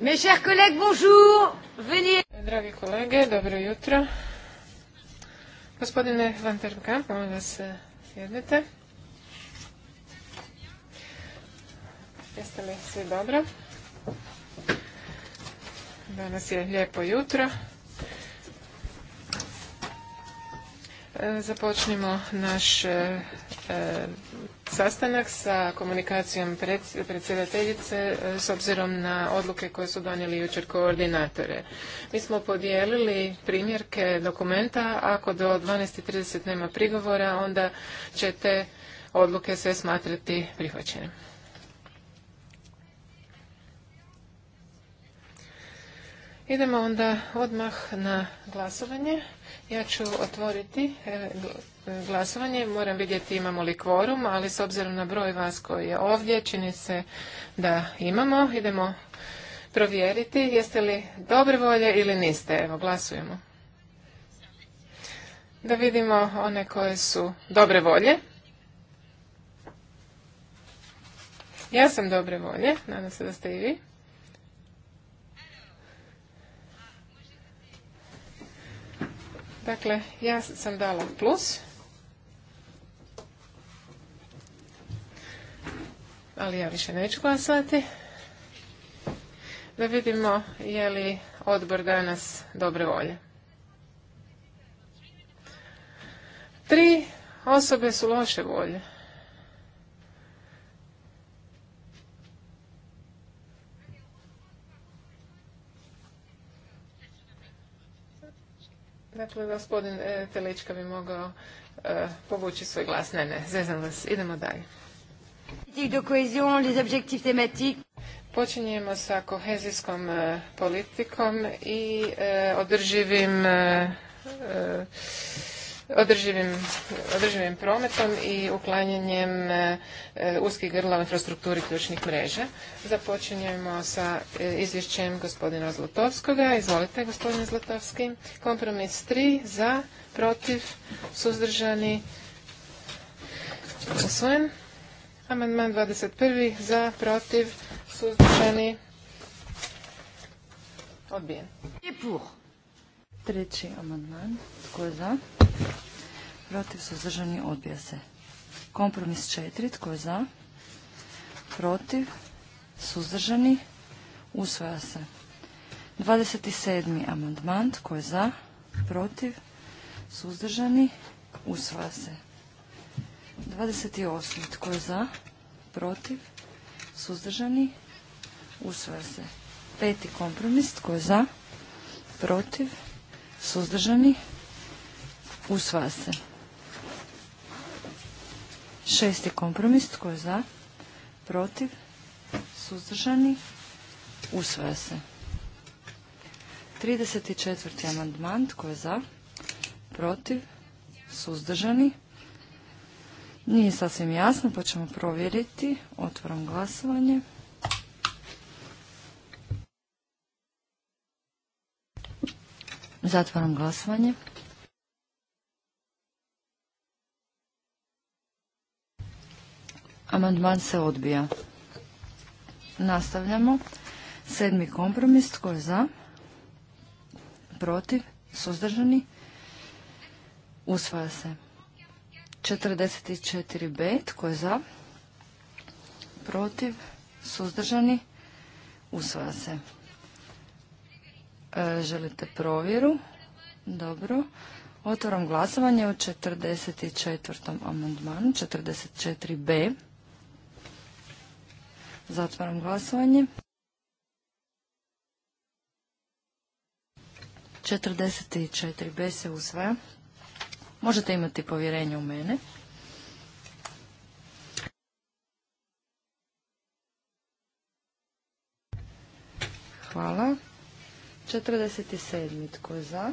Mes chers collègues, bonjour. Dragi kolege, dobro jutro. Gospodine Van Termkamp, molim vas eh, sjednete. Jeste li svi dobro? Danas je lijepo jutro. Eh, započnimo naš eh, sastanak sa komunikacijom predsjedateljice e, s obzirom na odluke koje su donijeli jučer koordinatore. Mi smo podijelili primjerke dokumenta, ako do 12.30 nema prigovora, onda će te odluke sve smatrati prihvaćenim. Idemo onda odmah na glasovanje. Ja ću otvoriti e, e, glasovanje. Moram vidjeti imamo li kvorum, ali s obzirom na broj vas koji je ovdje, čini se da imamo. Idemo provjeriti jeste li dobre volje ili niste. Evo, glasujemo. Da vidimo one koje su dobre volje. Ja sam dobre volje, nadam se da ste i vi. Dakle, ja sam dala plus. Ali ja više neću glasati. Da vidimo je li odbor danas dobre volje. Tri osobe su loše volje. Dakle, gospodin e, Telička bi mogao e, povući svoj glas. Ne, ne, zezam vas. Idemo dalje. Počinjemo sa kohezijskom e, politikom i održivim održivim, održivim prometom i uklanjanjem e, e, uskih grla u infrastrukturi ključnih mreža. Započinjemo sa e, izvješćem gospodina Zlotovskoga. Izvolite gospodine Zlotovski. Kompromis 3 za, protiv, suzdržani, usvojen. Amandman 21 za, protiv, suzdržani, odbijen. Treći amandman. Tko je za? protiv, suzdržani, odbija se. Kompromis četiri, tko je za, protiv, suzdržani, usvaja se. 27. amandman, tko je za, protiv, suzdržani, usvaja se. 28. tko je za, protiv, suzdržani, usvaja se. Peti kompromis, tko je za, protiv, suzdržani, usvaja se. Šesti kompromis. Tko je za? Protiv? Suzdržani? Usvaja se. 34. amandman. Tko je za? Protiv? Suzdržani? Nije sasvim jasno, pa ćemo provjeriti. Otvaram glasovanje. Zatvaram glasovanje. Amandman se odbija. Nastavljamo. Sedmi kompromis. Tko je za? Protiv? Suzdržani? Usvaja se. 44b. Tko je za? Protiv? Suzdržani? Usvaja se. E, želite provjeru? Dobro. Otvaram glasovanje o 44. amandmanu, 44b. Zatvaram glasovanje. 44b se usvaja. Možete imati povjerenje u mene. Hvala. 47. Tko je za?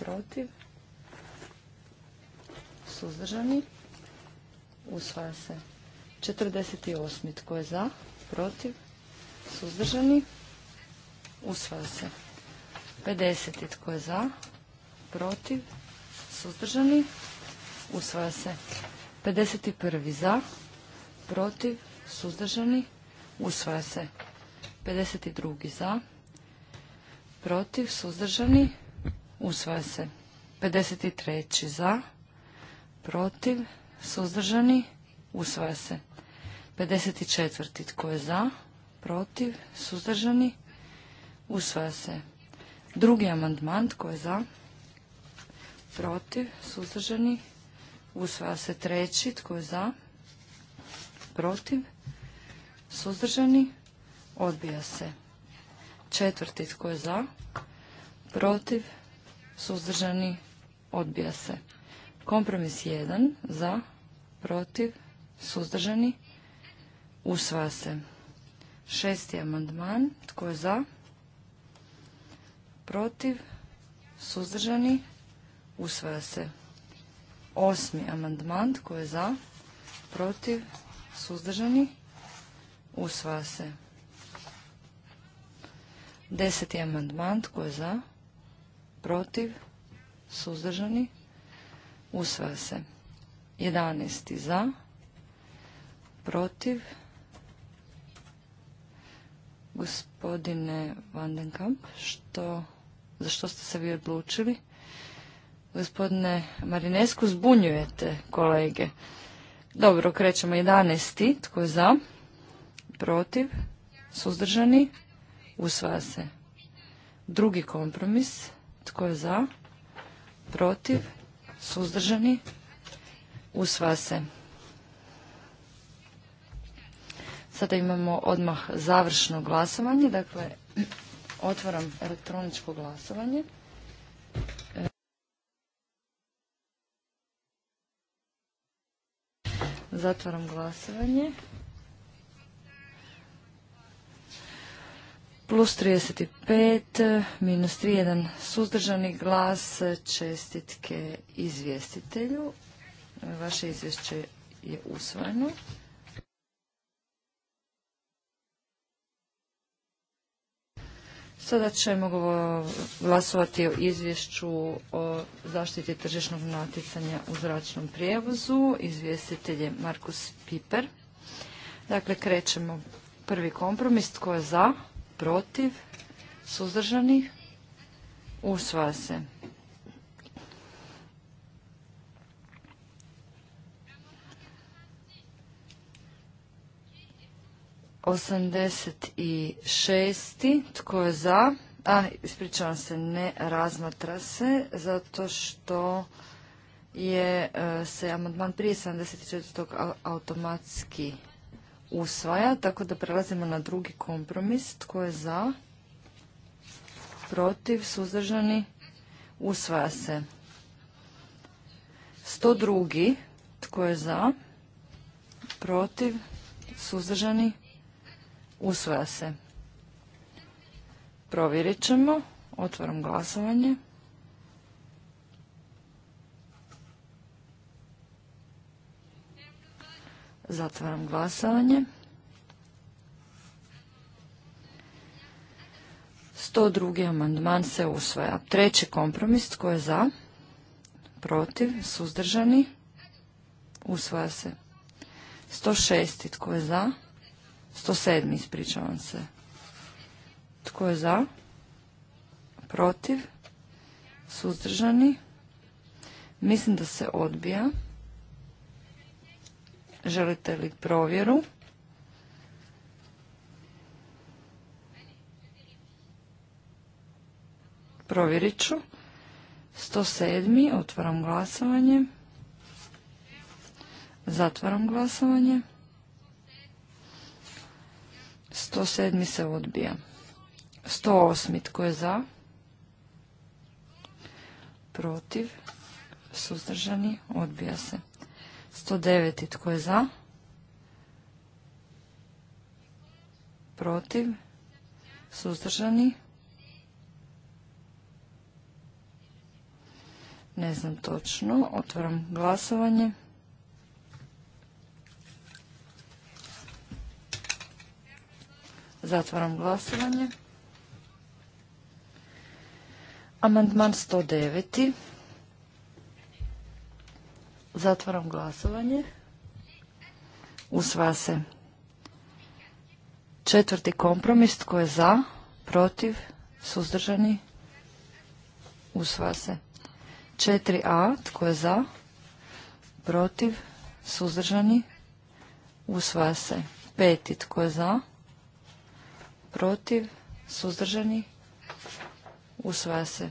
Protiv? Suzdržani? Usvaja se. 48. Tko je za? Protiv? Suzdržani? Usvaja se. 50. Tko je za? Protiv? Suzdržani? Usvaja se. 51. Za? Protiv? Suzdržani? Usvaja se. 52. Za? Protiv? Suzdržani? Usvaja se. 53. Za? Protiv? Suzdržani? Usvaja se. 54. Tko je za? Protiv? Suzdržani? Usvaja se. Drugi amandman. Tko je za? Protiv? Suzdržani? Usvaja se. Treći. Tko je za? Protiv? Suzdržani? Odbija se. Četvrti. Tko je za? Protiv? Suzdržani? Odbija se. Kompromis 1. Za? Protiv? Suzdržani? Usvaja se. Šesti amandman. Tko je za? Protiv? Suzdržani? Usvaja se. Osmi amandman. Tko je za? Protiv? Suzdržani? Usvaja se. Deseti amandman. Tko je za? Protiv? Suzdržani? Usvaja se. Jedanesti za? Protiv? gospodine Vandenkamp, što, za što ste se vi odlučili? Gospodine Marinesku, zbunjujete kolege. Dobro, krećemo 11. Tko je za? Protiv? Suzdržani? usvase. se. Drugi kompromis. Tko je za? Protiv? Suzdržani? usvase. se. Sada imamo odmah završno glasovanje, dakle otvaram elektroničko glasovanje. Zatvaram glasovanje. Plus 35, minus 31 suzdržani glas, čestitke izvjestitelju. Vaše izvješće je usvojeno. Sada ćemo glasovati o izvješću o zaštiti tržišnog natjecanja u zračnom prijevozu. Izvjestitelj je Markus Piper. Dakle, krećemo prvi kompromis. Tko je za? Protiv? Suzdržani? Usvaja se. 86. Tko je za? A, ispričavam se, ne razmatra se, zato što je e, se amandman prije 74. automatski usvaja, tako da prelazimo na drugi kompromis. Tko je za? Protiv? Suzdržani? Usvaja se. 102. Tko je za? Protiv? Suzdržani? Usvaja se. Provjerit ćemo. Otvaram glasovanje. Zatvaram glasovanje. 102. amandman se usvaja. Treći kompromis, tko je za? Protiv, suzdržani? Usvaja se. 106. tko je za? 107. ispričavam se. Tko je za? Protiv? Suzdržani? Mislim da se odbija. Želite li provjeru? Provjerit ću. 107. Otvaram glasovanje. Zatvaram glasovanje. 107. se odbija. 108. tko je za? Protiv. Suzdržani. Odbija se. 109. tko je za? Protiv. Suzdržani. Ne znam točno. Otvaram glasovanje. Zatvaram glasovanje. Amandman 109. Zatvaram glasovanje. Usvaja se. Četvrti kompromis. Tko je za? Protiv? Suzdržani? Usvaja se. 4a. Tko je za? Protiv? Suzdržani? Usvaja se. Peti. Tko je za? protiv, suzdržani, usvaja se.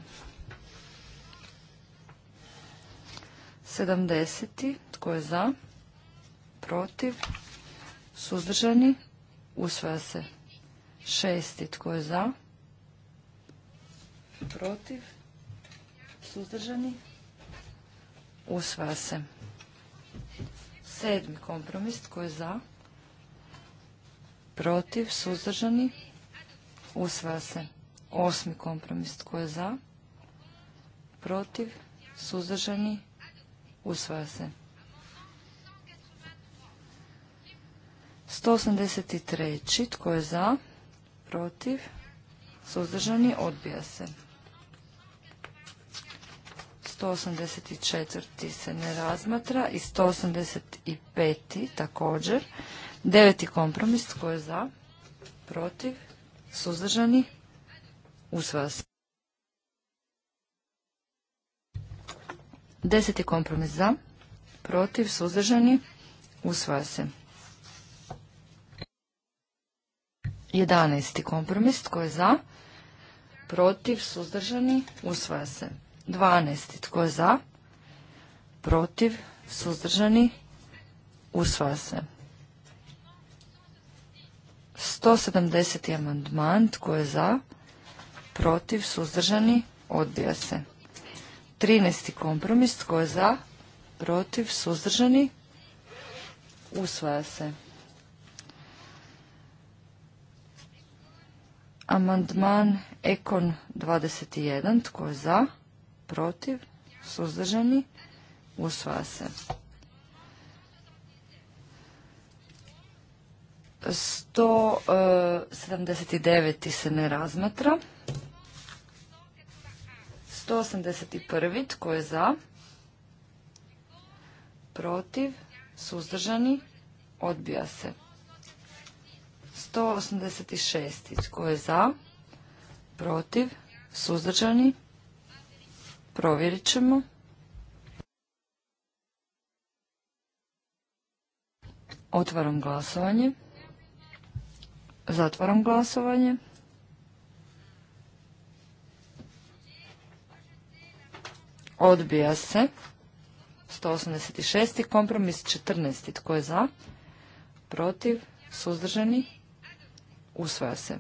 Sedamdeseti, Tko je za? Protiv? Suzdržani? Usvaja se. 6. Tko je za? Protiv? Suzdržani? Usvaja se. Sedmi kompromis. Tko je za? Protiv? Suzdržani? Usvaja se. Osmi kompromis. Tko je za? Protiv? Suzdržani? Usvaja se. 183. Tko je za? Protiv? Suzdržani? Odbija se. 184. se ne razmatra i 185. također. Deveti kompromis. Tko je za? Protiv? Suzdržani? Usvaja se. Deseti kompromis za. Protiv? Suzdržani? Usvaja se. Jedanesti kompromis. Tko je za? Protiv? Suzdržani? Usvaja se. Dvanesti. Tko je za? Protiv? Suzdržani? Usvaja se. 170. amandman, tko je za, protiv, suzdržani, odbija se. 13. kompromis, tko je za, protiv, suzdržani, usvaja se. Amandman Ekon 21, tko je za, protiv, suzdržani, usvaja se. 179. Eh, se ne razmatra. 181. tko je za? Protiv? Suzdržani? Odbija se. 186. tko je za? Protiv? Suzdržani? Provjerit ćemo. Otvaram glasovanje. Zatvaram glasovanje. Odbija se. 186. Kompromis 14. Tko je za? Protiv? Suzdržani? Usvaja se.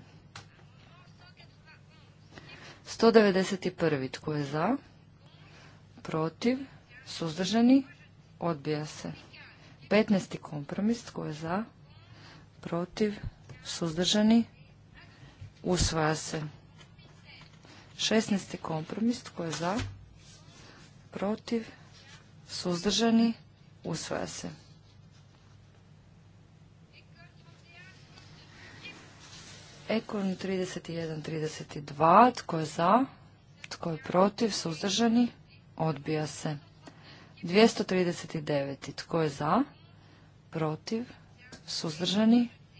191. Tko je za? Protiv? Suzdržani? Odbija se. 15. kompromis. Tko je za? Protiv? suzdržani, usvaja se. 16. kompromis, tko je za, protiv, suzdržani, usvaja se. Ekon 31, 32, tko je za, tko je protiv, suzdržani, odbija se. 239, tko je za, protiv, suzdržani,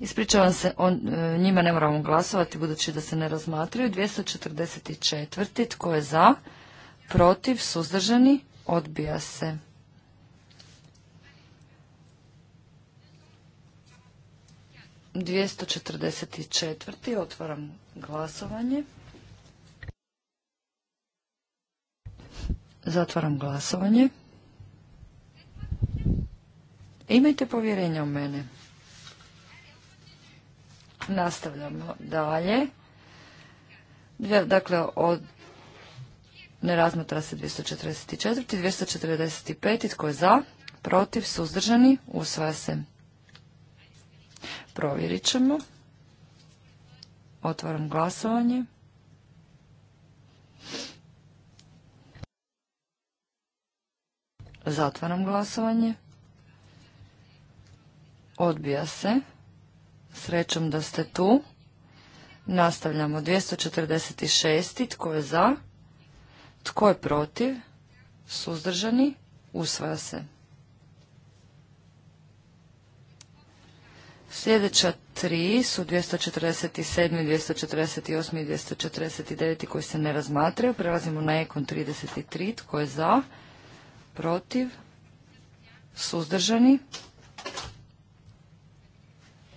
Ispričavam se, on, e, njima ne moramo glasovati budući da se ne razmatraju. 244. Tko je za? Protiv? Suzdržani? Odbija se. dvjesto četrdeset četiri otvaram glasovanje. Zatvaram glasovanje. Imajte povjerenja u mene. Nastavljamo dalje. Dakle, od, ne razmatra se 244. 245. Tko je za? Protiv? Suzdržani? Usvaja se. Provjerit ćemo. Otvaram glasovanje. Zatvaram glasovanje. Odbija se. Srećom da ste tu. Nastavljamo 246. Tko je za? Tko je protiv? Suzdržani? Usvaja se. Sljedeća tri su 247, 248 i 249 koji se ne razmatraju. Prelazimo na Ekon 33. Tko je za? Protiv? Suzdržani?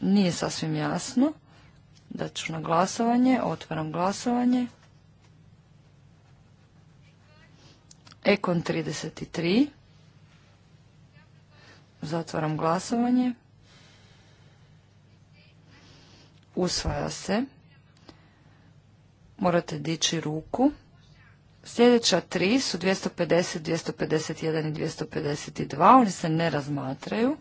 nije sasvim jasno. Da ću na glasovanje, otvaram glasovanje. Ekon 33. Zatvaram glasovanje. Usvaja se. Morate dići ruku. Sljedeća tri su 250, 251 i 252. Oni se ne razmatraju.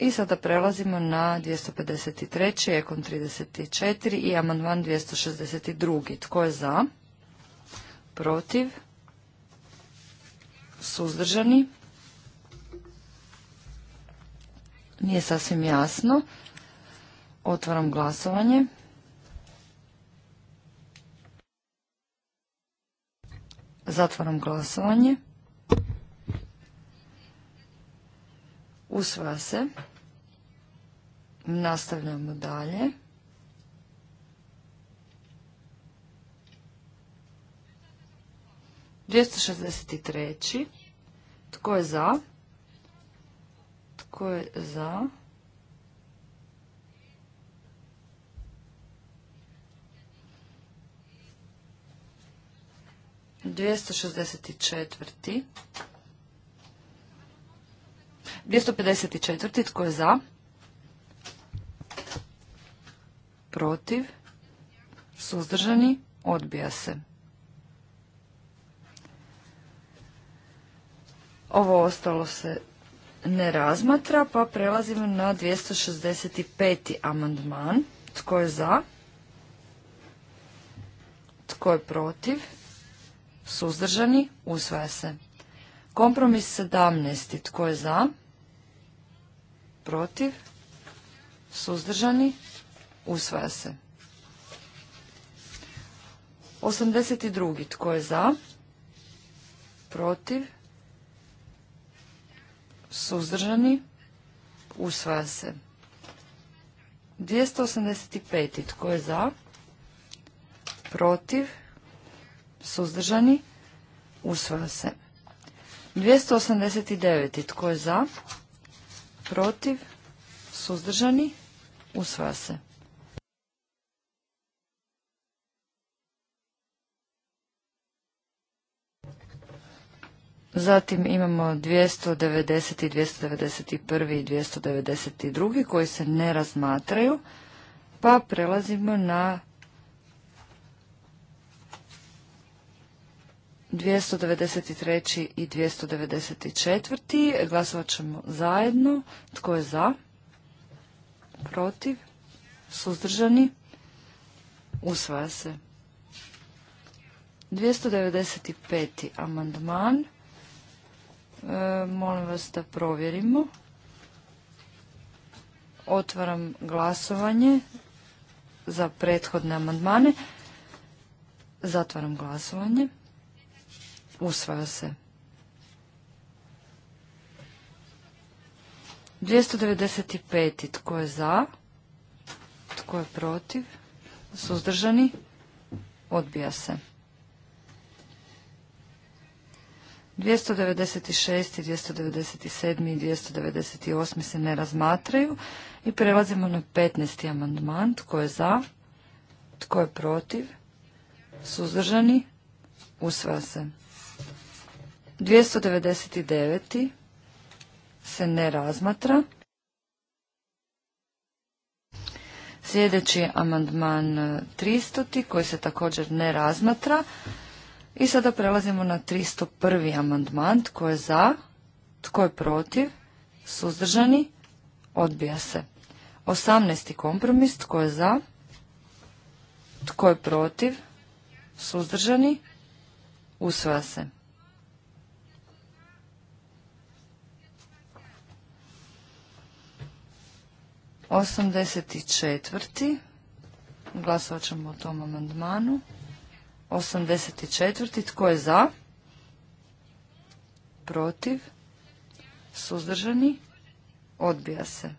I sada prelazimo na 253. ekon 34 i amandman 262. Tko je za? Protiv? Suzdržani? Nije sasvim jasno. Otvaram glasovanje. Zatvaram glasovanje. Usvaja se. Nastavljamo dalje. Dvjesto šestdeset tri tko je za? Tko je za? Dvjesto šestdeset četiri 254. Tko je za? Protiv? Suzdržani? Odbija se. Ovo ostalo se ne razmatra, pa prelazimo na 265. amandman. Tko je za? Tko je protiv? Suzdržani? Usvaja se. Kompromis 17. Tko je za? protiv, suzdržani, usvaja se. 82. Tko je za? Protiv? Suzdržani? Usvaja se. 285. Tko je za? Protiv? Suzdržani? Usvaja se. 289. Tko je za? Protiv? protiv, suzdržani, usvaja se. Zatim imamo 290. 291. i 292. koji se ne razmatraju, pa prelazimo na 293. i 294. Glasovat ćemo zajedno. Tko je za? Protiv? Suzdržani? Usvaja se. 295. amandman. E, molim vas da provjerimo. Otvaram glasovanje za prethodne amandmane. Zatvaram glasovanje. Usvaja se. 295. Tko je za? Tko je protiv? Suzdržani? Odbija se. 296. 297. i 298. se ne razmatraju. I prelazimo na 15. amandman. Tko je za? Tko je protiv? Suzdržani? Usvaja se. 299. se ne razmatra. Sljedeći amandman 300. E, koji se također ne razmatra. I sada prelazimo na 301. amandman. Tko je za? Tko je protiv? Suzdržani? Odbija se. 18. kompromis. Tko je za? Tko je protiv? Suzdržani? Usvaja se. 84. Glasovat ćemo o tom amandmanu. 84. Tko je za? Protiv? Suzdržani? Odbija se.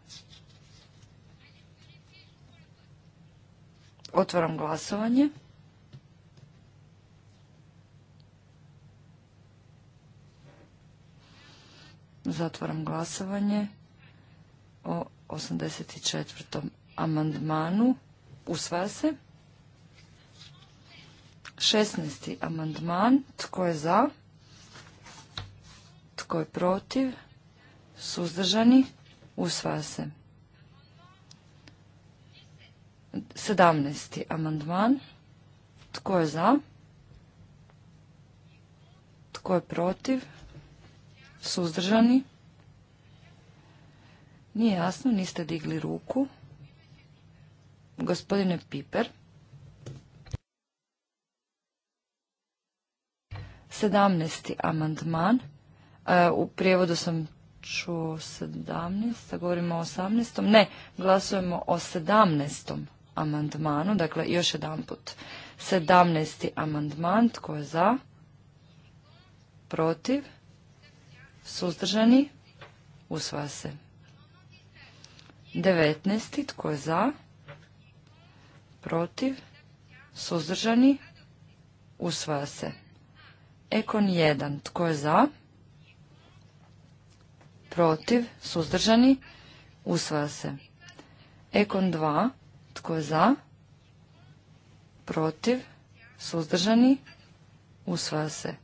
Otvaram glasovanje. Zatvaram glasovanje o 84. amandmanu. Usvaja se. 16. amandman. Tko je za? Tko je protiv? Suzdržani? Usvaja se. 17. amandman. Tko je za? Tko je protiv? Suzdržani? Nije jasno, niste digli ruku. Gospodine Piper. 17. amandman. E, u prijevodu sam čuo 17. Govorimo o 18. Ne, glasujemo o 17. amandmanu. Dakle, još jedan put. 17. amandman. Tko je za? Protiv? Suzdržani? Usvaja se. 19. Tko je za? Protiv? Suzdržani? Usvaja se. Ekon 1. Tko je za? Protiv? Suzdržani? Usvaja se. Ekon 2. Tko je za? Protiv? Suzdržani? Usvaja se.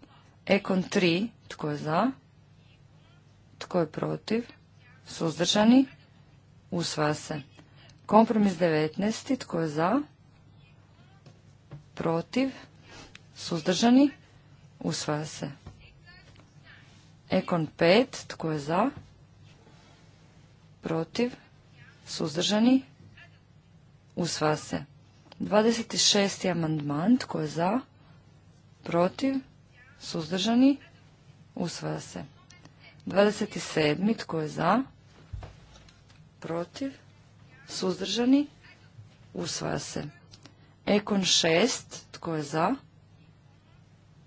Ekon 3. Tko je za? Tko je protiv? Suzdržani? Usvaja se. Kompromis 19. Tko je za? Protiv? Suzdržani? Usvaja se. Ekon 5. Tko je za? Protiv? Suzdržani? Usvaja se. 26. amandman. Tko je za? Protiv? Suzdržani? Usvaja se. 27. Tko je za? protiv, suzdržani, usvaja se. Ekon 6, tko je za,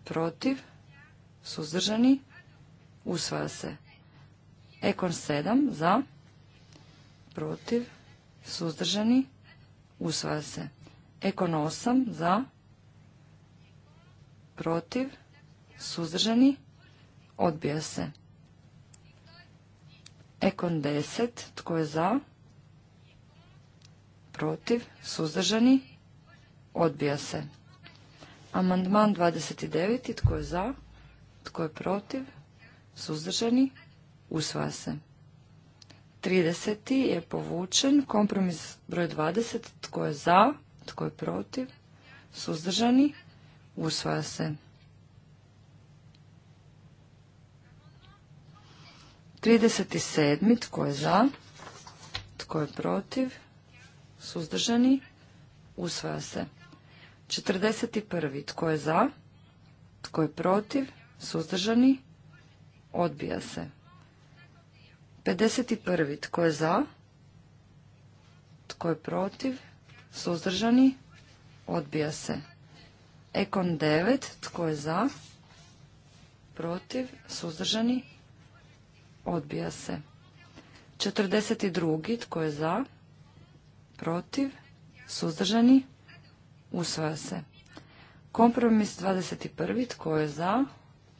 protiv, suzdržani, usvaja se. Ekon 7, za, protiv, suzdržani, usvaja se. Ekon 8, za, protiv, suzdržani, odbija se. Ekon 10. Tko je za? Protiv? Suzdržani? Odbija se. Amandman 29. Tko je za? Tko je protiv? Suzdržani? Usvaja se. 30. je povučen. Kompromis broj 20. Tko je za? Tko je protiv? Suzdržani? Usvaja se. 37. Tko je za? Tko je protiv? Suzdržani? Usvaja se. 41. Tko je za? Tko je protiv? Suzdržani? Odbija se. 51. Tko je za? Tko je protiv? Suzdržani? Odbija se. Ekon 9. Tko je za? Protiv? Suzdržani? Odbija se. 42. Tko je za? Protiv? Suzdržani? Usvaja se. Kompromis 21. Tko je za?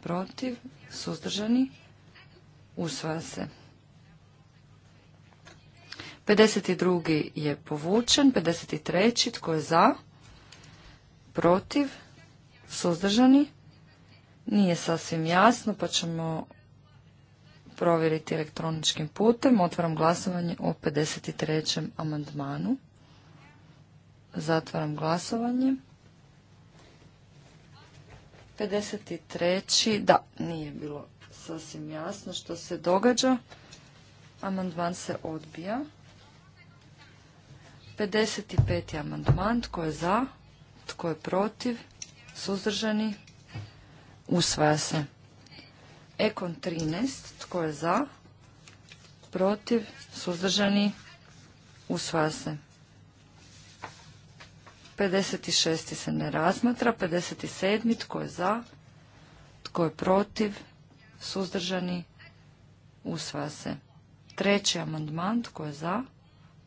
Protiv? Suzdržani? Usvaja se. 52. je povučen. 53. Tko je za? Protiv? Suzdržani? Nije sasvim jasno, pa ćemo provjeriti elektroničkim putem. Otvaram glasovanje o 53. amandmanu. Zatvaram glasovanje. 53. Da, nije bilo sasvim jasno što se događa. Amandman se odbija. 55. amandman. Tko je za? Tko je protiv? Suzdržani? Usvaja se. Ekon 13. Tko je za? Protiv? Suzdržani? Usvaja se. 56. se ne razmatra. 57. Tko je za? Tko je protiv? Suzdržani? Usvaja se. Treći amandman. Tko je za?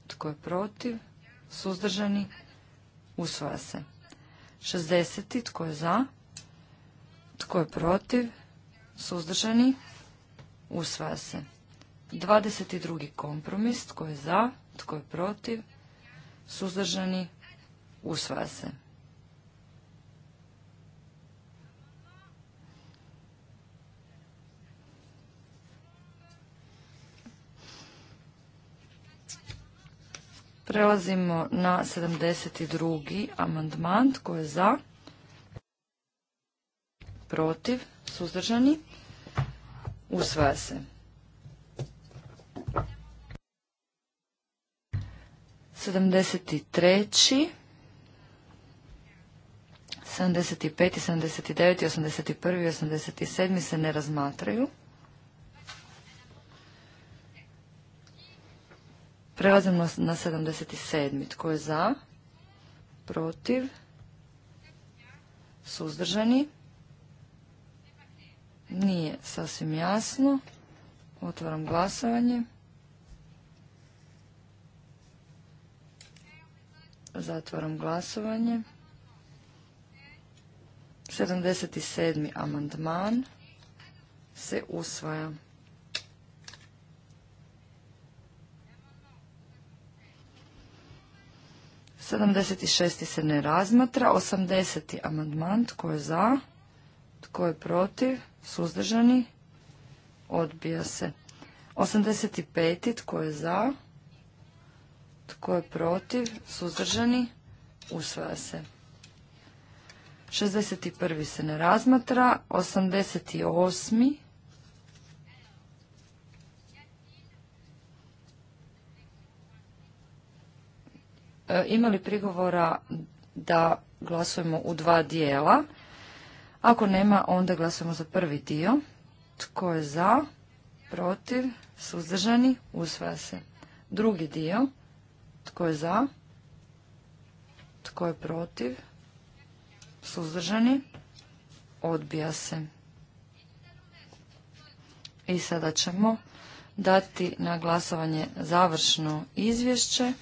Tko je protiv? Suzdržani? Usvaja se. 60. Tko je za? Tko je protiv? suzdržani, usvaja se. 22. kompromis, tko je za, tko je protiv, suzdržani, usvaja se. Prelazimo na 72. amandman, tko je za, protiv, suzdržani, usvaja se. 73. 75. 79. 81. 87. se ne razmatraju. Prelazimo na 77. Tko je za? Protiv? Suzdržani? nije sasvim jasno. Otvaram glasovanje. Zatvaram glasovanje. 77. amandman se usvaja. Sedamdeset šest se ne razmatra. Osamdeseti amandman. Tko je za? Tko je protiv? Suzdržani? Odbija se. 85. Tko je za? Tko je protiv? Suzdržani? Usvaja se. 61. se ne razmatra. 88. E, ima li prigovora da glasujemo u dva dijela? Ako nema, onda glasujemo za prvi dio. Tko je za? Protiv? Suzdržani? Usvaja se. Drugi dio. Tko je za? Tko je protiv? Suzdržani? Odbija se. I sada ćemo dati na glasovanje završno izvješće.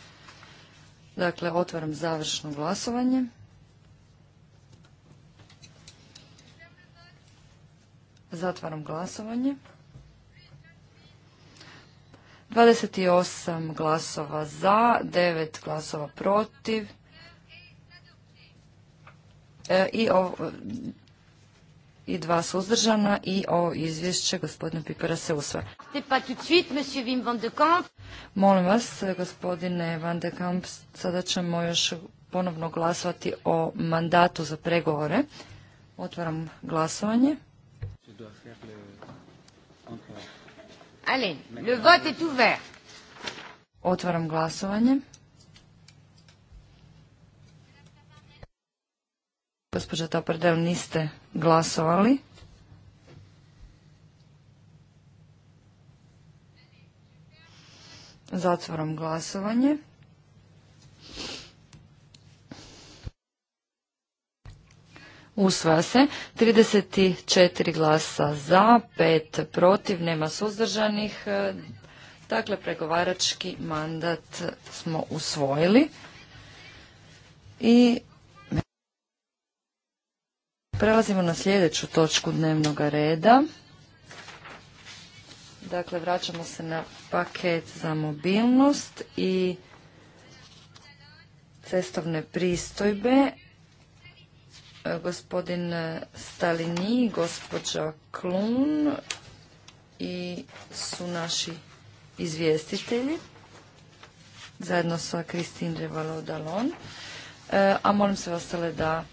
Dakle, otvaram završno glasovanje. Zatvaram glasovanje. 28 glasova za, 9 glasova protiv. E, I i dva suzdržana i ovo izvješće gospodina Pipera se usvaja. Molim vas, gospodine Van de Kamp, sada ćemo još ponovno glasovati o mandatu za pregovore. Otvaram glasovanje dois faire le... Encore. Allez, le vote est ouvert. Otvaram glasovanje. Gospođa Tapardel, niste glasovali. Zatvoram glasovanje. Usvaja se. 34 glasa za, 5 protiv, nema suzdržanih. E, dakle, pregovarački mandat smo usvojili. I prelazimo na sljedeću točku dnevnog reda. Dakle, vraćamo se na paket za mobilnost i cestovne pristojbe. E, gospodin e, Stalini, gospođa Klun i su naši izvjestitelji zajedno sa Kristin Revalo Dalon, e, a molim se ostale da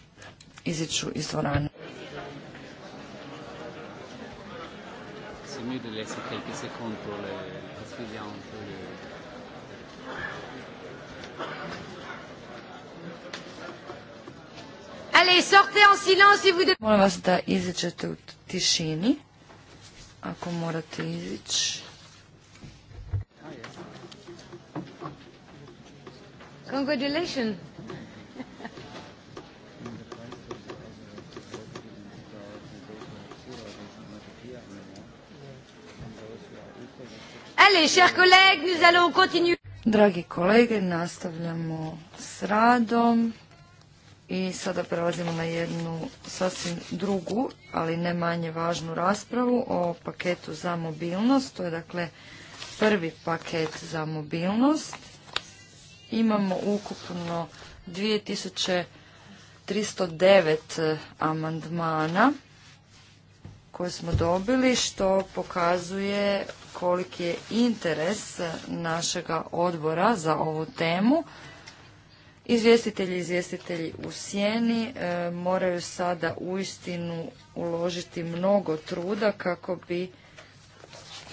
iziču iz dvorane. Allez, sortez en silence si vous Molim vas da izađete u tišini, ako morate izići. Congratulations. Allez, chers collègues, nous allons continuer. Dragi kolege, nastavljamo s radom. I sada prelazimo na jednu sasvim drugu, ali ne manje važnu raspravu o paketu za mobilnost. To je dakle prvi paket za mobilnost. Imamo ukupno 2309 eh, amandmana koje smo dobili, što pokazuje koliki je interes eh, našega odbora za ovu temu. Izvjestitelji i izvjestitelji u sjeni e, moraju sada uistinu uložiti mnogo truda kako bi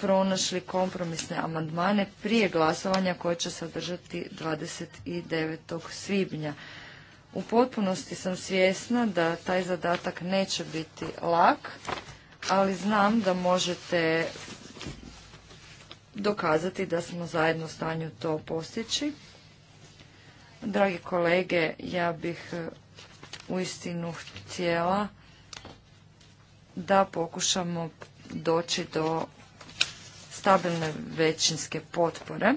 pronašli kompromisne amandmane prije glasovanja koje će sadržati 29. svibnja. U potpunosti sam svjesna da taj zadatak neće biti lak, ali znam da možete dokazati da smo zajedno u stanju to postići. Dragi kolege, ja bih e, uistinu htjela da pokušamo doći do stabilne većinske potpore.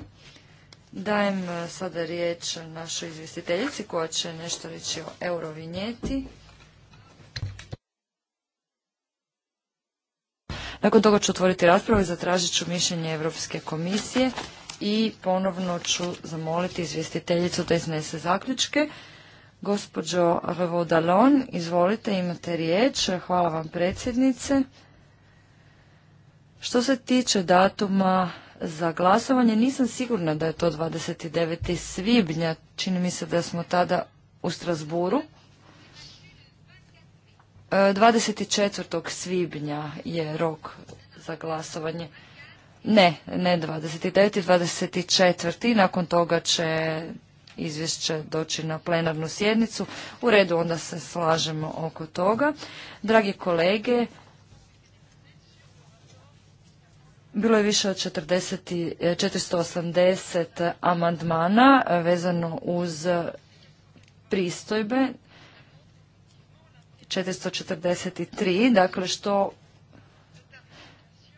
Dajem e, sada riječ našoj izvjestiteljici koja će nešto reći o eurovinjeti. Nakon toga ću otvoriti raspravu i zatražit ću mišljenje Europske komisije i ponovno ću zamoliti izvjestiteljicu da iznese zaključke. Gospođo Rvodalon, izvolite, imate riječ. Hvala vam predsjednice. Što se tiče datuma za glasovanje, nisam sigurna da je to 29. svibnja. Čini mi se da smo tada u Strasburu. 24. E, svibnja je rok za glasovanje. Ne, ne 29. 24. Nakon toga će izvješće doći na plenarnu sjednicu. U redu onda se slažemo oko toga. Dragi kolege, bilo je više od 40, 480 e, amandmana vezano uz pristojbe 443, dakle što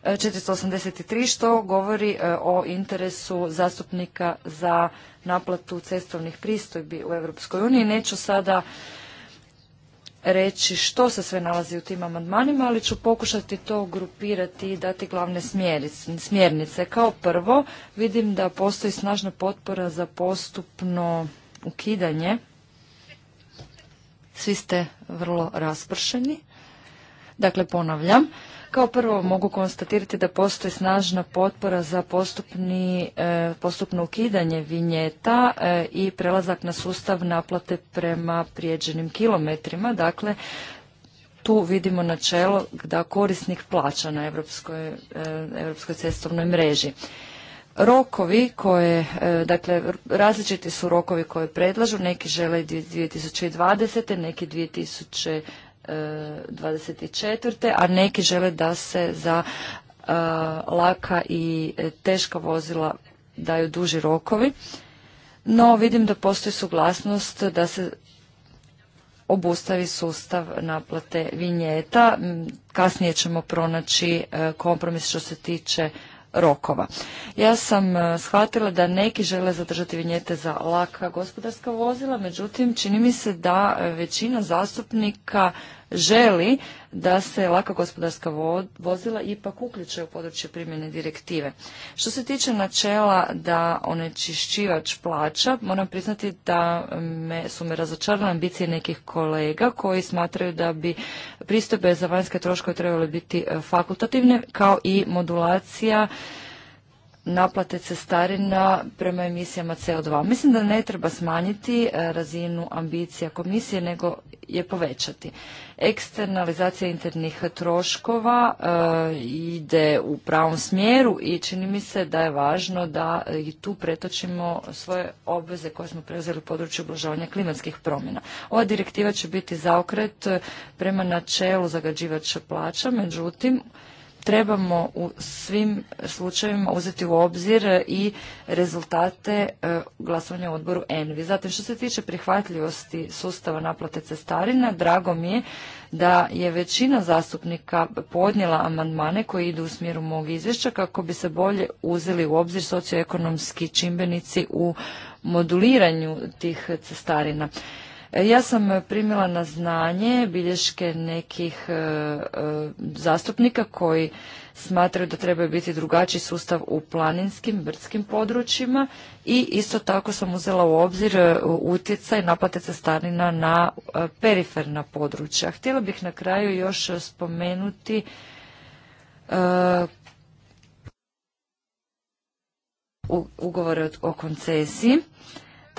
483 što govori e, o interesu zastupnika za naplatu cestovnih pristojbi u Europskoj uniji. Neću sada reći što se sve nalazi u tim amandmanima, ali ću pokušati to grupirati i dati glavne smjernice. Kao prvo, vidim da postoji snažna potpora za postupno ukidanje. Svi ste vrlo raspršeni. Dakle, ponavljam, kao prvo mogu konstatirati da postoji snažna potpora za postupni, e, postupno ukidanje vinjeta e, i prelazak na sustav naplate prema prijeđenim kilometrima. Dakle, tu vidimo načelo da korisnik plaća na europskoj, e, cestovnoj mreži. Rokovi koje, dakle, različiti su rokovi koje predlažu, neki žele 2020. neki 2024. a neki žele da se za e, laka i e, teška vozila daju duži rokovi. No vidim da postoji suglasnost da se obustavi sustav naplate vinjeta. Kasnije ćemo pronaći e, kompromis što se tiče rokova. Ja sam shvatila da neki žele zadržati vinjete za laka gospodarska vozila, međutim čini mi se da većina zastupnika želi da se laka gospodarska vozila ipak uključe u područje primjene direktive. Što se tiče načela da onečišćivač plaća, moram priznati da me, su me razočarale ambicije nekih kolega koji smatraju da bi pristojbe za vanjske troškove trebale biti e, fakultativne kao i modulacija naplate cestarina prema emisijama CO2. Mislim da ne treba smanjiti e, razinu ambicija komisije, nego je povećati. Eksternalizacija internih troškova e, ide u pravom smjeru i čini mi se da je važno da i tu pretočimo svoje obveze koje smo preuzeli u području ublažavanja klimatskih promjena. Ova direktiva će biti zaokret e, prema načelu zagađivača plaća, međutim, trebamo u svim slučajevima uzeti u obzir i rezultate e, glasovanja u odboru ENVI. Zatim što se tiče prihvatljivosti sustava naplate cestarina, drago mi je da je većina zastupnika podnijela amandmane koji idu u smjeru mog izvješća kako bi se bolje uzeli u obzir socioekonomski čimbenici u moduliranju tih cestarina. E, ja sam primila na znanje bilješke nekih e, e, zastupnika koji smatraju da trebaju biti drugačiji sustav u planinskim, brdskim područjima i isto tako sam uzela u obzir utjecaj naplate cestarina na periferna područja. Htjela bih na kraju još spomenuti ugovore o koncesiji.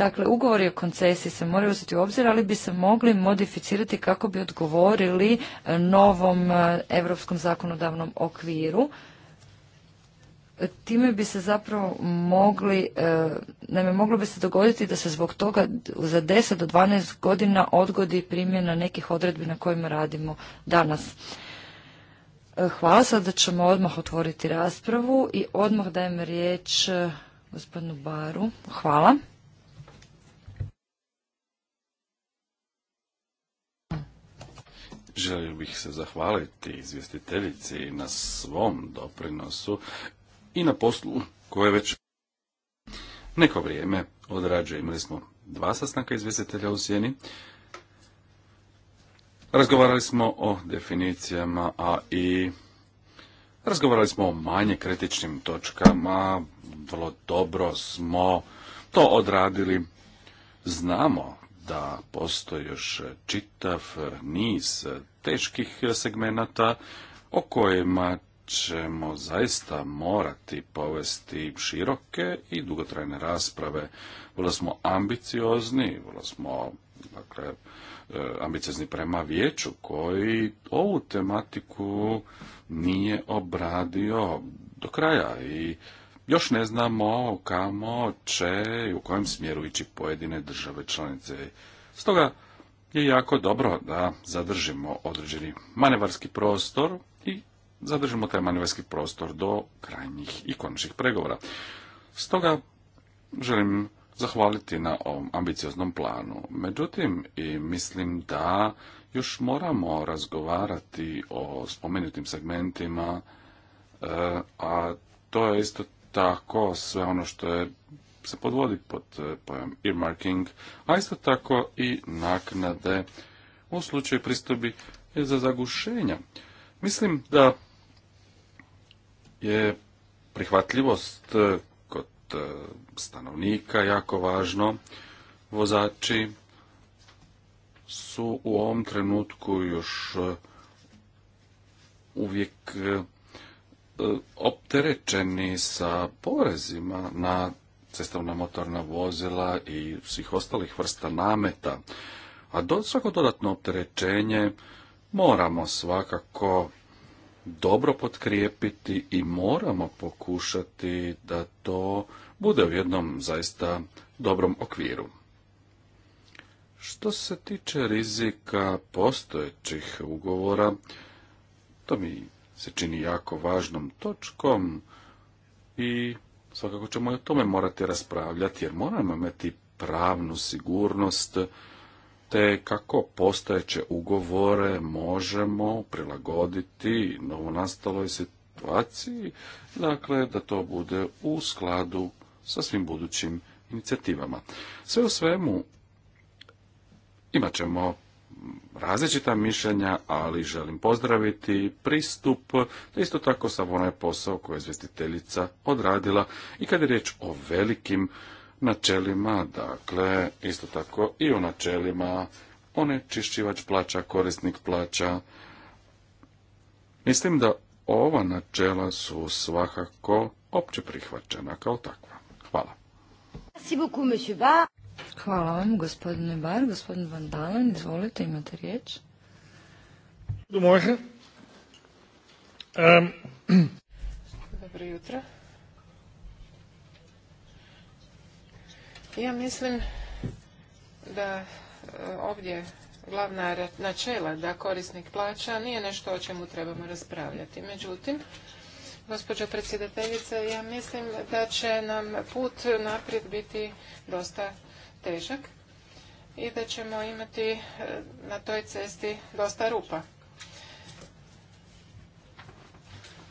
Dakle, ugovori o koncesiji se moraju uzeti u obzir, ali bi se mogli modificirati kako bi odgovorili e, novom europskom zakonodavnom okviru. E, time bi se zapravo mogli, e, naime, moglo bi se dogoditi da se zbog toga za 10 do 12 godina odgodi primjena nekih odredbi na kojima radimo danas. Hvala, sada ćemo odmah otvoriti raspravu i odmah dajem riječ gospodinu Baru. Hvala. Želio bih se zahvaliti izvjestiteljici na svom doprinosu i na poslu koje već neko vrijeme odrađuje. Imali smo dva sastanka izvjestitelja u Sjeni. Razgovarali smo o definicijama, a i razgovarali smo o manje kritičnim točkama. Vrlo dobro smo to odradili. Znamo da postoji još čitav niz teških segmenata o kojima ćemo zaista morati povesti široke i dugotrajne rasprave. Vrlo smo ambiciozni, vrlo smo dakle, e, ambiciozni prema vijeću koji ovu tematiku nije obradio do kraja i još ne znamo kamo će i u kojem smjeru ići pojedine države članice. Stoga je jako dobro da zadržimo određeni manevarski prostor i zadržimo taj manevarski prostor do krajnjih i konačnih pregovora. Stoga želim zahvaliti na ovom ambicioznom planu. Međutim, i mislim da još moramo razgovarati o spomenutim segmentima, e, a to je isto tako sve ono što je se podvodi pod e, pojam earmarking, a isto tako i naknade u slučaju pristupi za zagušenja. Mislim da je prihvatljivost e, kod e, stanovnika jako važno. Vozači su u ovom trenutku još uvijek opterećeni sa porezima na cestovna motorna vozila i svih ostalih vrsta nameta. A do svako dodatno opterećenje moramo svakako dobro potkrijepiti i moramo pokušati da to bude u jednom zaista dobrom okviru. Što se tiče rizika postojećih ugovora, to mi se čini jako važnom točkom i svakako ćemo i o tome morati raspravljati jer moramo imati pravnu sigurnost te kako postojeće ugovore možemo prilagoditi novonastaloj situaciji, dakle da to bude u skladu sa svim budućim inicijativama. Sve u svemu imat ćemo različita mišljenja, ali želim pozdraviti pristup, da isto tako sam onaj posao koje je izvjestiteljica odradila i kad je riječ o velikim načelima, dakle, isto tako i o načelima onečišćivač plaća, korisnik plaća. Mislim da ova načela su svakako opće prihvaćena kao takva. Hvala. Hvala vam, gospodine Bar. Gospodin Van Dalen, izvolite, imate riječ. Ehm. Dobro jutro. Ja mislim da eh, ovdje glavna načela da korisnik plaća nije nešto o čemu trebamo raspravljati. Međutim, gospođo predsjedateljice, ja mislim da će nam put naprijed biti dosta težak i da ćemo imati e, na toj cesti dosta rupa.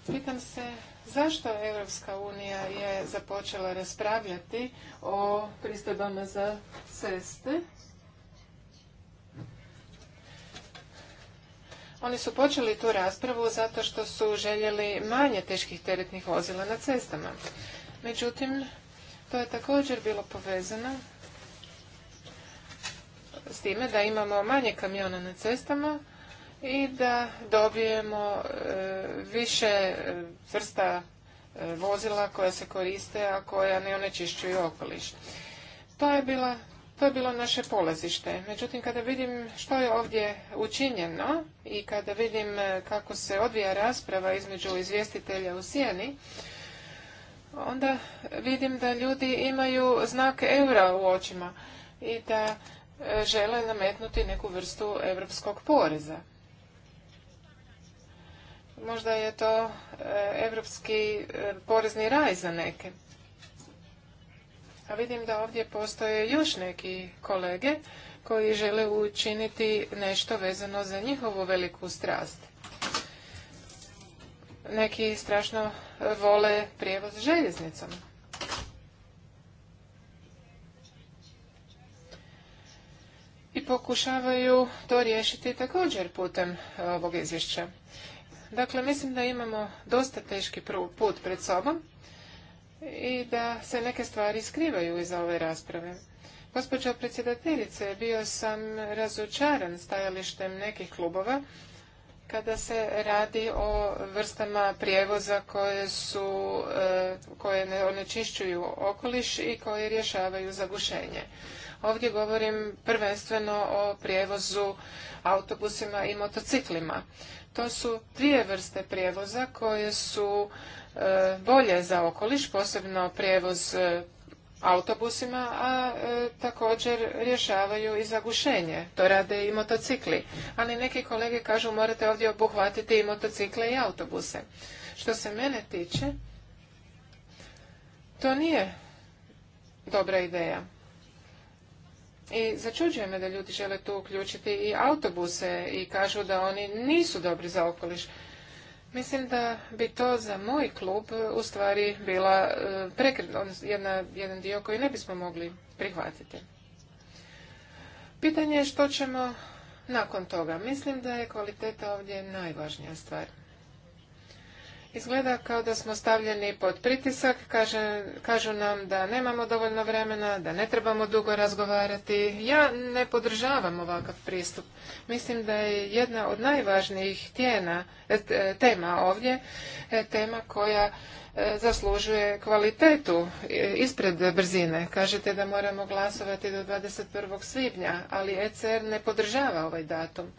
Pitam se zašto Europska unija je započela raspravljati o pristojbama za ceste. Oni su počeli tu raspravu zato što su željeli manje teških teretnih vozila na cestama. Međutim, to je također bilo povezano s time da imamo manje kamiona na cestama i da dobijemo e, više e, vrsta e, vozila koja se koriste, a koja ne onečišćuju okoliš. To je, bila, to je bilo naše polazište. Međutim, kada vidim što je ovdje učinjeno i kada vidim kako se odvija rasprava između izvjestitelja u Sijeni, onda vidim da ljudi imaju znak eura u očima i da žele nametnuti neku vrstu europskog poreza. Možda je to europski e, porezni raj za neke. A vidim da ovdje postoje još neki kolege koji žele učiniti nešto vezano za njihovu veliku strast. Neki strašno vole prijevoz željeznicom. pokušavaju to riješiti također putem e, ovog izvješća. Dakle, mislim da imamo dosta teški put pred sobom i da se neke stvari skrivaju iza ove rasprave. Gospođo predsjedateljice, bio sam razočaran stajalištem nekih klubova kada se radi o vrstama prijevoza koje su, e, koje ne onečišćuju okoliš i koje rješavaju zagušenje. Ovdje govorim prvenstveno o prijevozu autobusima i motociklima. To su dvije vrste prijevoza koje su e, bolje za okoliš, posebno prijevoz e, autobusima, a e, također rješavaju i zagušenje. To rade i motocikli. Ali neki kolege kažu morate ovdje obuhvatiti i motocikle i autobuse. Što se mene tiče, to nije dobra ideja. I začuđuje me da ljudi žele tu uključiti i autobuse i kažu da oni nisu dobri za okoliš. Mislim da bi to za moj klub u stvari bila e, prekret jedna, jedan dio koji ne bismo mogli prihvatiti. Pitanje je što ćemo nakon toga. Mislim da je kvaliteta ovdje najvažnija stvar. Izgleda kao da smo stavljeni pod pritisak, kažu nam da nemamo dovoljno vremena, da ne trebamo dugo razgovarati. Ja ne podržavam ovakav pristup. Mislim da je jedna od najvažnijih e, e, tema ovdje, e, tema koja zaslužuje kvalitetu ispred brzine. Kažete da moramo glasovati do 21. svibnja, ali ECR ne podržava ovaj datum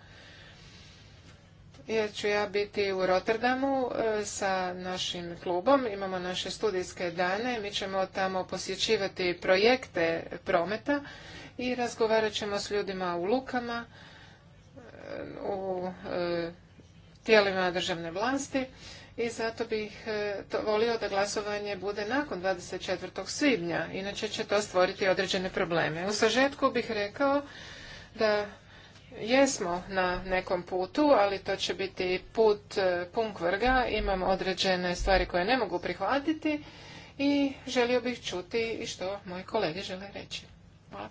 jer ću ja biti u Rotterdamu e, sa našim klubom. Imamo naše studijske dane. Mi ćemo tamo posjećivati projekte prometa i razgovarat ćemo s ljudima u lukama, e, u e, tijelima državne vlasti i zato bih volio da glasovanje bude nakon 24. svibnja, inače će to stvoriti određene probleme. U sažetku bih rekao da Jesmo na nekom putu, ali to će biti put e, punk vrga. Imam određene stvari koje ne mogu prihvatiti i želio bih čuti i što moji kolege žele reći. Hvala.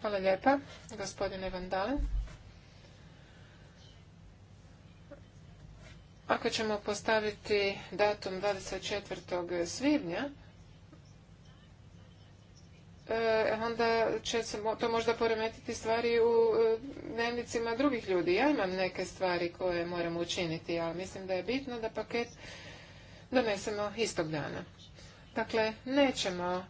Hvala lijepa, gospodine Vandalen. Ako ćemo postaviti datum 24. svibnja, E, onda će se to možda poremetiti stvari u e, dnevnicima drugih ljudi. Ja imam neke stvari koje moram učiniti, ali mislim da je bitno da paket donesemo istog dana. Dakle, nećemo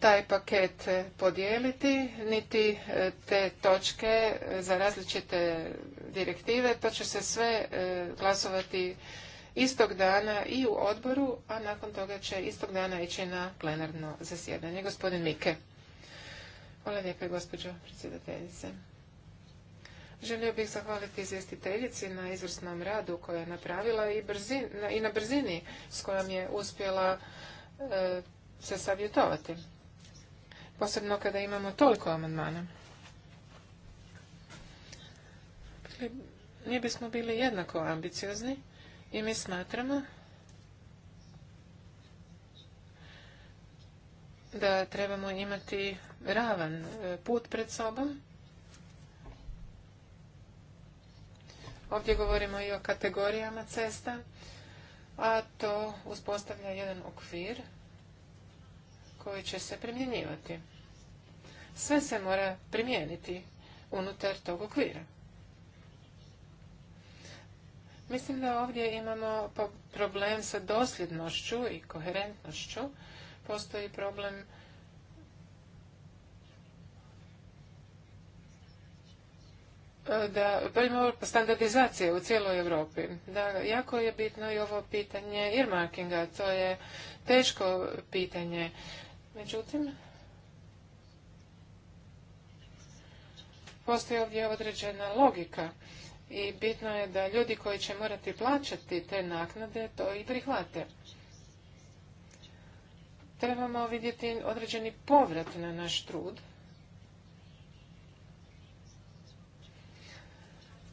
taj paket podijeliti, niti e, te točke za različite direktive, to će se sve glasovati istog dana i u odboru, a nakon toga će istog dana ići na plenarno zasjedanje. Gospodin Mike. Hvala lijepa, gospođo predsjedateljice. Želio bih zahvaliti izvjestiteljici na izvrsnom radu koju je napravila i, brzin, i na brzini s kojom je uspjela e, se savjetovati. Posebno kada imamo toliko amandmana. Dakle, mi bismo bili jednako ambiciozni i mi smatramo da trebamo imati ravan e, put pred sobom. Ovdje govorimo i o kategorijama cesta, a to uspostavlja jedan okvir koji će se primjenjivati. Sve se mora primijeniti unutar tog okvira. Mislim da ovdje imamo problem sa dosljednošću i koherentnošću. Postoji problem da pa standardizacije u cijeloj Europi. Da, jako je bitno i ovo pitanje earmarkinga. To je teško pitanje. Međutim, postoji ovdje određena logika i bitno je da ljudi koji će morati plaćati te naknade to i prihvate. Trebamo vidjeti određeni povrat na naš trud.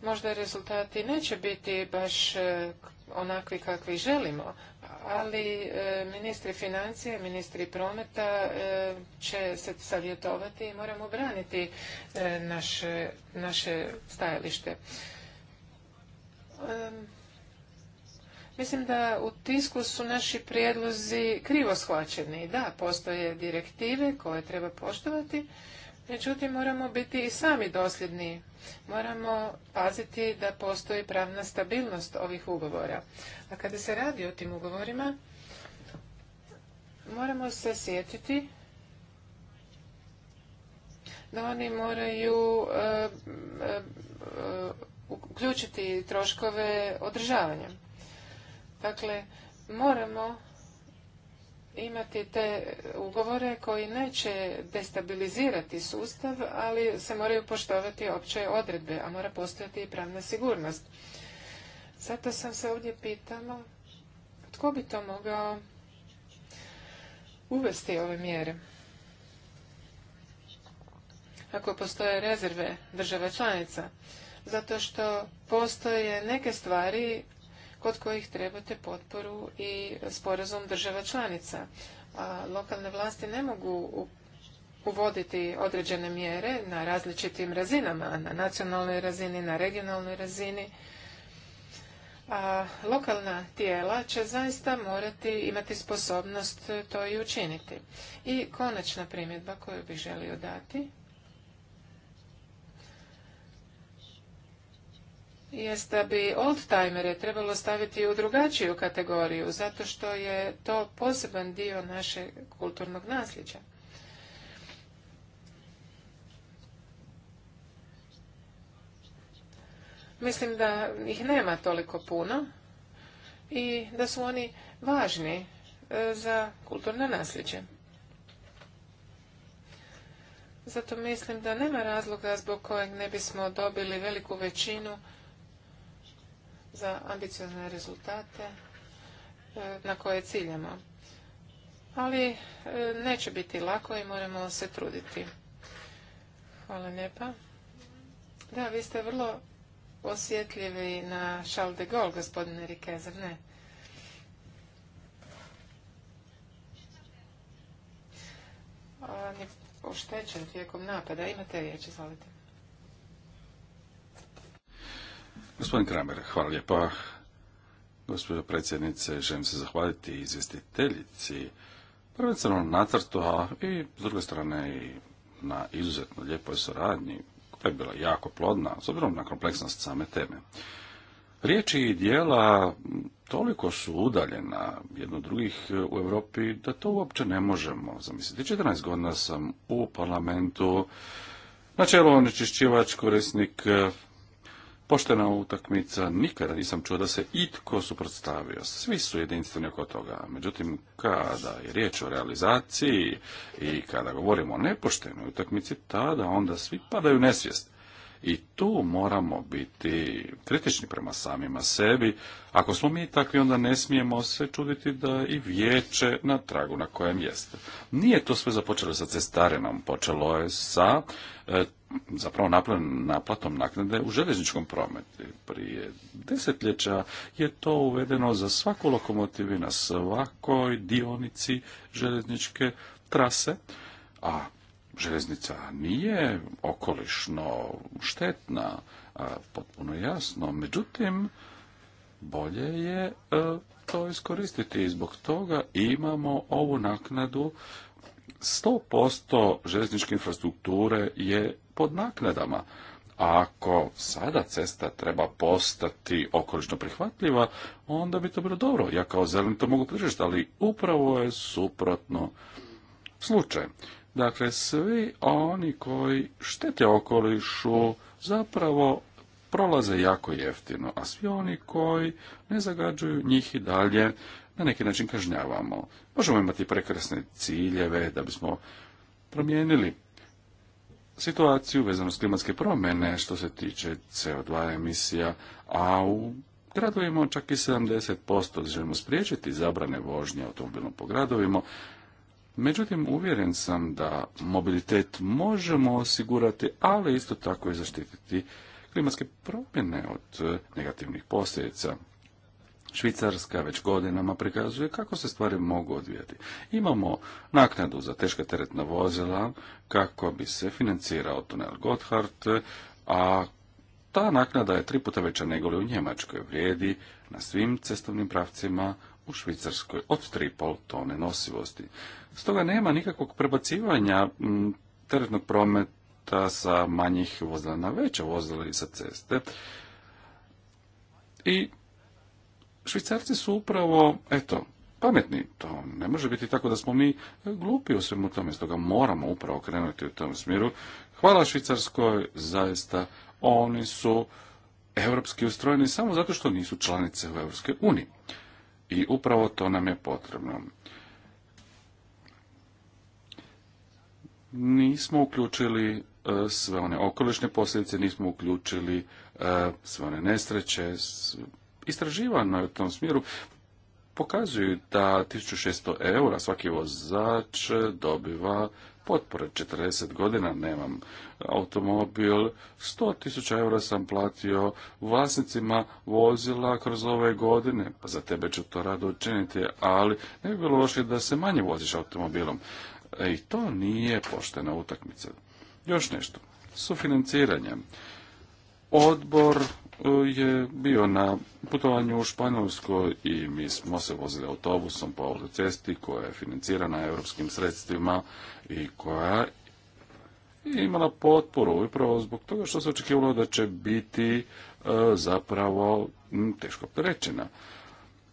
Možda rezultati neće biti baš e, onakvi kakvi želimo, ali e, ministri financije, ministri prometa e, će se savjetovati i moramo braniti naše, naše stajalište. Mislim da u tisku su naši prijedlozi krivo shvaćeni. Da, postoje direktive koje treba poštovati, međutim moramo biti i sami dosljedni. Moramo paziti da postoji pravna stabilnost ovih ugovora. A kada se radi o tim ugovorima, moramo se sjetiti da oni moraju uključiti troškove održavanja. Dakle, moramo imati te ugovore koji neće destabilizirati sustav, ali se moraju poštovati opće odredbe, a mora postojati i pravna sigurnost. Zato sam se ovdje pitala tko bi to mogao uvesti ove mjere. Ako postoje rezerve država članica, zato što postoje neke stvari kod kojih trebate potporu i sporazum država članica. A lokalne vlasti ne mogu uvoditi određene mjere na različitim razinama, na nacionalnoj razini, na regionalnoj razini. A lokalna tijela će zaista morati imati sposobnost to i učiniti. I konačna primjedba koju bih želio dati jest da bi oldtimere trebalo staviti u drugačiju kategoriju, zato što je to poseban dio našeg kulturnog nasljeđa. Mislim da ih nema toliko puno i da su oni važni e, za kulturno nasljeđe. Zato mislim da nema razloga zbog kojeg ne bismo dobili veliku većinu za ambiciozne rezultate e, na koje ciljamo. Ali e, neće biti lako i moramo se truditi. Hvala lijepa. Da, vi ste vrlo osjetljivi na Charles de Gaulle, gospodine Rike, zar ne? On tijekom napada. Imate riječ, izvolite. Gospodin Kramer, hvala lijepa. Gospođo predsjednice, želim se zahvaliti izvjestiteljici prvenstveno nacrtu, a i s druge strane i na izuzetno lijepoj suradnji koja je bila jako plodna, s obzirom na kompleksnost same teme. Riječi i dijela toliko su udaljena jedno od drugih u Europi da to uopće ne možemo zamisliti. 14 godina sam u parlamentu, na čelu onečišćivač, korisnik poštena utakmica, nikada nisam čuo da se itko suprotstavio. Svi su jedinstveni oko toga. Međutim, kada je riječ o realizaciji i kada govorimo o nepoštenoj utakmici, tada onda svi padaju nesvijest i tu moramo biti kritični prema samima sebi. Ako smo mi takvi, onda ne smijemo se čuditi da i vijeće na tragu na kojem jeste. Nije to sve započelo sa cestarenom, počelo je sa e, zapravo naplatom naknade u željezničkom prometu. Prije desetljeća je to uvedeno za svaku lokomotivu na svakoj dionici željezničke trase, a željeznica nije okolišno štetna, potpuno jasno. Međutim, bolje je e, to iskoristiti i zbog toga imamo ovu naknadu 100% železničke infrastrukture je pod naknadama. A ako sada cesta treba postati okolično prihvatljiva, onda bi to bilo dobro. Ja kao zelen to mogu prižešći, ali upravo je suprotno slučaj. Dakle, svi oni koji štete okolišu zapravo prolaze jako jeftino, a svi oni koji ne zagađuju njih i dalje na neki način kažnjavamo. Možemo imati prekrasne ciljeve da bismo promijenili situaciju vezano s klimatske promjene što se tiče CO2 emisija, a u gradovima čak i 70% želimo spriječiti zabrane vožnje automobilom po gradovima, Međutim, uvjeren sam da mobilitet možemo osigurati, ali isto tako i zaštititi klimatske promjene od e, negativnih posljedica. Švicarska već godinama prikazuje kako se stvari mogu odvijati. Imamo naknadu za teška teretna vozila kako bi se financirao tunel Gotthard, a ta naknada je tri puta veća nego li u Njemačkoj vrijedi na svim cestovnim pravcima u Švicarskoj od 3,5 tone nosivosti. Stoga nema nikakvog prebacivanja teretnog prometa sa manjih vozila na veća vozila i sa ceste. I Švicarci su upravo, eto, pametni. To ne može biti tako da smo mi glupi u svemu tome. Stoga moramo upravo krenuti u tom smjeru. Hvala Švicarskoj, zaista oni su europski ustrojeni samo zato što nisu članice u Europske unije. I upravo to nam je potrebno. Nismo uključili e, sve one okolišne posljedice, nismo uključili e, sve one nesreće. Istraživano je u tom smjeru pokazuju da 1600 eura svaki vozač dobiva potpore. 40 godina nemam automobil, 100 tisuća eura sam platio vlasnicima vozila kroz ove godine, pa za tebe ću to rado učiniti, ali ne bi bilo loše da se manje voziš automobilom. E, I to nije poštena utakmica. Još nešto. Sufinanciranje. Odbor je bio na putovanju u Španjolskoj i mi smo se vozili autobusom po autocesti koja je financirana europskim sredstvima i koja je imala potporu upravo zbog toga što se očekivalo da će biti e, zapravo teško opterećena.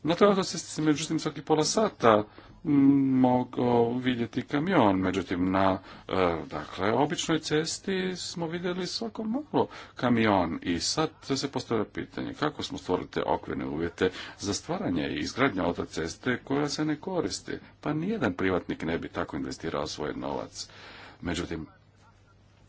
Na toj se međutim svaki pola sata mogao vidjeti kamion, međutim na e, dakle, običnoj cesti smo vidjeli svako moglo kamion i sad se postavlja pitanje kako smo stvorili te okvirne uvjete za stvaranje i izgradnje ceste koja se ne koristi. Pa nijedan privatnik ne bi tako investirao svoj novac. Međutim,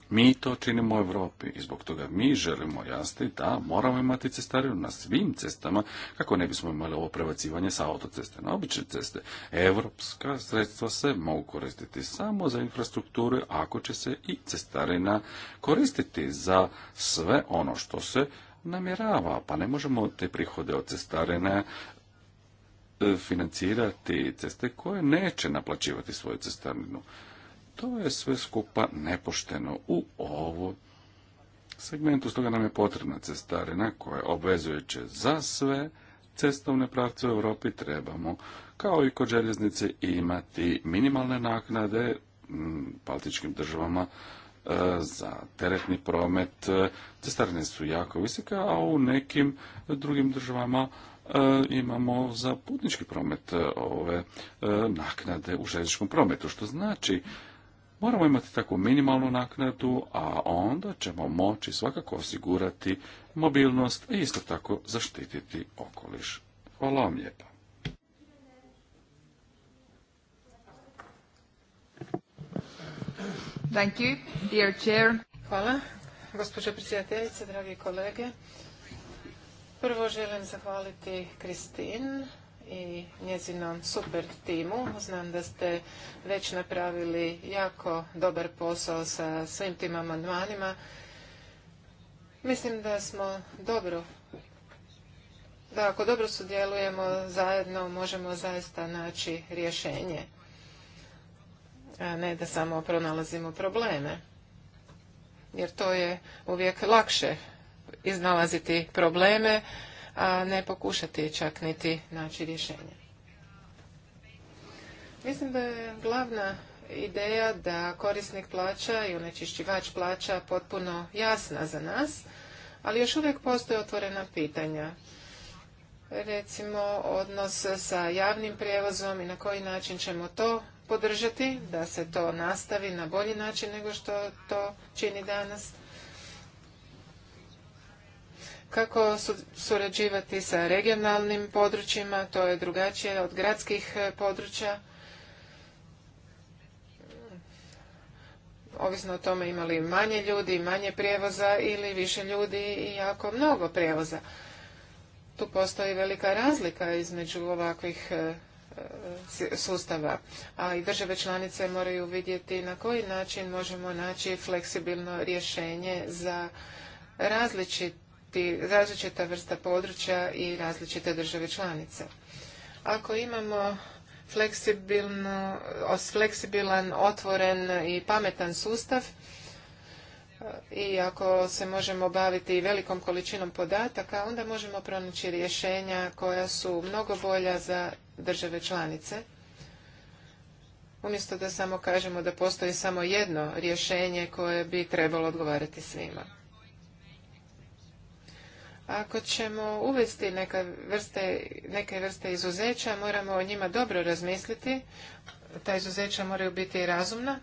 mi to činimo u Europi i zbog toga mi želimo jasni da moramo imati cestarinu na svim cestama kako ne bismo imali ovo prebacivanje sa autoceste na obične ceste. Europska sredstva se mogu koristiti samo za infrastrukturu ako će se i cestarina koristiti za sve ono što se namjerava. Pa ne možemo te prihode od cestarine e, financirati ceste koje neće naplaćivati svoju cestarinu. To je sve skupa nepošteno u ovom segmentu, stoga nam je potrebna cestarina koja je obvezujuće za sve cestovne pravce u Europi trebamo, kao i kod željeznice, imati minimalne naknade m, baltičkim državama e, za teretni promet. E, cestarine su jako visoke, a u nekim drugim državama e, imamo za putnički promet ove naknade u željezničkom prometu, što znači Moramo imati takvu minimalnu naknadu, a onda ćemo moći svakako osigurati mobilnost i isto tako zaštititi okoliš. Hvala vam lijepa. Thank you, dear chair. Hvala, gospođo predsjedateljice, dragi kolege. Prvo želim zahvaliti Kristin i njezinom super timu. Znam da ste već napravili jako dobar posao sa svim tim amandmanima. Mislim da smo dobro da ako dobro sudjelujemo zajedno možemo zaista naći rješenje, a ne da samo pronalazimo probleme. Jer to je uvijek lakše iznalaziti probleme a ne pokušati čak niti naći rješenje. Mislim da je glavna ideja da korisnik plaća i onečišćivač plaća potpuno jasna za nas, ali još uvijek postoje otvorena pitanja. Recimo odnos sa javnim prijevozom i na koji način ćemo to podržati, da se to nastavi na bolji način nego što to čini danas kako surađivati sa regionalnim područjima, to je drugačije od gradskih e, područja. Ovisno o tome imali manje ljudi, manje prijevoza ili više ljudi i jako mnogo prijevoza. Tu postoji velika razlika između ovakvih e, e, sustava, a i države članice moraju vidjeti na koji način možemo naći fleksibilno rješenje za različite različita vrsta područja i različite države članice. Ako imamo fleksibilan, otvoren i pametan sustav e, i ako se možemo baviti velikom količinom podataka, onda možemo pronaći rješenja koja su mnogo bolja za države članice. Umjesto da samo kažemo da postoji samo jedno rješenje koje bi trebalo odgovarati svima. Ako ćemo uvesti neke vrste, neke vrste izuzeća, moramo o njima dobro razmisliti. Ta izuzeća moraju biti razumna.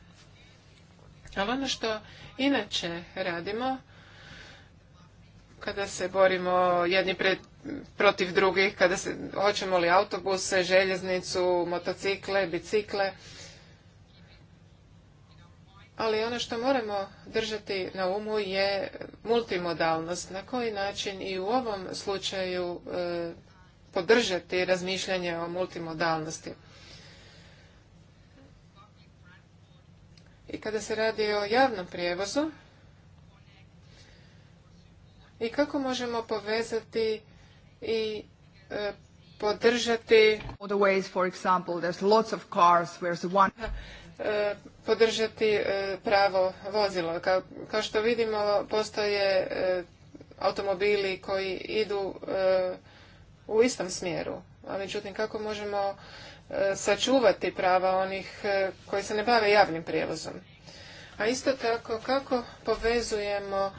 Ali ono što inače radimo, kada se borimo jedni pred, protiv drugih, kada se, hoćemo li autobuse, željeznicu, motocikle, bicikle, ali ono što moramo držati na umu je multimodalnost. Na koji način i u ovom slučaju e, podržati razmišljanje o multimodalnosti. I kada se radi o javnom prijevozu, i kako možemo povezati i e, podržati E, podržati e, pravo vozilo. Kao, što vidimo, postoje e, automobili koji idu u istom smjeru. A međutim, kako možemo sačuvati prava onih koji se ne bave javnim prijevozom? A isto tako, kako povezujemo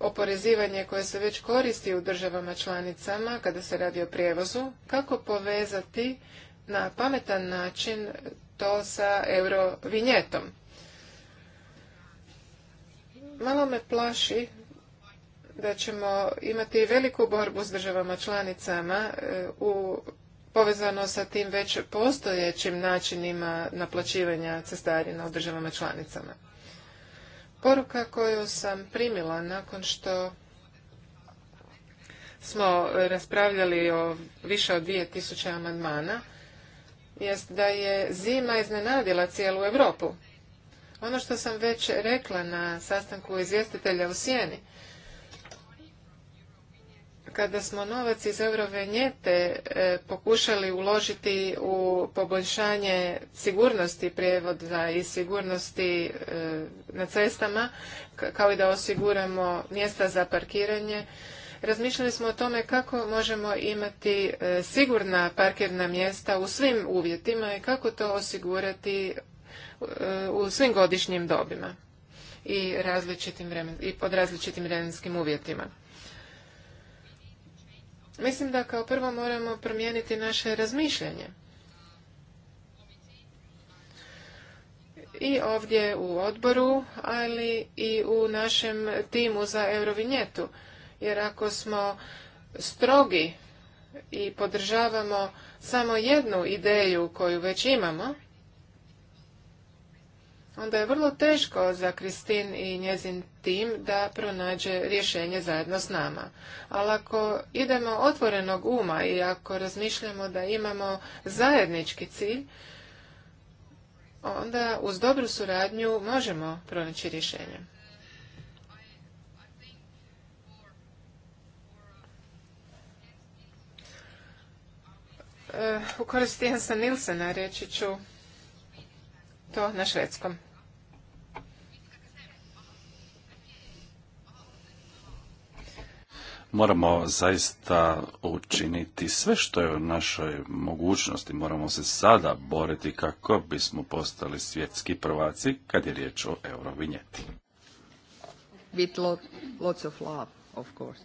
oporezivanje koje se već koristi u državama članicama kada se radi o prijevozu, kako povezati na pametan način to sa eurovinjetom. Malo me plaši da ćemo imati veliku borbu s državama članicama e, u povezano sa tim već postojećim načinima naplaćivanja cestarina u državama članicama. Poruka koju sam primila nakon što smo raspravljali o više od 2000 amandmana jest da je zima iznenadila cijelu Europu. Ono što sam već rekla na sastanku izvjestitelja u Sjeni, kada smo novac iz eurovenjete e, pokušali uložiti u poboljšanje sigurnosti prijevoda i sigurnosti e, na cestama, kao i da osiguramo mjesta za parkiranje, Razmišljali smo o tome kako možemo imati e, sigurna parkirna mjesta u svim uvjetima i kako to osigurati e, u svim godišnjim dobima i, i pod različitim vremenskim uvjetima. Mislim da kao prvo moramo promijeniti naše razmišljanje. I ovdje u odboru, ali i u našem timu za Eurovinjetu. Jer ako smo strogi i podržavamo samo jednu ideju koju već imamo, onda je vrlo teško za Kristin i njezin tim da pronađe rješenje zajedno s nama. Ali ako idemo otvorenog uma i ako razmišljamo da imamo zajednički cilj, onda uz dobru suradnju možemo pronaći rješenje. Eh, u korist Jensa Nilsena reći ću to na švedskom. Moramo zaista učiniti sve što je u našoj mogućnosti. Moramo se sada boriti kako bismo postali svjetski prvaci kad je riječ o eurovinjeti. With of love, of course.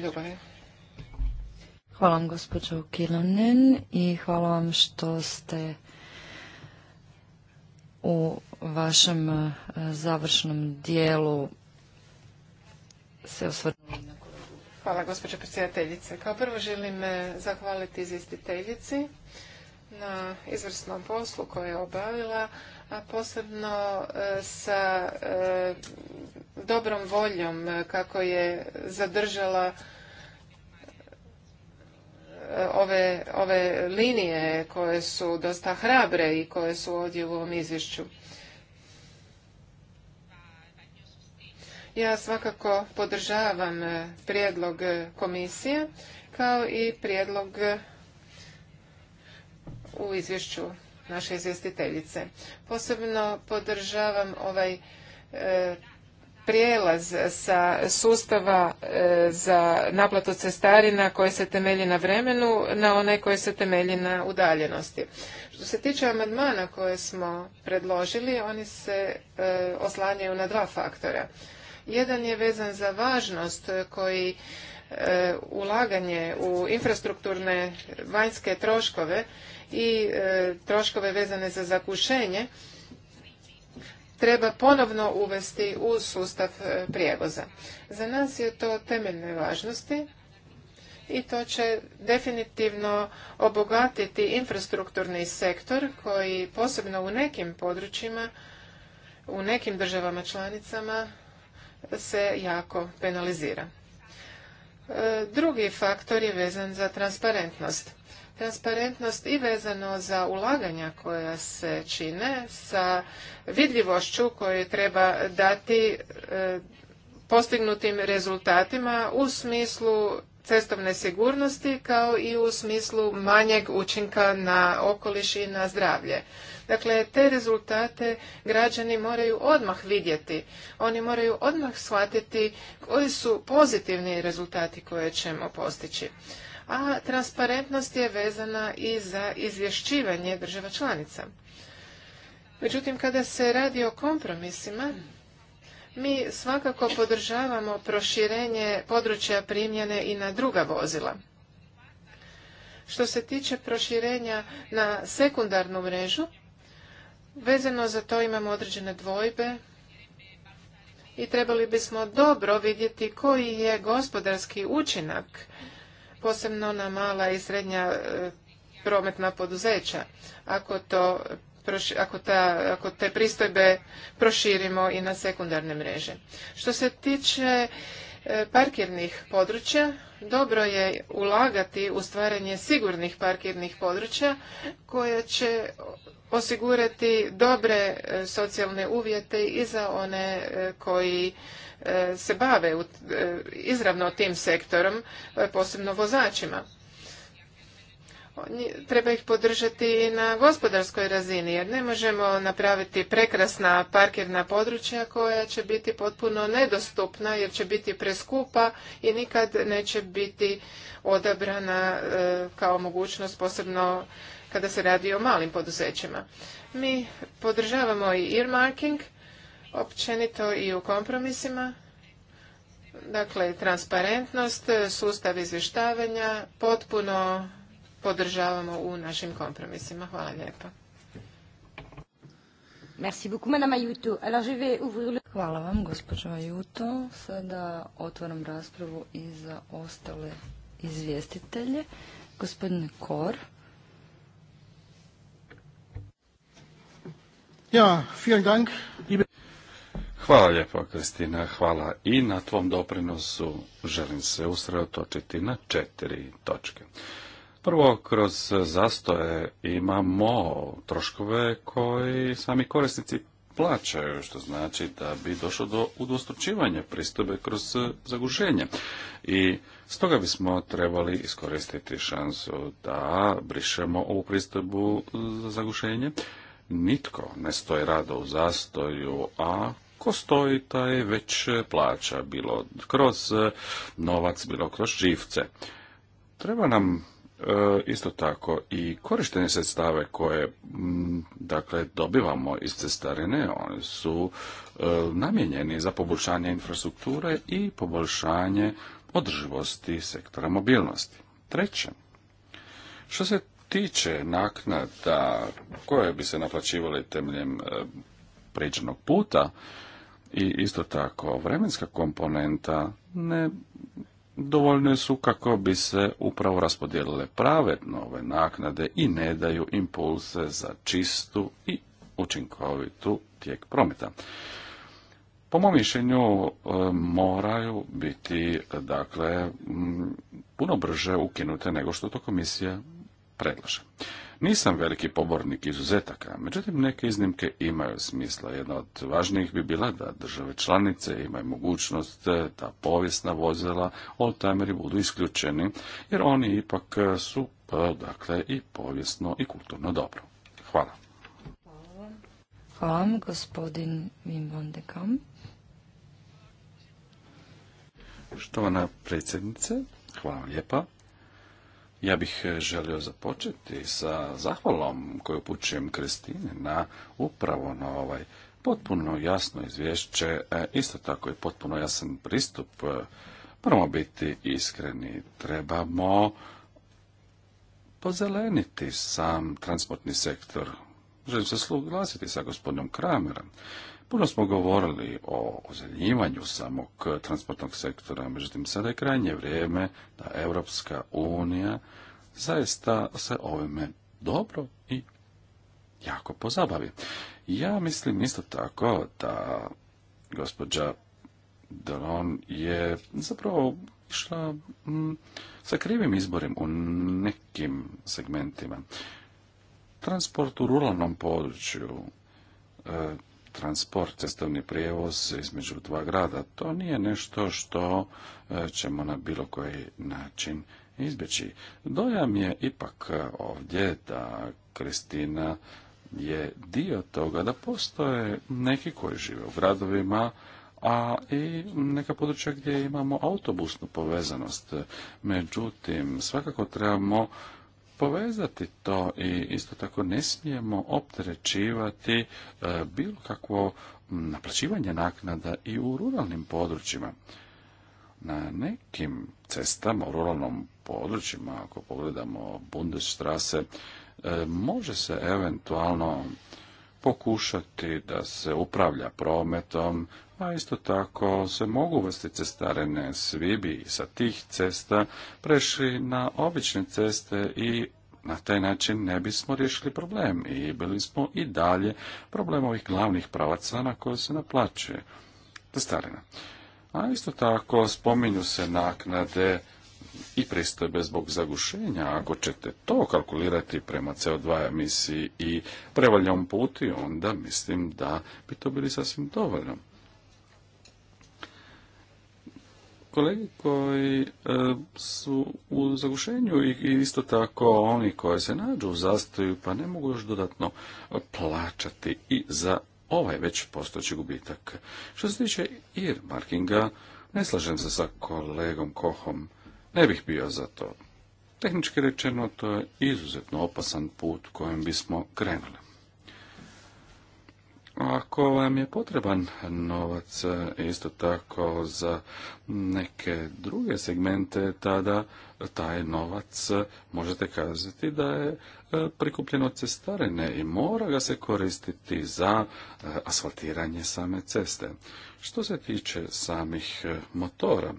ljubavi. Hvala vam gospođo Kilonen i hvala vam što ste u vašem e, završnom dijelu se osvrnuli Hvala gospođo predsjedateljice. Kao prvo želim e, zahvaliti izvjestiteljici na izvrsnom poslu koje je obavila, a posebno e, sa dobrom voljom kako je zadržala ove, ove linije koje su dosta hrabre i koje su ovdje u ovom izvješću. Ja svakako podržavam e, prijedlog komisije kao i prijedlog e, u izvješću naše izvjestiteljice. Posebno podržavam ovaj e, prijelaz sa sustava e, za naplatu cestarina koje se temelji na vremenu na one koje se temelji na udaljenosti. Što se tiče amandmana koje smo predložili, oni se e, oslanjaju na dva faktora. Jedan je vezan za važnost koji e, ulaganje u infrastrukturne vanjske troškove i troškove vezane za zakušenje treba ponovno uvesti u sustav e, prijevoza. Za nas je to temeljne važnosti i to će definitivno obogatiti infrastrukturni sektor koji posebno u nekim područjima, u nekim državama članicama se jako penalizira. E, drugi faktor je vezan za transparentnost transparentnost i vezano za ulaganja koja se čine sa vidljivošću koju treba dati e, postignutim rezultatima u smislu cestovne sigurnosti kao i u smislu manjeg učinka na okoliš i na zdravlje. Dakle, te rezultate građani moraju odmah vidjeti. Oni moraju odmah shvatiti koji su pozitivni rezultati koje ćemo postići a transparentnost je vezana i za izvješćivanje država članica. Međutim, kada se radi o kompromisima, mi svakako podržavamo proširenje područja primjene i na druga vozila. Što se tiče proširenja na sekundarnu mrežu, vezano za to imamo određene dvojbe i trebali bismo dobro vidjeti koji je gospodarski učinak posebno na mala i srednja e, prometna poduzeća. Ako to ako, ta, ako te pristojbe proširimo i na sekundarne mreže. Što se tiče e, parkirnih područja, dobro je ulagati u stvaranje sigurnih parkirnih područja koje će osigurati dobre e, socijalne uvjete i za one koji E, se bave e, izravno tim sektorom, e, posebno vozačima. Treba ih podržati i na gospodarskoj razini, jer ne možemo napraviti prekrasna parkirna područja koja će biti potpuno nedostupna, jer će biti preskupa i nikad neće biti odabrana kao mogućnost, posebno kada se radi o malim poduzećima. Mi podržavamo i earmarking, općenito i u kompromisima. Dakle, transparentnost, sustav izvještavanja, potpuno podržavamo u našim kompromisima. Hvala lijepa. Merci beaucoup, madame Ayuto. Alors, je vais ouvrir le... Hvala vam, gospođo Ayuto. Sada otvaram raspravu i za ostale izvjestitelje. Gospodine Kor. Ja, vielen Dank. Hvala lijepo, Kristina. Hvala i na tvom doprinosu. Želim se usredotočiti na četiri točke. Prvo, kroz zastoje imamo troškove koji sami korisnici plaćaju, što znači da bi došlo do udostručivanja pristobe kroz zagušenje. I stoga bismo trebali iskoristiti šansu da brišemo ovu pristojbu za zagušenje. Nitko ne stoji rado u zastoju, a ko stoji, taj već e, plaća, bilo kroz e, novac, bilo kroz živce. Treba nam e, isto tako i korištenje sredstave koje dakle dobivamo iz cestarine one su namjenjeni za poboljšanje infrastrukture i poboljšanje održivosti sektora mobilnosti. Treće, što se tiče naknada koje bi se naplaćivale temeljem pređenog puta, i isto tako, vremenska komponenta ne dovoljne su kako bi se upravo raspodijelile prave nove naknade i ne daju impulse za čistu i učinkovitu tijek prometa. Po mom mišljenju e, moraju biti dakle puno brže ukinute nego što to komisija predlaže. Nisam veliki pobornik izuzetaka, međutim neke iznimke imaju smisla. Jedna od važnijih bi bila da države članice imaju mogućnost da eh, povijesna vozila oldtimeri budu isključeni, jer oni ipak eh, su eh, dakle i povijesno i kulturno dobro. Hvala. Hvala, vam, gospodin Wim van de Štovana predsjednice, hvala vam lijepa. Ja bih e, želio započeti sa zahvalom koju upućujem Kristine na upravo na ovaj potpuno jasno izvješće, e, isto tako i potpuno jasan pristup. E, moramo biti iskreni, trebamo pozeleniti sam transportni sektor. Želim se sluglasiti sa gospodinom Kramerom. Puno smo govorili o ozeljivanju samog transportnog sektora, međutim sada je krajnje vrijeme da Europska unija zaista se ovime dobro i jako pozabavi. Ja mislim isto tako da gospođa Dron je zapravo išla mm, sa krivim izborim u nekim segmentima. Transport u ruralnom području, e, transport, cestovni prijevoz između dva grada. To nije nešto što e, ćemo na bilo koji način izbjeći. Dojam je ipak e, ovdje da Kristina je dio toga da postoje neki koji žive u gradovima, a i neka područja gdje imamo autobusnu povezanost. Međutim, svakako trebamo povezati to i isto tako ne smijemo opterećivati e, bilo kakvo naplaćivanje naknada i u ruralnim područjima. Na nekim cestama u ruralnom područjima, ako pogledamo Bundesstrasse, e, može se eventualno pokušati da se upravlja prometom, a isto tako se mogu uvesti cestarene, svi bi sa tih cesta prešli na obične ceste i na taj način ne bismo riješili problem i bili smo i dalje problem ovih glavnih pravaca na koje se naplaćuje cestarina. A isto tako spominju se naknade i pristojbe zbog zagušenja. Ako ćete to kalkulirati prema CO2 emisiji i prevaljom puti, onda mislim da bi to bili sasvim dovoljno. kolege koji e, su u zagušenju i isto tako oni koji se nađu u zastoju pa ne mogu još dodatno plaćati i za ovaj već postojeći gubitak. Što se tiče earmarkinga, ne slažem se sa kolegom Kohom, ne bih bio za to. Tehnički rečeno, to je izuzetno opasan put kojim bismo krenuli. Ako vam je potreban novac e, isto tako za neke druge segmente, tada taj novac e, možete kazati da je e, prikupljen od cestarine i mora ga se koristiti za asfaltiranje same ceste. Što se tiče samih motora,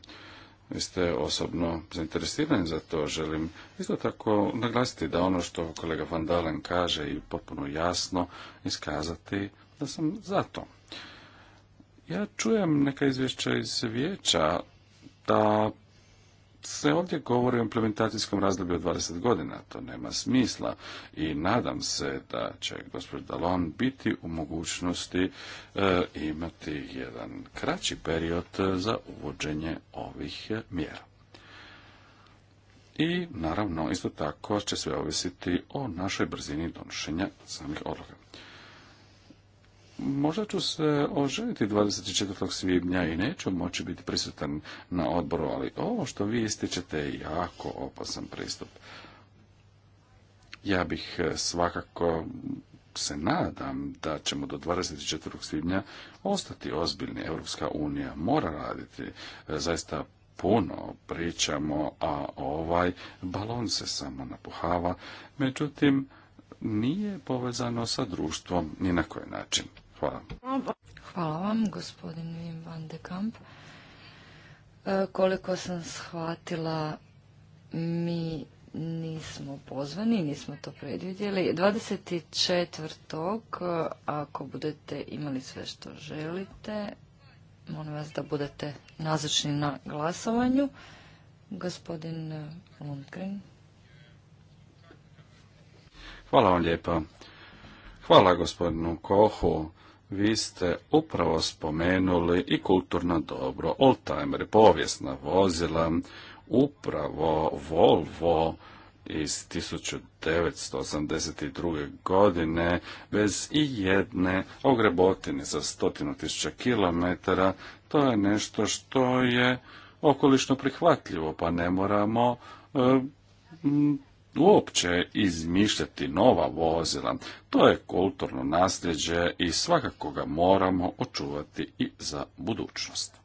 vi ste osobno zainteresirani za to. Želim isto tako naglasiti da ono što kolega Van Dalen kaže i potpuno jasno iskazati da sam za to. Ja čujem neka izvješća iz vijeća da se ovdje govori o implementacijskom razdoblju od 20 godina. To nema smisla i nadam se da će gospođa Dalon biti u mogućnosti e, imati jedan kraći period za uvođenje ovih e, mjera. I naravno isto tako će sve ovisiti o našoj brzini donošenja samih odluka. Možda ću se oženiti 24. svibnja i neću moći biti prisutan na odboru, ali ovo što vi ističete je jako opasan pristup. Ja bih e, svakako se nadam da ćemo do 24. svibnja ostati ozbiljni. Evropska unija mora raditi e, zaista puno pričamo, a ovaj balon se samo napuhava. Međutim, nije povezano sa društvom ni na koji način. Hvala. Hvala vam, gospodin Van de Kamp. E, koliko sam shvatila, mi nismo pozvani, nismo to predvidjeli. 24. E, ako budete imali sve što želite, molim vas da budete nazočni na glasovanju. Gospodin Lundgren. Hvala vam lijepa. Hvala gospodinu Kohu vi ste upravo spomenuli i kulturno dobro, oldtimer, povijesna vozila, upravo Volvo iz 1982. godine bez i jedne ogrebotine za stotinu tisuća kilometara, to je nešto što je okolišno prihvatljivo, pa ne moramo e, uopće izmišljati nova vozila. To je kulturno nasljeđe i svakako ga moramo očuvati i za budućnost.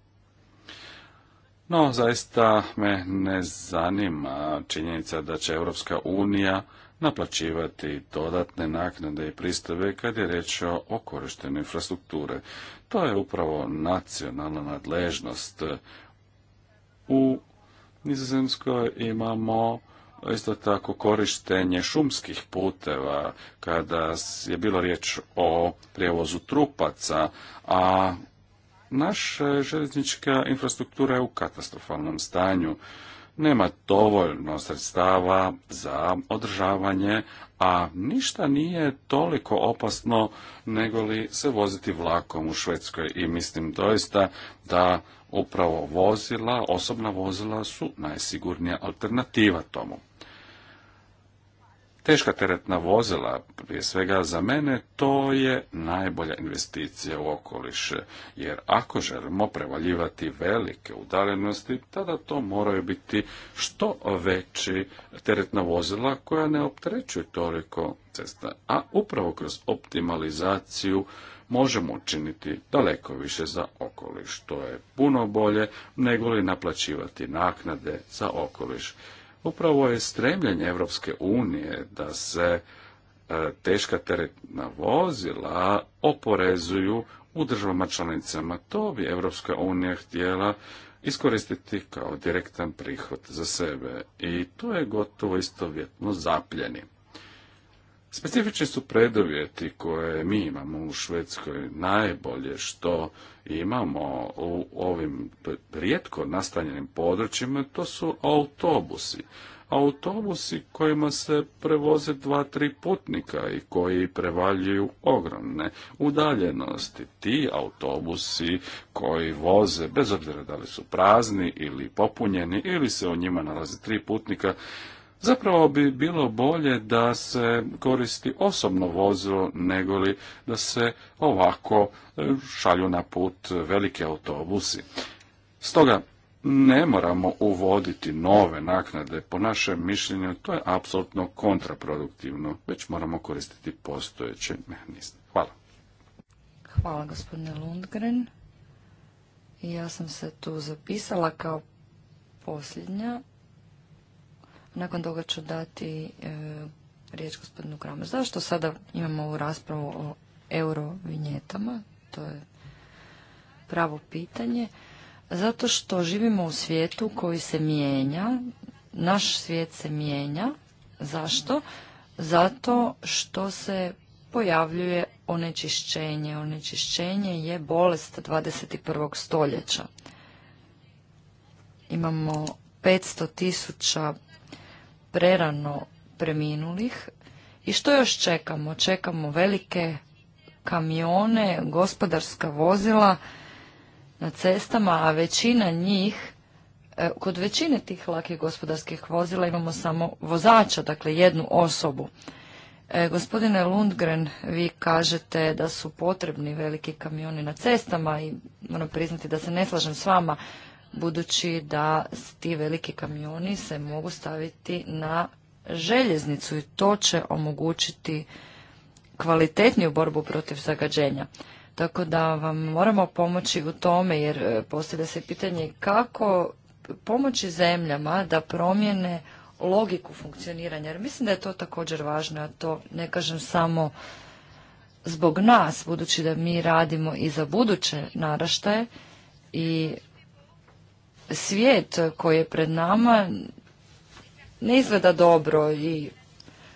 No, zaista me ne zanima činjenica da će Europska unija naplaćivati dodatne naknade i pristave kad je reč o korištenju infrastrukture. To je upravo nacionalna nadležnost. U Nizozemskoj imamo isto tako korištenje šumskih puteva kada je bilo riječ o prijevozu trupaca, a naša željeznička infrastruktura je u katastrofalnom stanju. Nema dovoljno sredstava za održavanje, a ništa nije toliko opasno nego li se voziti vlakom u Švedskoj i mislim doista da upravo vozila, osobna vozila su najsigurnija alternativa tomu teška teretna vozila, prije svega za mene, to je najbolja investicija u okoliš, jer ako želimo prevaljivati velike udaljenosti, tada to moraju biti što veći teretna vozila koja ne opterećuju toliko cesta, a upravo kroz optimalizaciju možemo učiniti daleko više za okoliš. To je puno bolje nego li naplaćivati naknade za okoliš. Upravo je stremljenje Europske unije da se e, teška teretna vozila oporezuju u državama članicama. To bi Evropska unija htjela iskoristiti kao direktan prihod za sebe i to je gotovo istovjetno zapljeni. Specifični su preduvjeti koje mi imamo u Švedskoj najbolje što imamo u ovim rijetko nastanjenim područjima, to su autobusi. Autobusi kojima se prevoze dva, tri putnika i koji prevaljuju ogromne udaljenosti. Ti autobusi koji voze, bez obzira da li su prazni ili popunjeni ili se u njima nalaze tri putnika, Zapravo bi bilo bolje da se koristi osobno vozilo nego li da se ovako e, šalju na put velike autobusi. Stoga ne moramo uvoditi nove naknade, po našem mišljenju to je apsolutno kontraproduktivno, već moramo koristiti postojeće mehanizme. Hvala. Hvala gospodine Lundgren. Ja sam se tu zapisala kao posljednja. Nakon toga ću dati e, riječ gospodinu Kramer. Zašto sada imamo ovu raspravu o eurovinjetama? To je pravo pitanje. Zato što živimo u svijetu koji se mijenja, naš svijet se mijenja. Zašto? Zato što se pojavljuje onečišćenje. Onečišćenje je bolest 21. stoljeća. Imamo 500 tisuća prerano preminulih i što još čekamo? Čekamo velike kamione, gospodarska vozila na cestama, a većina njih, e, kod većine tih lakih gospodarskih vozila imamo samo vozača, dakle jednu osobu. E, gospodine Lundgren, vi kažete da su potrebni veliki kamioni na cestama i moram priznati da se ne slažem s vama budući da ti veliki kamioni se mogu staviti na željeznicu i to će omogućiti kvalitetniju borbu protiv zagađenja. Tako da vam moramo pomoći u tome jer e, postavlja se pitanje kako pomoći zemljama da promijene logiku funkcioniranja. Jer mislim da je to također važno, a to ne kažem samo zbog nas, budući da mi radimo i za buduće naraštaje i svijet koji je pred nama ne izgleda dobro i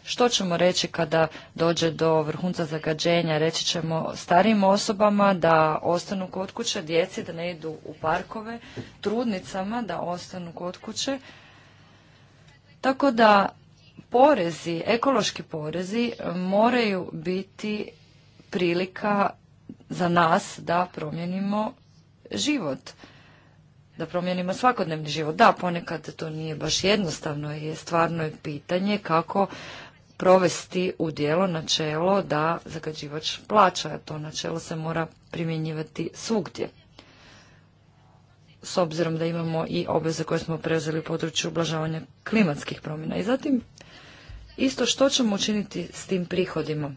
što ćemo reći kada dođe do vrhunca zagađenja? Reći ćemo starijim osobama da ostanu kod kuće, djeci da ne idu u parkove, trudnicama da ostanu kod kuće. Tako da porezi, ekološki porezi moraju biti prilika za nas da promijenimo život da promijenimo svakodnevni život. Da, ponekad to nije baš jednostavno je stvarno je pitanje kako provesti u djelo načelo da zagađivač plaća. To načelo se mora primjenjivati svugdje. S obzirom da imamo i obveze koje smo preuzeli u području ublažavanja klimatskih promjena. I zatim, isto što ćemo učiniti s tim prihodima?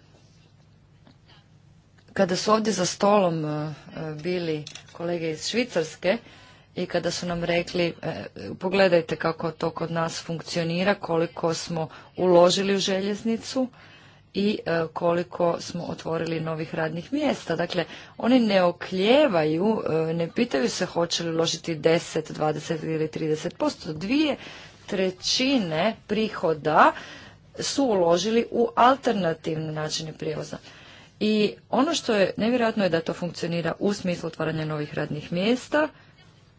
Kada su ovdje za stolom eh, bili kolege iz Švicarske, i kada su nam rekli e, pogledajte kako to kod nas funkcionira, koliko smo uložili u željeznicu i e, koliko smo otvorili novih radnih mjesta. Dakle, oni ne okljevaju, e, ne pitaju se hoće li uložiti 10, 20 ili 30%. Dvije trećine prihoda su uložili u alternativne načine prijevoza. I ono što je nevjerojatno je da to funkcionira u smislu otvaranja novih radnih mjesta,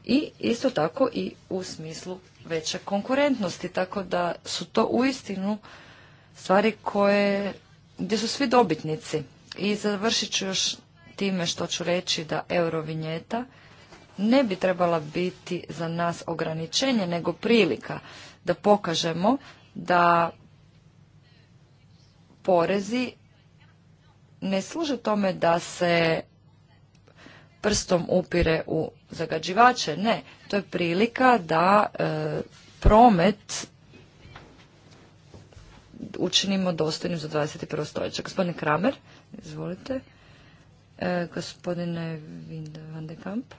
i isto tako i u smislu veće konkurentnosti. Tako da su to uistinu stvari koje, gdje su svi dobitnici. I završit ću još time što ću reći da eurovinjeta ne bi trebala biti za nas ograničenje, nego prilika da pokažemo da porezi ne služe tome da se prstom upire u zagađivače. Ne, to je prilika da e, promet učinimo dostojnim za 21. stoljeće. Gospodine Kramer, izvolite. E, gospodine Van de Kamp.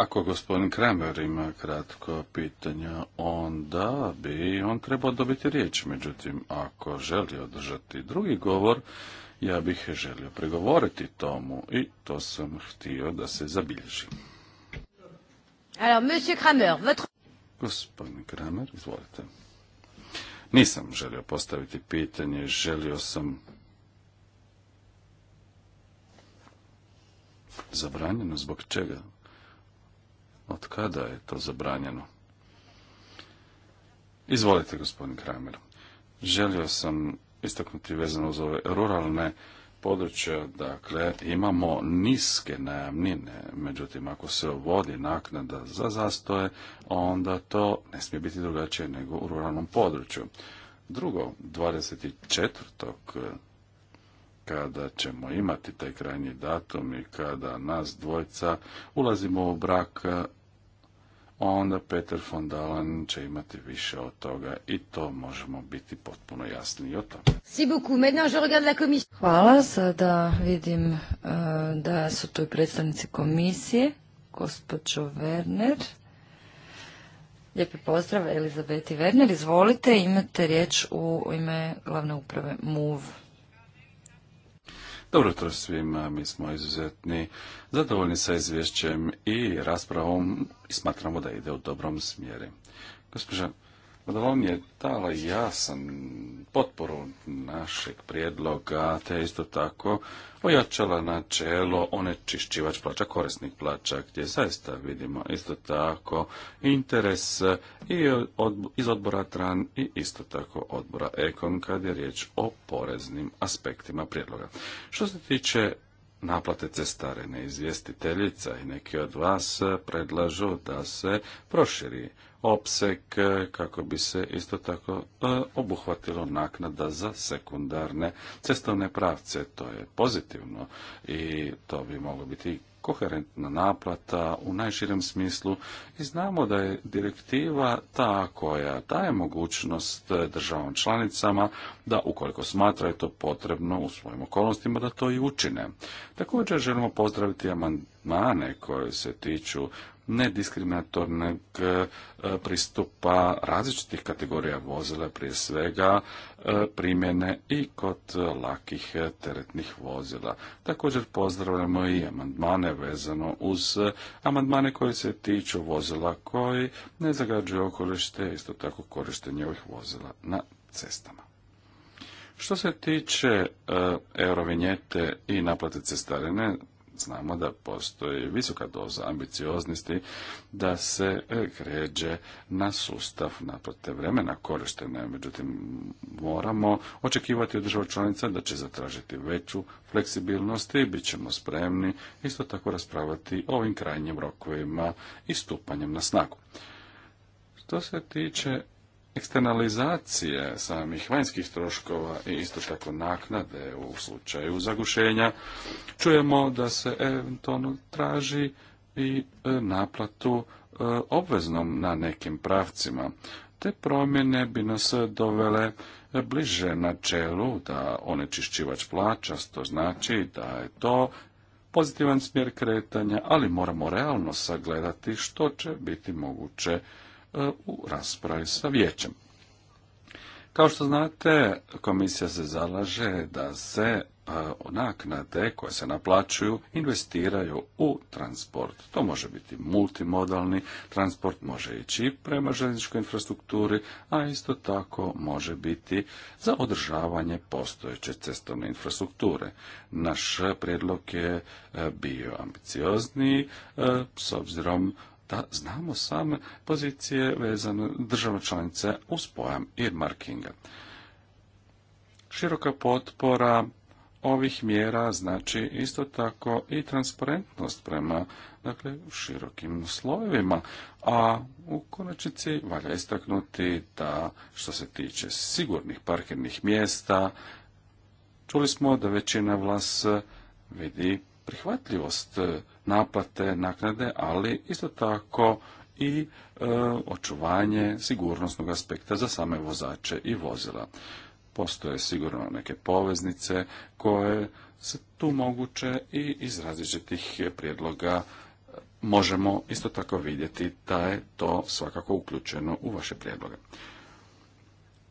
Ako gospodin Kramer ima kratko pitanje, onda bi on trebao dobiti riječ. Međutim, ako želi održati drugi govor, ja bih želio pregovoriti tomu i to sam htio da se zabilježi. Gospodin Kramer, izvolite. Nisam želio postaviti pitanje, želio sam zabranjeno zbog čega? Od kada je to zabranjeno? Izvolite, gospodin Kramer. Želio sam istaknuti vezano uz ove ruralne područja, dakle, imamo niske najamnine, međutim, ako se uvodi naknada za zastoje, onda to ne smije biti drugačije nego u ruralnom području. Drugo, 24. kada ćemo imati taj krajnji datum i kada nas dvojca ulazimo u brak, onda Peter von Dalen će imati više od toga i to možemo biti potpuno jasni i o tome. Hvala, sada vidim e, da su tu i predstavnici komisije, gospođo Werner. Lijepi pozdrav Elizabeti Werner, izvolite, imate riječ u ime glavne uprave MOVE. Dobro jutro svima, mi smo izuzetni zadovoljni sa izvješćem i raspravom i smatramo da ide u dobrom smjeru. Gospođa vam je dala jasan potporu našeg prijedloga, te isto tako ojačala načelo onečišćivač plaća, korisnik plaća, gdje zaista vidimo isto tako interes i iz odbora TRAN i isto tako odbora EKON kad je riječ o poreznim aspektima prijedloga. Što se tiče naplate cestarine. Izvjestiteljica i neki od vas predlažu da se proširi opsek kako bi se isto tako e, obuhvatilo naknada za sekundarne cestovne pravce. To je pozitivno i to bi moglo biti koherentna naplata u najširem smislu i znamo da je direktiva ta koja daje mogućnost državom članicama da ukoliko smatraju to potrebno u svojim okolnostima da to i učine. Također želimo pozdraviti amandmane koje se tiču nediskriminatornog e, pristupa različitih kategorija vozila, prije svega e, primjene i kod lakih teretnih vozila. Također pozdravljamo i amandmane vezano uz amandmane koji se tiču vozila koji ne zagađuju okolište, isto tako korištenje ovih vozila na cestama. Što se tiče e, eurovinjete i naplate cestarine, znamo da postoji visoka doza ambicioznosti da se e, kređe na sustav naplate vremena korištene. Međutim, moramo očekivati od država članica da će zatražiti veću fleksibilnost i bit ćemo spremni isto tako raspravljati o ovim krajnjim rokovima i stupanjem na snagu. Što se tiče eksternalizacije samih vanjskih troškova i isto tako naknade u slučaju zagušenja, čujemo da se eventualno traži i e, naplatu e, obveznom na nekim pravcima. Te promjene bi nas dovele bliže načelu da onečišćivač plaća, što znači da je to pozitivan smjer kretanja, ali moramo realno sagledati što će biti moguće E, u raspravi sa vijećem. Kao što znate, komisija se zalaže da se e, naknade koje se naplaćuju investiraju u transport. To može biti multimodalni transport, može ići prema željezničkoj infrastrukturi, a isto tako može biti za održavanje postojeće cestovne infrastrukture. Naš prijedlog je e, bio ambiciozniji s obzirom da znamo same pozicije vezane država članice uz pojam earmarkinga. Široka potpora ovih mjera znači isto tako i transparentnost prema dakle, širokim slojevima, a u konačnici valja istaknuti da što se tiče sigurnih parkirnih mjesta, čuli smo da većina vlas vidi prihvatljivost e, naplate naknade, ali isto tako i e, očuvanje sigurnosnog aspekta za same vozače i vozila. Postoje sigurno neke poveznice koje se tu moguće i iz različitih prijedloga e, možemo isto tako vidjeti da je to svakako uključeno u vaše prijedloge.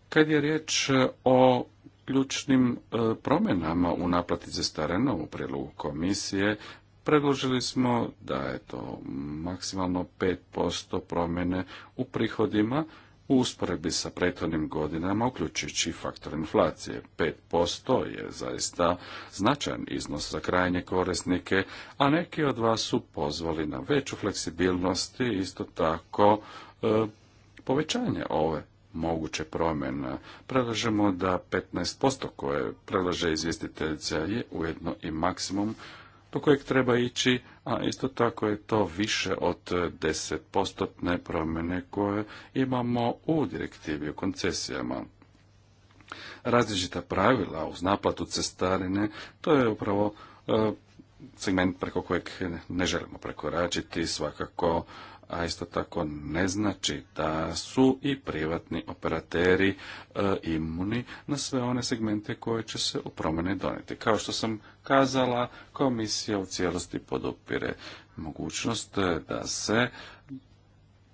Kad je riječ o ključnim e, promjenama u naplati stare u prijedlogu komisije predložili smo da je to maksimalno 5% promjene u prihodima u usporedbi sa prethodnim godinama, uključujući faktor inflacije. 5% je zaista značajan iznos za krajnje korisnike, a neki od vas su pozvali na veću fleksibilnost i isto tako e, povećanje ove moguće promjene. Predlažemo da 15% koje predlaže izvjestiteljica je ujedno i maksimum do kojeg treba ići, a isto tako je to više od 10% promjene koje imamo u direktivi o koncesijama. Različita pravila uz naplatu cestarine, to je upravo e, segment preko kojeg ne želimo prekoračiti, svakako a isto tako ne znači da su i privatni operateri e, imuni na sve one segmente koje će se u promjene donijeti. Kao što sam kazala, komisija u cijelosti podupire mogućnost da se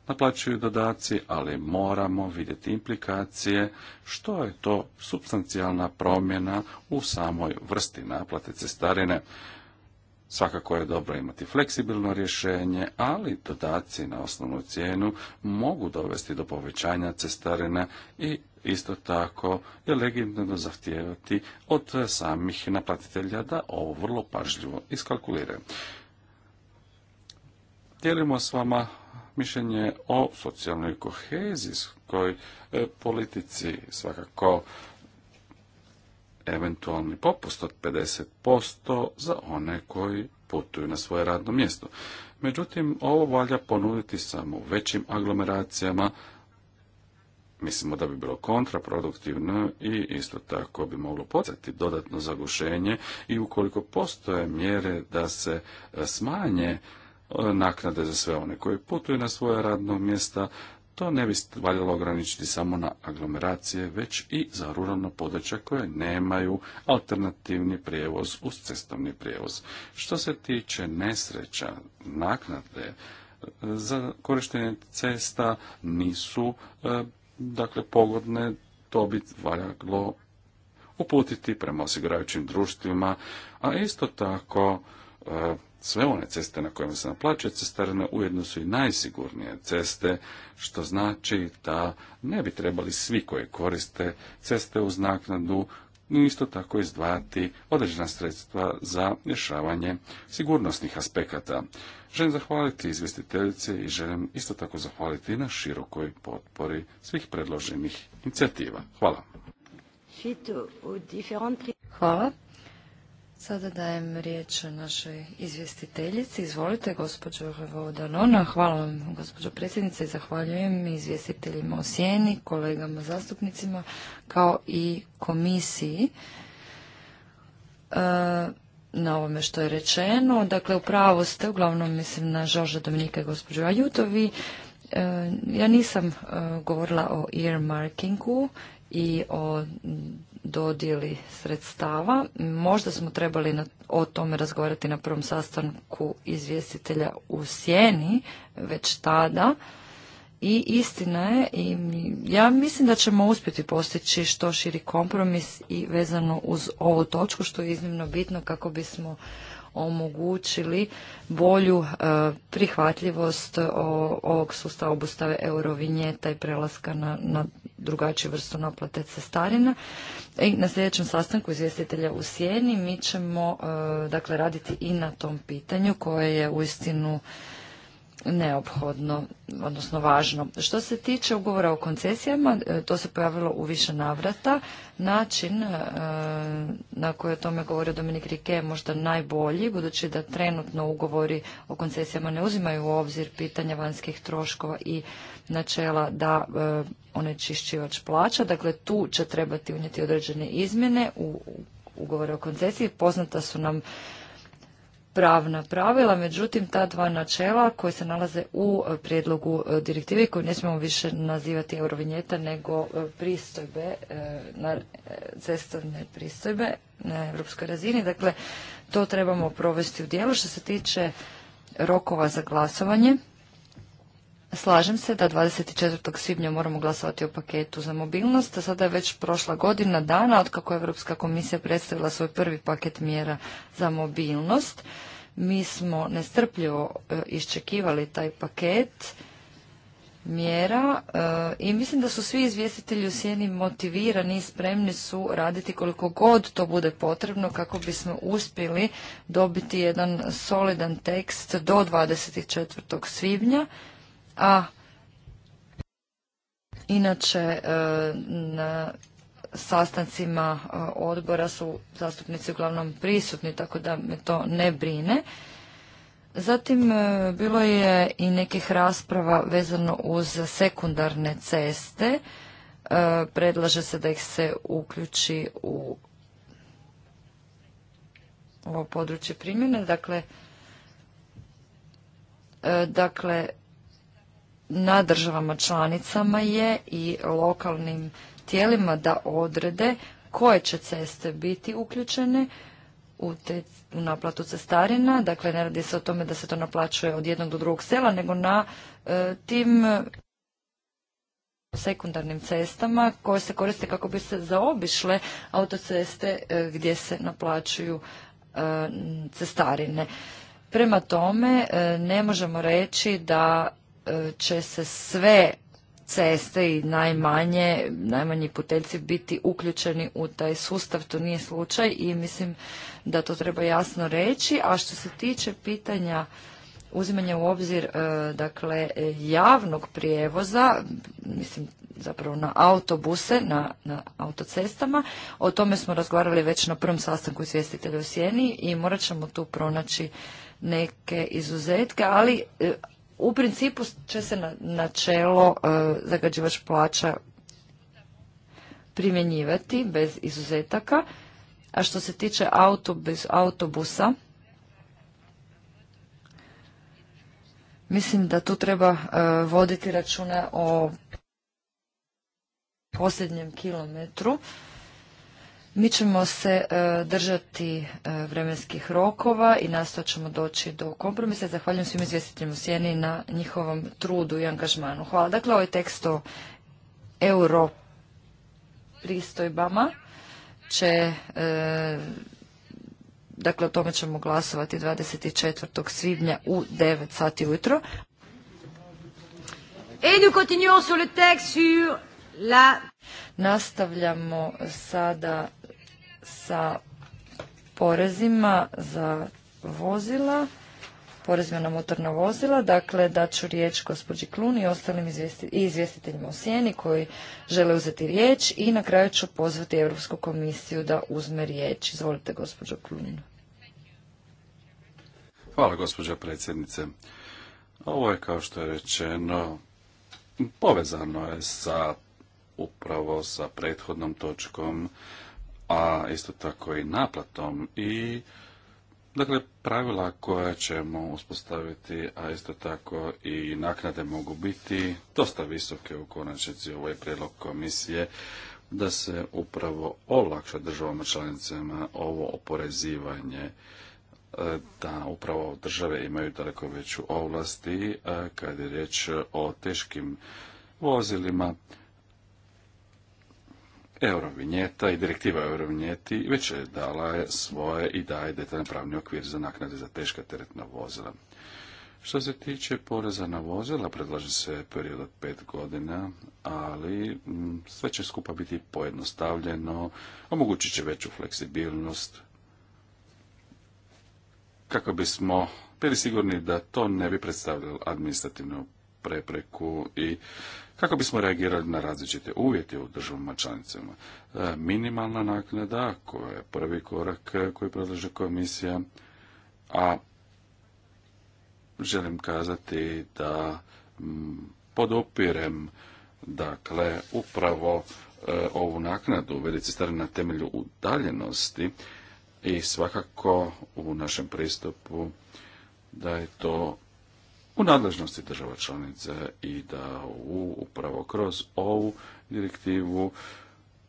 naplaćuju dodaci, ali moramo vidjeti implikacije što je to substancijalna promjena u samoj vrsti naplate cestarine. Svakako je dobro imati fleksibilno rješenje, ali dodaci na osnovnu cijenu mogu dovesti do povećanja cestarina i isto tako je legitimno zahtijevati od samih naplatitelja da ovo vrlo pažljivo iskalkuliraju. Dijelimo s vama mišljenje o socijalnoj kohezijskoj eh, politici, svakako eventualni popust od 50% za one koji putuju na svoje radno mjesto. Međutim, ovo valja ponuditi samo u većim aglomeracijama, mislimo da bi bilo kontraproduktivno i isto tako bi moglo podsjeti dodatno zagušenje i ukoliko postoje mjere da se e, smanje e, naknade za sve one koji putuju na svoje radno mjesta, to ne bi valjalo ograničiti samo na aglomeracije, već i za ruralna područja koje nemaju alternativni prijevoz uz cestovni prijevoz. Što se tiče nesreća, naknade e, za korištenje cesta nisu e, dakle pogodne, to bi valjalo uputiti prema osiguravajućim društvima, a isto tako E, sve one ceste na kojima se naplaćuje cestarina ujedno su i najsigurnije ceste, što znači da ne bi trebali svi koji koriste ceste uz naknadu isto tako izdvajati određena sredstva za rješavanje sigurnosnih aspekata. Želim zahvaliti izvestiteljice i želim isto tako zahvaliti na širokoj potpori svih predloženih inicijativa. Hvala. Hvala. Sada dajem riječ našoj izvjestiteljici. Izvolite, gospođo Vodanona. Hvala vam, gospođo predsjednice, i zahvaljujem izvjestiteljima o sjeni, kolegama zastupnicima, kao i komisiji e, na ovome što je rečeno. Dakle, upravo ste, uglavnom mislim na Žorža Dominika i gospođu Ajutovi. E, ja nisam e, govorila o earmarkingu i o dodjeli sredstava. Možda smo trebali na, o tome razgovarati na prvom sastanku izvjestitelja u Sjeni već tada. I istina je, i ja mislim da ćemo uspjeti postići što širi kompromis i vezano uz ovu točku što je iznimno bitno kako bismo omogućili bolju e, prihvatljivost ovog sustava obustave eurovinjeta i prelaska na, drugačiju vrstu naplate cestarina. I na sljedećem sastanku izvjestitelja u Sjeni mi ćemo e, dakle raditi i na tom pitanju koje je uistinu neophodno, odnosno važno. Što se tiče ugovora o koncesijama, e, to se pojavilo u više navrata. Način e, na koji o tome govorio Dominik Rike je možda najbolji, budući da trenutno ugovori o koncesijama ne uzimaju u obzir pitanja vanjskih troškova i načela da e, onečišćivač plaća. Dakle, tu će trebati unijeti određene izmjene u ugovore o koncesiji. Poznata su nam pravna pravila, međutim ta dva načela koje se nalaze u e, prijedlogu e, direktive koju ne smijemo više nazivati eurovinjeta nego e, pristojbe, cestovne pristojbe na europskoj razini. Dakle, to trebamo provesti u dijelu. Što se tiče rokova za glasovanje, Slažem se da 24. svibnja moramo glasovati o paketu za mobilnost, a sada je već prošla godina dana od kako je Europska komisija predstavila svoj prvi paket mjera za mobilnost. Mi smo nestrpljivo e, iščekivali taj paket mjera e, i mislim da su svi izvjestitelji u sjeni motivirani i spremni su raditi koliko god to bude potrebno kako bismo uspjeli dobiti jedan solidan tekst do 24. svibnja a inače e, na sastancima e, odbora su zastupnici uglavnom prisutni, tako da me to ne brine. Zatim e, bilo je i nekih rasprava vezano uz sekundarne ceste. Predlaže se da ih se uključi u ovo područje primjene. Dakle, dakle na državama članicama je i lokalnim tijelima da odrede koje će ceste biti uključene u, naplatu cestarina. Dakle, ne radi se o tome da se to naplaćuje od jednog do drugog sela, nego na e, tim sekundarnim cestama koje se koriste kako bi se zaobišle autoceste e, gdje se naplaćuju e, cestarine. Prema tome, ne možemo reći da će se sve ceste i najmanje, najmanji puteljci biti uključeni u taj sustav. To nije slučaj i mislim da to treba jasno reći. A što se tiče pitanja uzimanja u obzir e, dakle javnog prijevoza, mislim zapravo na autobuse, na, na autocestama. O tome smo razgovarali već na prvom sastanku izvjestitelja u Sjeni i morat ćemo tu pronaći neke izuzetke, ali e, u principu će se načelo e, zagađivač plaća primjenjivati bez izuzetaka. A što se tiče bez autobusa, mislim da tu treba e, voditi računa o posljednjem kilometru mi ćemo se e, držati e, vremenskih rokova i nastojat ćemo doći do kompromisa. Zahvaljujem svim izvjestiteljima u Sjeni na njihovom trudu i angažmanu. Hvala. Dakle, ovaj tekst o euro pristojbama će e, dakle o tome ćemo glasovati 24. svibnja u 9 sati ujutro. Et nous continuons sur le texte sur la... Nastavljamo sada sa porezima za vozila, porezima na motorna vozila, dakle da ću riječ gospođi Klun i ostalim izvjestiteljima u sjeni koji žele uzeti riječ i na kraju ću pozvati Europsku komisiju da uzme riječ. Izvolite gospođo Klun. Hvala gospođo predsjednice. Ovo je kao što je rečeno povezano je sa upravo sa prethodnom točkom a isto tako i naplatom i Dakle, pravila koja ćemo uspostaviti, a isto tako i naknade mogu biti dosta visoke u konačnici ovaj prijedlog komisije da se upravo olakša državama članicama ovo oporezivanje e, da upravo države imaju daleko veću ovlasti e, kad je riječ o teškim vozilima Eurovinjeta i direktiva Eurovinjeti već je dala svoje i daje detaljno pravni okvir za naknade za teška teretna vozila. Što se tiče poreza na vozila, predlaže se period od pet godina, ali mm, sve će skupa biti pojednostavljeno, omogućit će veću fleksibilnost, kako bismo bili sigurni da to ne bi predstavljalo administrativnu prepreku i kako bismo reagirali na različite uvjete u državama članicama. E, minimalna naknada koja je prvi korak e, koji predlaže komisija, a želim kazati da podopirem dakle upravo e, ovu naknadu velici stari na temelju udaljenosti i svakako u našem pristupu da je to u nadležnosti država članica i da u, upravo kroz ovu direktivu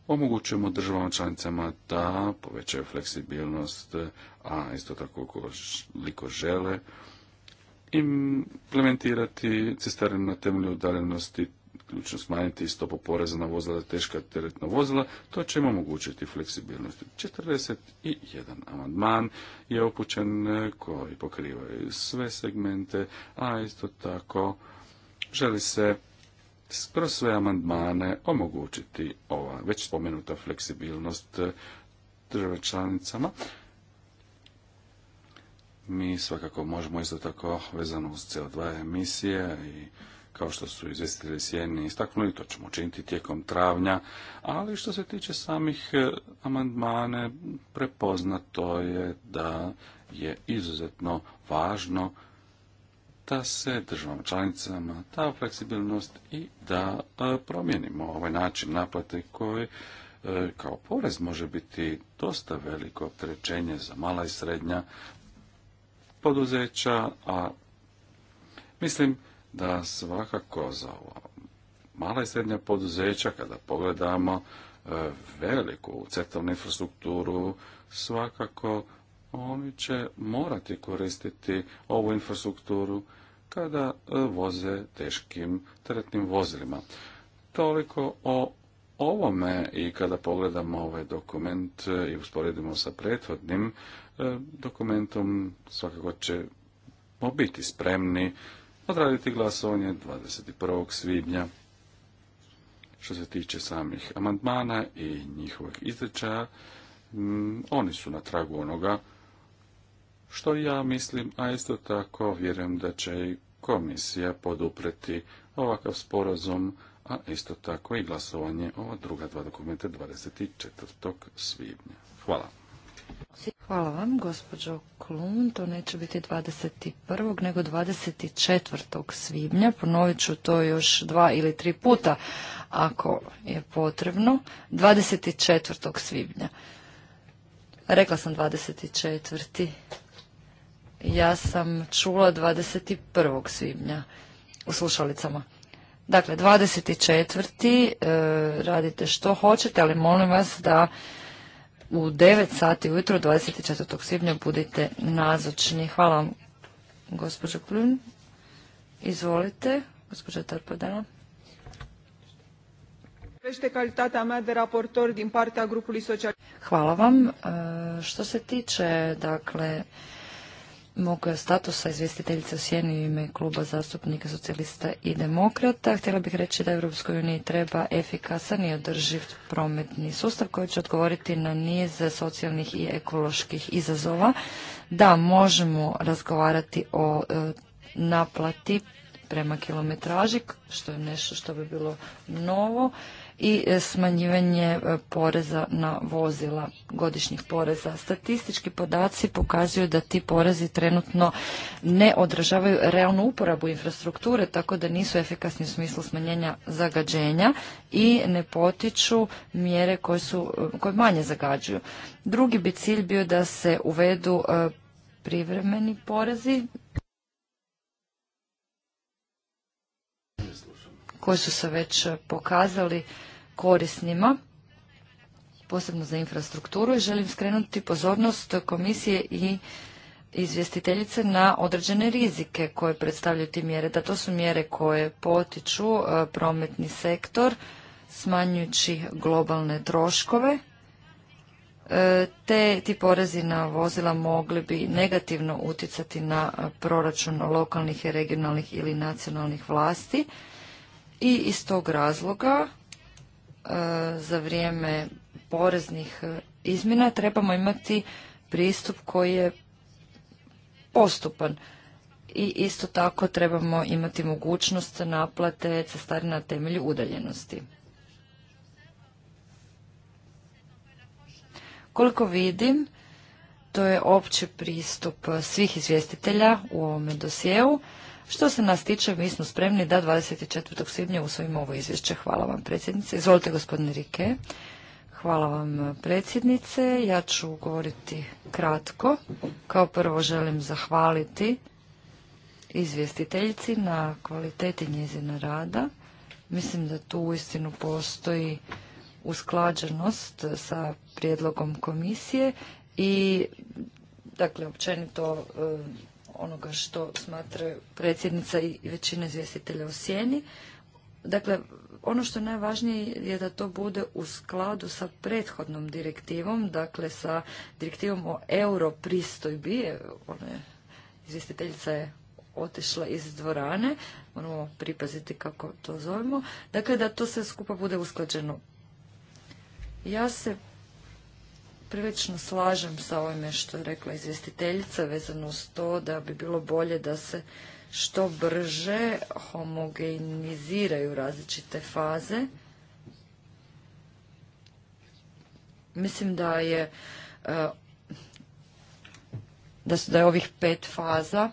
omogućujemo državama članicama da povećaju fleksibilnost, a isto tako koliko žele implementirati cisterne na temelju udaljenosti ključno smanjiti stopu poreza na vozila za teška teretna vozila, to će im omogućiti fleksibilnost. 41 amandman je upućen e, koji pokriva sve segmente, a isto tako želi se kroz sve amandmane omogućiti ova već spomenuta fleksibilnost e, države članicama. Mi svakako možemo isto tako vezano uz CO2 emisije i kao što su izvjestitelji sjeni istaknuli, to ćemo učiniti tijekom travnja, ali što se tiče samih e, amandmane, prepoznato je da je izuzetno važno da se državama članicama ta fleksibilnost i da e, promijenimo ovaj način naplate koji e, kao porez može biti dosta veliko opterećenje za mala i srednja poduzeća, a mislim da svakako za mala i srednja poduzeća, kada pogledamo e, veliku cetovnu infrastrukturu, svakako oni će morati koristiti ovu infrastrukturu kada e, voze teškim teretnim vozilima. Toliko o ovome i kada pogledamo ovaj dokument e, i usporedimo sa prethodnim dokumentom, svakako će biti spremni odraditi glasovanje 21. svibnja. Što se tiče samih amandmana i njihovih izrečaja, mm, oni su na tragu onoga što ja mislim, a isto tako vjerujem da će i komisija podupreti ovakav sporazum, a isto tako i glasovanje ova druga dva dokumenta 24. svibnja. Hvala. Hvala vam, gospođo Klun. To neće biti 21. nego 24. svibnja. Ponovit ću to još dva ili tri puta ako je potrebno. 24. svibnja. Rekla sam 24. Ja sam čula 21. svibnja u slušalicama. Dakle, 24. E, radite što hoćete, ali molim vas da u 9 sati ujutro 24. svibnja budite nazočni. Hvala vam, gospođo Kljun. Izvolite, gospođa Tarpadana. Hvala vam. E, što se tiče, dakle, mog statusa izvjestiteljice u sjeni u ime kluba zastupnika socijalista i demokrata. Htjela bih reći da Europskoj uniji treba efikasan i održiv prometni sustav koji će odgovoriti na niz socijalnih i ekoloških izazova. Da, možemo razgovarati o e, naplati prema kilometraži, što je nešto što bi bilo novo i e, smanjivanje e, poreza na vozila, godišnjih poreza. Statistički podaci pokazuju da ti porezi trenutno ne odražavaju realnu uporabu infrastrukture, tako da nisu efikasni u smislu smanjenja zagađenja i ne potiču mjere koje, su, e, koje manje zagađuju. Drugi bi cilj bio da se uvedu privremeni porezi koji su se već pokazali korisnima, posebno za infrastrukturu i želim skrenuti pozornost komisije i izvjestiteljice na određene rizike koje predstavljaju ti mjere, da to su mjere koje potiču e, prometni sektor smanjujući globalne troškove. E, te ti porezi na vozila mogli bi negativno utjecati na proračun lokalnih i regionalnih ili nacionalnih vlasti i iz tog razloga E, za vrijeme poreznih e, izmjena trebamo imati pristup koji je postupan i isto tako trebamo imati mogućnost naplate cestarina na temelju udaljenosti. Koliko vidim, to je opći pristup svih izvjestitelja u ovome dosjeu. Što se nas tiče, mi smo spremni da 24. svibnja usvojimo ovo izvješće. Hvala vam, predsjednice. Izvolite, gospodine Rike. Hvala vam, predsjednice. Ja ću govoriti kratko. Kao prvo želim zahvaliti izvjestiteljici na kvaliteti njezina rada. Mislim da tu istinu postoji usklađenost sa prijedlogom komisije i dakle općenito onoga što smatra predsjednica i većina izvjestitelja u sjeni. Dakle, ono što je najvažnije je da to bude u skladu sa prethodnom direktivom, dakle sa direktivom o europristojbi. E, izvjestiteljica je otišla iz dvorane, moramo pripaziti kako to zovemo. Dakle, da to sve skupa bude usklađeno. Ja se prilično slažem sa ovime što je rekla izvjestiteljica vezano uz to da bi bilo bolje da se što brže homogeniziraju različite faze. Mislim da je eh, da su da je ovih pet faza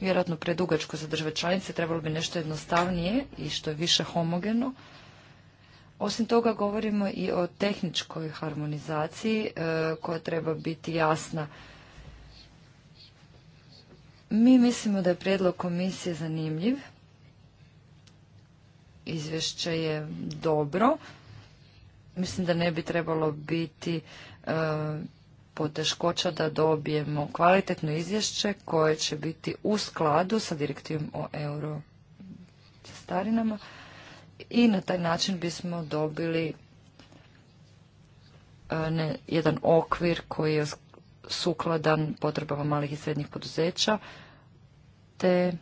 vjerojatno predugačko za države članice, trebalo bi nešto jednostavnije i što je više homogeno. Osim toga govorimo i o tehničkoj harmonizaciji e, koja treba biti jasna. Mi mislimo da je prijedlog komisije zanimljiv. Izvješće je dobro. Mislim da ne bi trebalo biti e, poteškoća da dobijemo kvalitetno izvješće koje će biti u skladu sa direktivom o euro starinama i na taj način bismo dobili e, jedan okvir koji je sukladan potrebama malih i srednjih poduzeća, te e,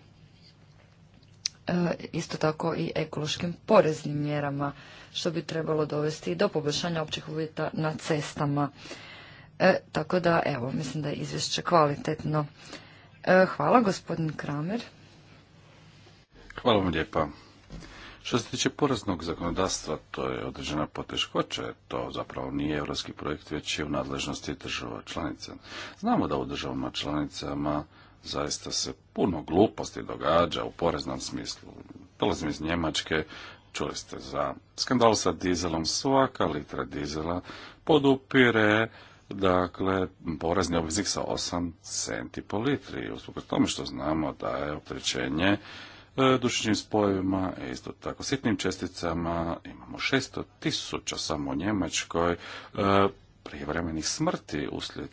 isto tako i ekološkim poreznim mjerama, što bi trebalo dovesti do poboljšanja općih uvjeta na cestama. E, tako da, evo, mislim da je izvješće kvalitetno. hvala, gospodin Kramer. Hvala vam lijepa. Što se tiče poreznog zakonodavstva, to je određena poteškoća, to zapravo nije europski projekt, već je u nadležnosti država članica. Znamo da u državama članicama zaista se puno gluposti događa u poreznom smislu. Dolazim iz Njemačke, čuli ste za skandal sa dizelom, svaka litra dizela podupire dakle, porezni obveznik sa 8 centi po litri. Usprkos tome što znamo da je opterećenje E, dušičnim spojevima, isto tako sitnim česticama, imamo 600 tisuća samo u Njemačkoj, e, prijevremenih smrti uslijed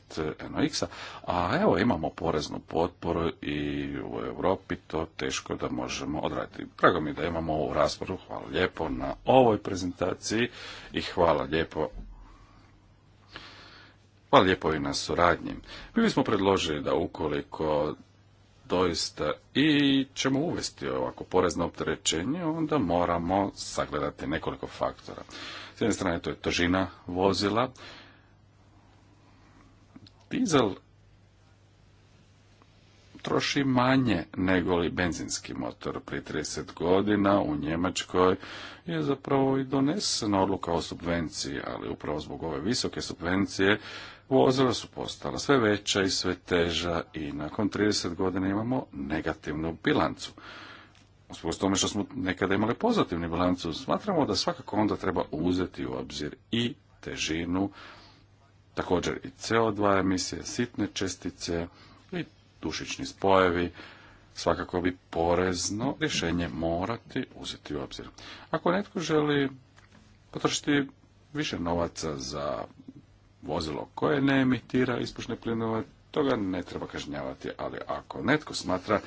NOx-a, a evo imamo poreznu potporu i u Europi to teško da možemo odraditi. Drago mi da imamo ovu raspravu, hvala lijepo na ovoj prezentaciji i hvala lijepo Hvala lijepo i na suradnji. Mi bismo predložili da ukoliko doista i ćemo uvesti ovako porezno opterećenje, onda moramo sagledati nekoliko faktora. S jedne strane to je težina vozila. Dizel troši manje nego li benzinski motor. Prije 30 godina u Njemačkoj je zapravo i donesena odluka o subvenciji, ali upravo zbog ove visoke subvencije vozila su postala sve veća i sve teža i nakon 30 godina imamo negativnu bilancu. Uspostavljamo tome što smo nekada imali pozitivnu bilancu, smatramo da svakako onda treba uzeti u obzir i težinu, također i CO2 emisije, sitne čestice i dušični spojevi, svakako bi porezno rješenje morati uzeti u obzir. Ako netko želi potrošiti više novaca za vozilo koje ne emitira ispušne plinove, toga ne treba kažnjavati, ali ako netko smatra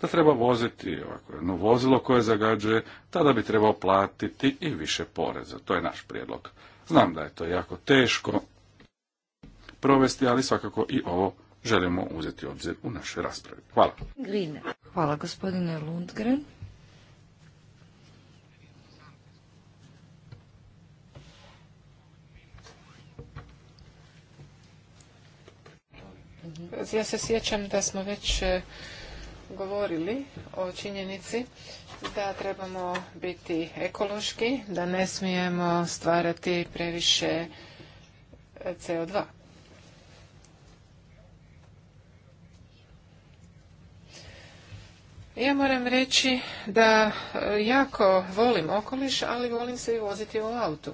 da treba voziti ovako jedno vozilo koje zagađuje, tada bi trebao platiti i više poreza. To je naš prijedlog. Znam da je to jako teško provesti, ali svakako i ovo želimo uzeti obzir u našoj raspravi. Hvala. Hvala gospodine Lundgren. ja se sjećam da smo već e, govorili o činjenici da trebamo biti ekološki, da ne smijemo stvarati previše e, CO2. Ja moram reći da e, jako volim okoliš, ali volim se i voziti u autu.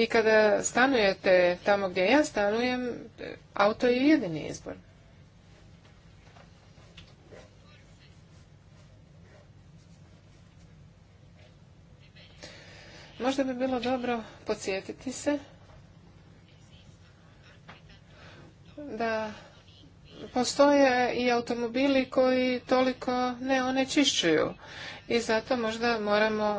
I kada stanujete tamo gdje ja stanujem, auto je jedini izbor. Možda bi bilo dobro podsjetiti se da postoje i automobili koji toliko ne onečišćuju i zato možda moramo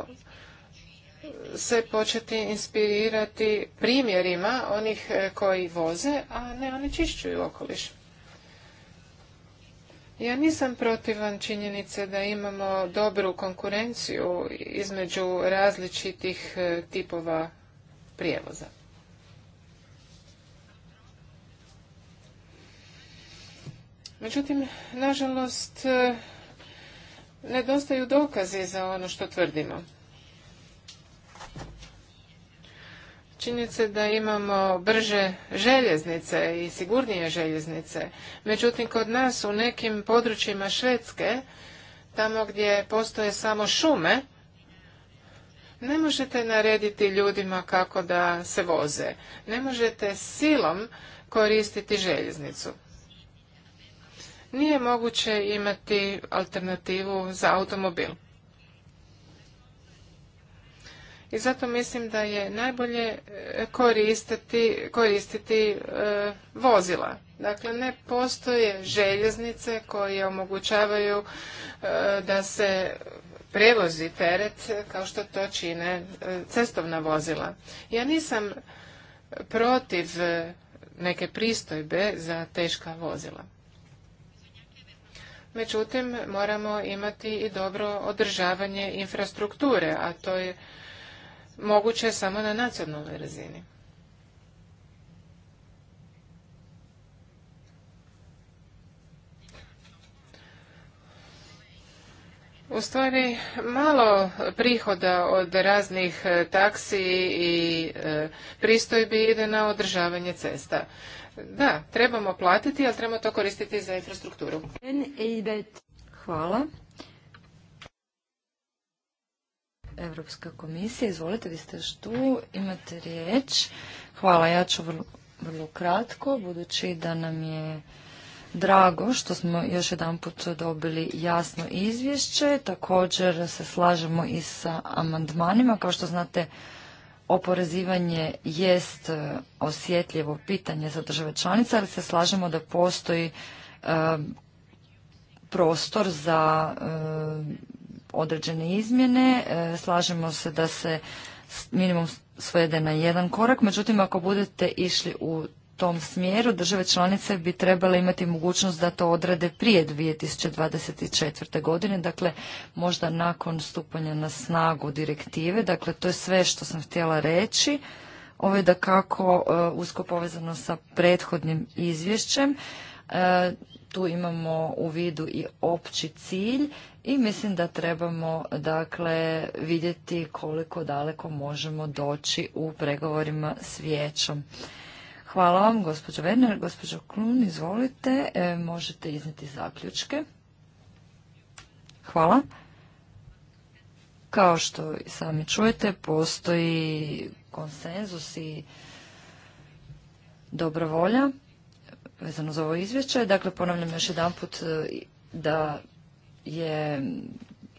se početi inspirirati primjerima onih e, koji voze, a ne oni čišćuju okoliš. Ja nisam protivan činjenice da imamo dobru konkurenciju između različitih e, tipova prijevoza. Međutim, nažalost, e, nedostaju dokazi za ono što tvrdimo. činjenice da imamo brže željeznice i sigurnije željeznice. Međutim, kod nas u nekim područjima Švedske, tamo gdje postoje samo šume, ne možete narediti ljudima kako da se voze. Ne možete silom koristiti željeznicu. Nije moguće imati alternativu za automobil. I zato mislim da je najbolje e, koristiti, koristiti e, vozila. Dakle, ne postoje željeznice koje omogućavaju e, da se prevozi teret kao što to čine cestovna vozila. Ja nisam protiv neke pristojbe za teška vozila. Međutim, moramo imati i dobro održavanje infrastrukture, a to je moguće samo na nacionalnoj razini. U stvari malo prihoda od raznih e, taksi i e, pristojbi ide na održavanje cesta. Da, trebamo platiti, ali trebamo to koristiti za infrastrukturu. Hvala. Evropska komisija. Izvolite, vi ste što tu, imate riječ. Hvala, ja ću vrlo, vrlo kratko, budući da nam je drago što smo još jedan put dobili jasno izvješće. Također se slažemo i sa amandmanima. Kao što znate, oporezivanje jest e, osjetljivo pitanje za države članice, ali se slažemo da postoji e, prostor za e, određene izmjene. E, slažemo se da se minimum svede na jedan korak, međutim ako budete išli u tom smjeru države članice bi trebale imati mogućnost da to odrade prije 2024. godine, dakle možda nakon stupanja na snagu direktive, dakle to je sve što sam htjela reći. Ovo je da kako e, usko povezano sa prethodnim izvješćem. E, tu imamo u vidu i opći cilj i mislim da trebamo dakle vidjeti koliko daleko možemo doći u pregovorima s vijećom. Hvala vam, gospođo Werner. Gospođo Klun, izvolite, e, možete izniti zaključke. Hvala. Kao što sami čujete, postoji konsenzus i dobra volja vezano za ovo izvješće. Dakle, ponavljam još jedanput e, da je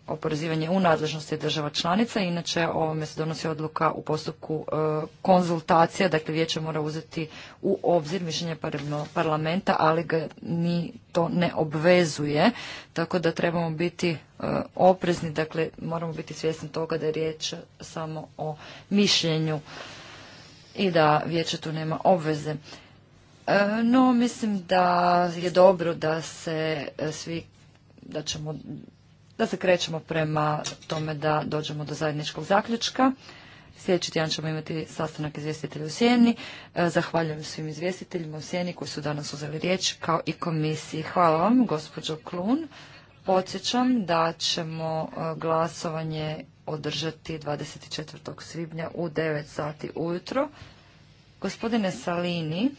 oporezivanje u nadležnosti država članica, inače ovome se donosi odluka u postupku e, konzultacija, dakle vijeće mora uzeti u obzir mišljenje parlamenta, ali ga ni to ne obvezuje, tako da trebamo biti e, oprezni, dakle moramo biti svjesni toga da je riječ samo o mišljenju i da vijeće tu nema obveze. E, no, mislim da je dobro da se svi da ćemo da se krećemo prema tome da dođemo do zajedničkog zaključka. Sljedeći tjedan ćemo imati sastanak izvjestitelja u Sjeni. E, zahvaljujem svim izvjestiteljima u Sjeni koji su danas uzeli riječ kao i komisiji. Hvala vam, gospođo Klun. Podsjećam da ćemo e, glasovanje održati 24. svibnja u 9 sati ujutro. Gospodine Salini,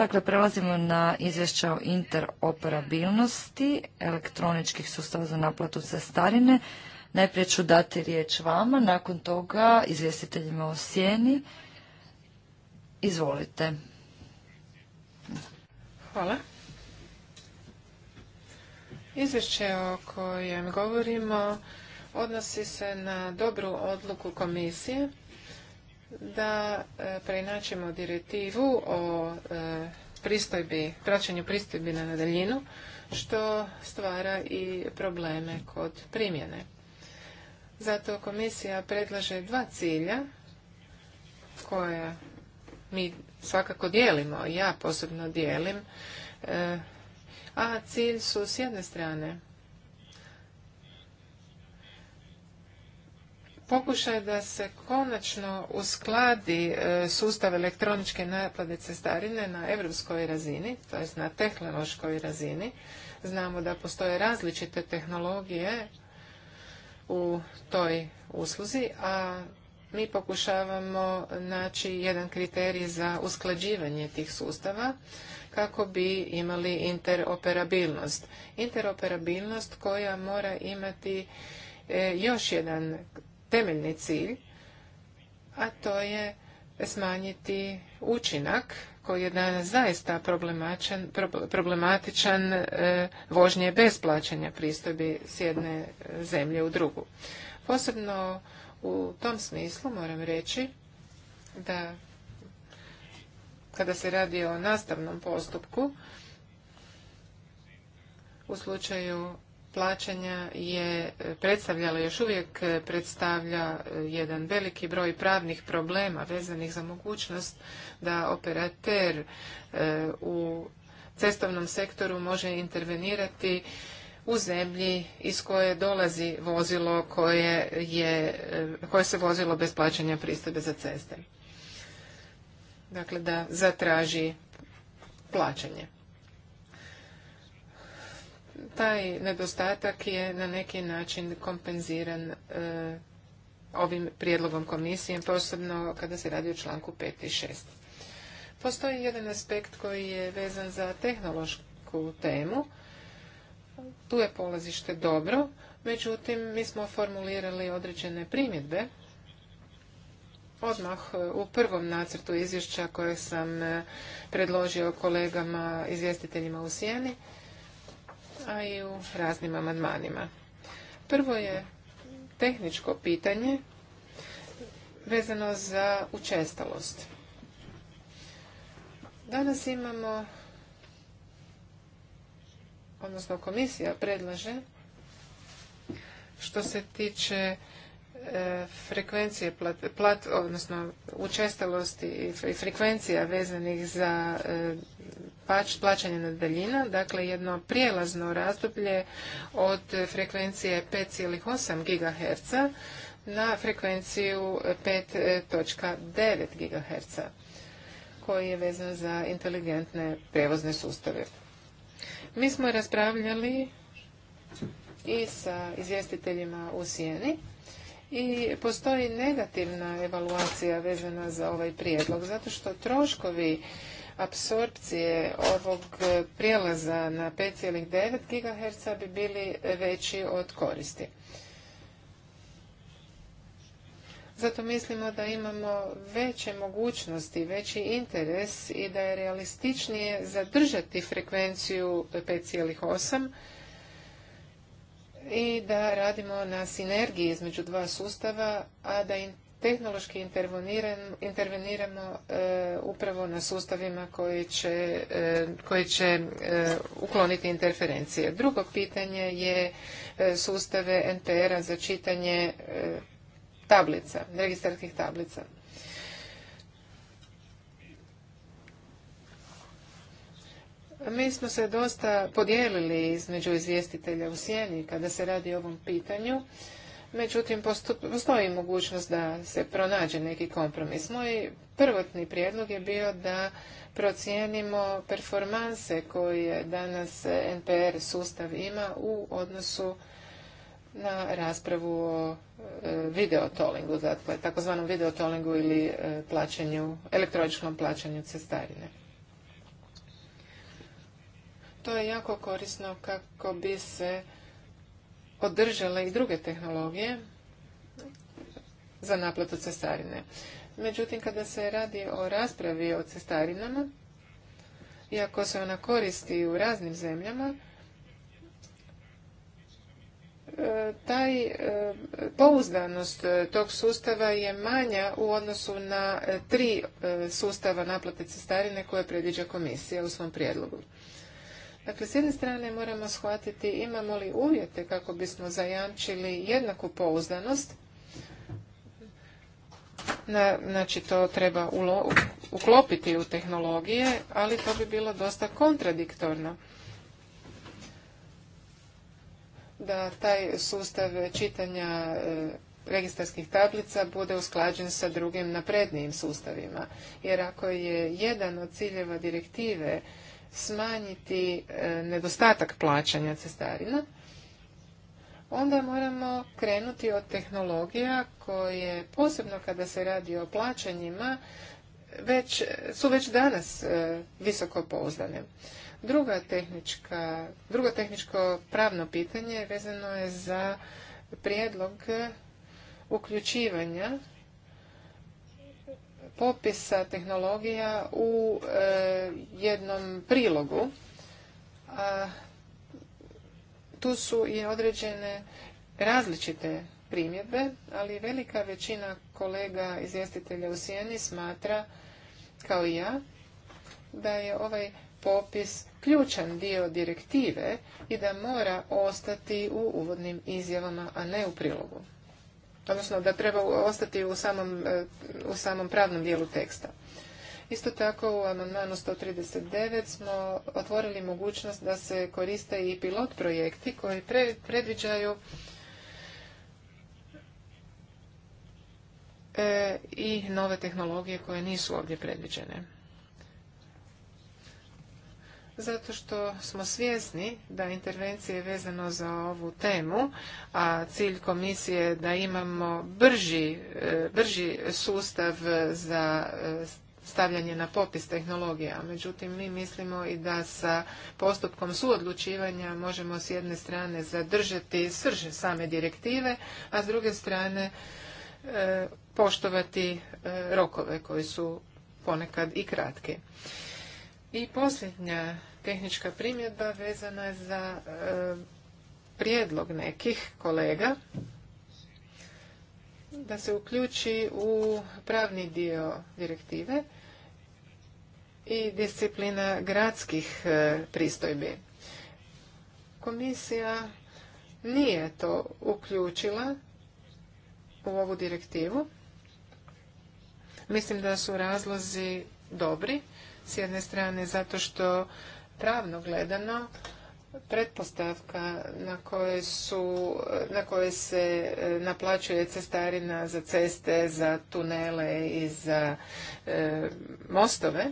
Dakle, prelazimo na izvješće o interoperabilnosti elektroničkih sustava za naplatu cestarine. Najprije ću dati riječ vama, nakon toga izvjestiteljima o sjeni. Izvolite. Hvala. Izvješće o kojem govorimo odnosi se na dobru odluku komisije da e, preinačimo direktivu o e, pristojbi, praćenju pristojbi na daljinu, što stvara i probleme kod primjene. Zato komisija predlaže dva cilja koja mi svakako dijelimo, ja posebno dijelim, e, a cilj su s jedne strane pokušaj da se konačno uskladi e, sustav elektroničke naplate cestarine na europskoj razini, to jest na tehnološkoj razini. Znamo da postoje različite tehnologije u toj usluzi, a mi pokušavamo naći jedan kriterij za usklađivanje tih sustava kako bi imali interoperabilnost. Interoperabilnost koja mora imati e, još jedan temeljni cilj, a to je smanjiti učinak koji je danas zaista problematičan e, vožnje bez plaćanja pristojbi s jedne zemlje u drugu. Posebno u tom smislu moram reći da kada se radi o nastavnom postupku u slučaju plaćanja je predstavljalo, još uvijek predstavlja e, jedan veliki broj pravnih problema vezanih za mogućnost da operater e, u cestovnom sektoru može intervenirati u zemlji iz koje dolazi vozilo koje, je, e, koje se vozilo bez plaćanja pristojbe za ceste. Dakle, da zatraži plaćanje taj nedostatak je na neki način kompenziran e, ovim prijedlogom komisije, posebno kada se radi o članku 5 i 6. Postoji jedan aspekt koji je vezan za tehnološku temu. Tu je polazište dobro, međutim mi smo formulirali određene primjedbe odmah e, u prvom nacrtu izvješća koje sam e, predložio kolegama izvjestiteljima u Sijeni a i u raznim amandmanima. Prvo je tehničko pitanje vezano za učestalost. Danas imamo, odnosno komisija predlaže, što se tiče e, frekvencije, plat, plat, odnosno učestalosti i frekvencija vezanih za e, plaćanje na daljina, dakle jedno prijelazno razdoblje od frekvencije 5,8 GHz na frekvenciju 5.9 GHz koji je vezan za inteligentne prevozne sustave. Mi smo raspravljali i sa izvjestiteljima u Sijeni i postoji negativna evaluacija vezana za ovaj prijedlog zato što troškovi apsorpcije ovog e, prijelaza na 5,9 GHz bi bili veći od koristi. Zato mislimo da imamo veće mogućnosti, veći interes i da je realističnije zadržati frekvenciju 5,8 i da radimo na sinergiji između dva sustava, a da tehnološki interveniramo e, upravo na sustavima koji će, e, e, ukloniti interferencije. Drugo pitanje je sustave NPR-a za čitanje tablica, registarskih tablica. Mi smo se dosta podijelili između izvjestitelja u sjeni kada se radi o ovom pitanju međutim postoji mogućnost da se pronađe neki kompromis. Moj prvotni prijedlog je bio da procijenimo performanse koje danas NPR sustav ima u odnosu na raspravu o e, videotolingu, dakle takozvanom videotolingu ili e, plaćanju, elektroničkom plaćanju cestarine. To je jako korisno kako bi se podržale i druge tehnologije za naplatu cestarine. Međutim, kada se radi o raspravi o cestarinama, iako se ona koristi u raznim zemljama, e, taj e, pouzdanost tog sustava je manja u odnosu na tri e, sustava naplate cestarine koje predviđa komisija u svom prijedlogu. Dakle, s jedne strane moramo shvatiti imamo li uvjete kako bismo zajamčili jednaku pouzdanost. Na, znači, to treba uklopiti u tehnologije, ali to bi bilo dosta kontradiktorno da taj sustav čitanja e, registarskih tablica bude usklađen sa drugim naprednijim sustavima. Jer ako je jedan od ciljeva direktive smanjiti e, nedostatak plaćanja cestarina, onda moramo krenuti od tehnologija koje, posebno kada se radi o plaćanjima, već, su već danas e, visoko pouzdane. Druga tehnička, drugo tehničko pravno pitanje vezano je za prijedlog uključivanja popisa tehnologija u e, jednom prilogu. A tu su i određene različite primjedbe, ali velika većina kolega izvjestitelja u Sijeni smatra, kao i ja, da je ovaj popis ključan dio direktive i da mora ostati u uvodnim izjavama, a ne u prilogu odnosno da treba ostati u samom, e, u samom pravnom dijelu teksta. Isto tako u amandmanu 139 smo otvorili mogućnost da se koriste i pilot projekti koji predviđaju e, i nove tehnologije koje nisu ovdje predviđene zato što smo svjesni da intervencije vezano za ovu temu, a cilj komisije je da imamo brži, e, brži sustav za e, stavljanje na popis tehnologija. Međutim, mi mislimo i da sa postupkom suodlučivanja možemo s jedne strane zadržati srže same direktive, a s druge strane e, poštovati rokove koji su ponekad i kratki. I posljednja tehnička primjedba vezana je za e, prijedlog nekih kolega da se uključi u pravni dio direktive i disciplina gradskih e, pristojbi. Komisija nije to uključila u ovu direktivu. Mislim da su razlozi dobri. S jedne strane zato što pravno gledano pretpostavka na koje, su, na koje se e, naplaćuje cestarina za ceste, za tunele i za e, mostove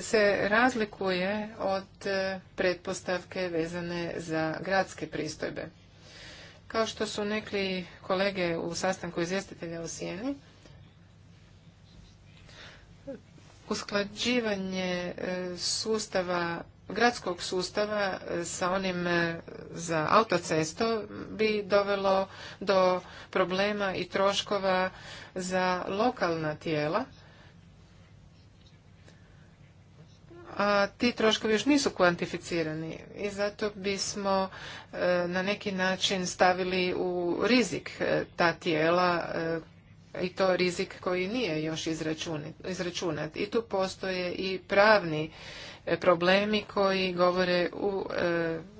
se razlikuje od e, pretpostavke vezane za gradske pristojbe. Kao što su nekli kolege u sastanku izvjestitelja u Sijeni, usklađivanje e, sustava gradskog sustava e, sa onim e, za autocesto bi dovelo do problema i troškova za lokalna tijela. A ti troškovi još nisu kvantificirani i zato bismo na neki način stavili u rizik ta tijela i to rizik koji nije još izračunat. I tu postoje i pravni e, problemi koji govore e,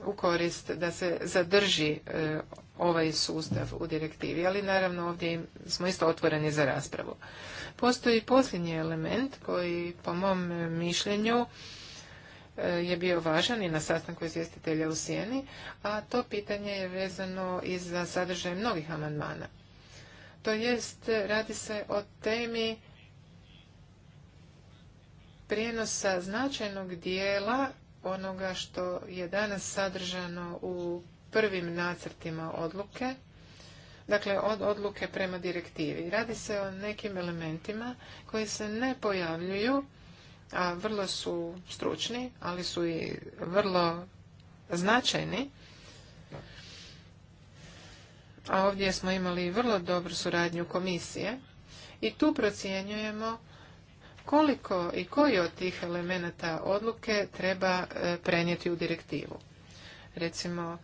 u, korist da se zadrži e, ovaj sustav u direktivi, ali naravno ovdje smo isto otvoreni za raspravu. Postoji posljednji element koji po mom mišljenju je bio važan i na sastanku izvjestitelja u Sjeni, a to pitanje je vezano i za sadržaj mnogih amandmana. To jest, radi se o temi prijenosa značajnog dijela onoga što je danas sadržano u prvim nacrtima odluke, dakle od odluke prema direktivi. Radi se o nekim elementima koji se ne pojavljuju, a vrlo su stručni, ali su i vrlo značajni a ovdje smo imali vrlo dobru suradnju komisije i tu procjenjujemo koliko i koji od tih elemenata odluke treba e, prenijeti u direktivu. Recimo,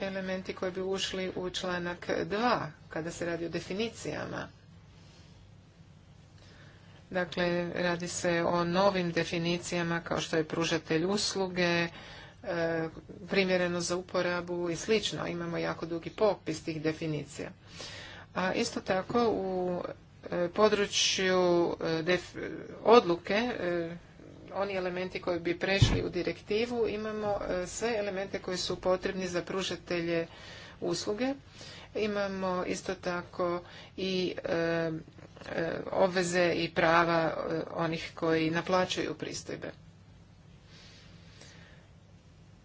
elementi koji bi ušli u članak 2, kada se radi o definicijama. Dakle, radi se o novim definicijama kao što je pružatelj usluge, E, primjereno za uporabu i slično. Imamo jako dugi popis tih definicija. A isto tako u e, području e, odluke oni elementi koji bi prešli u direktivu imamo sve elemente koji su potrebni za pružatelje usluge. Imamo isto tako i obveze i prava onih koji naplaćuju pristojbe.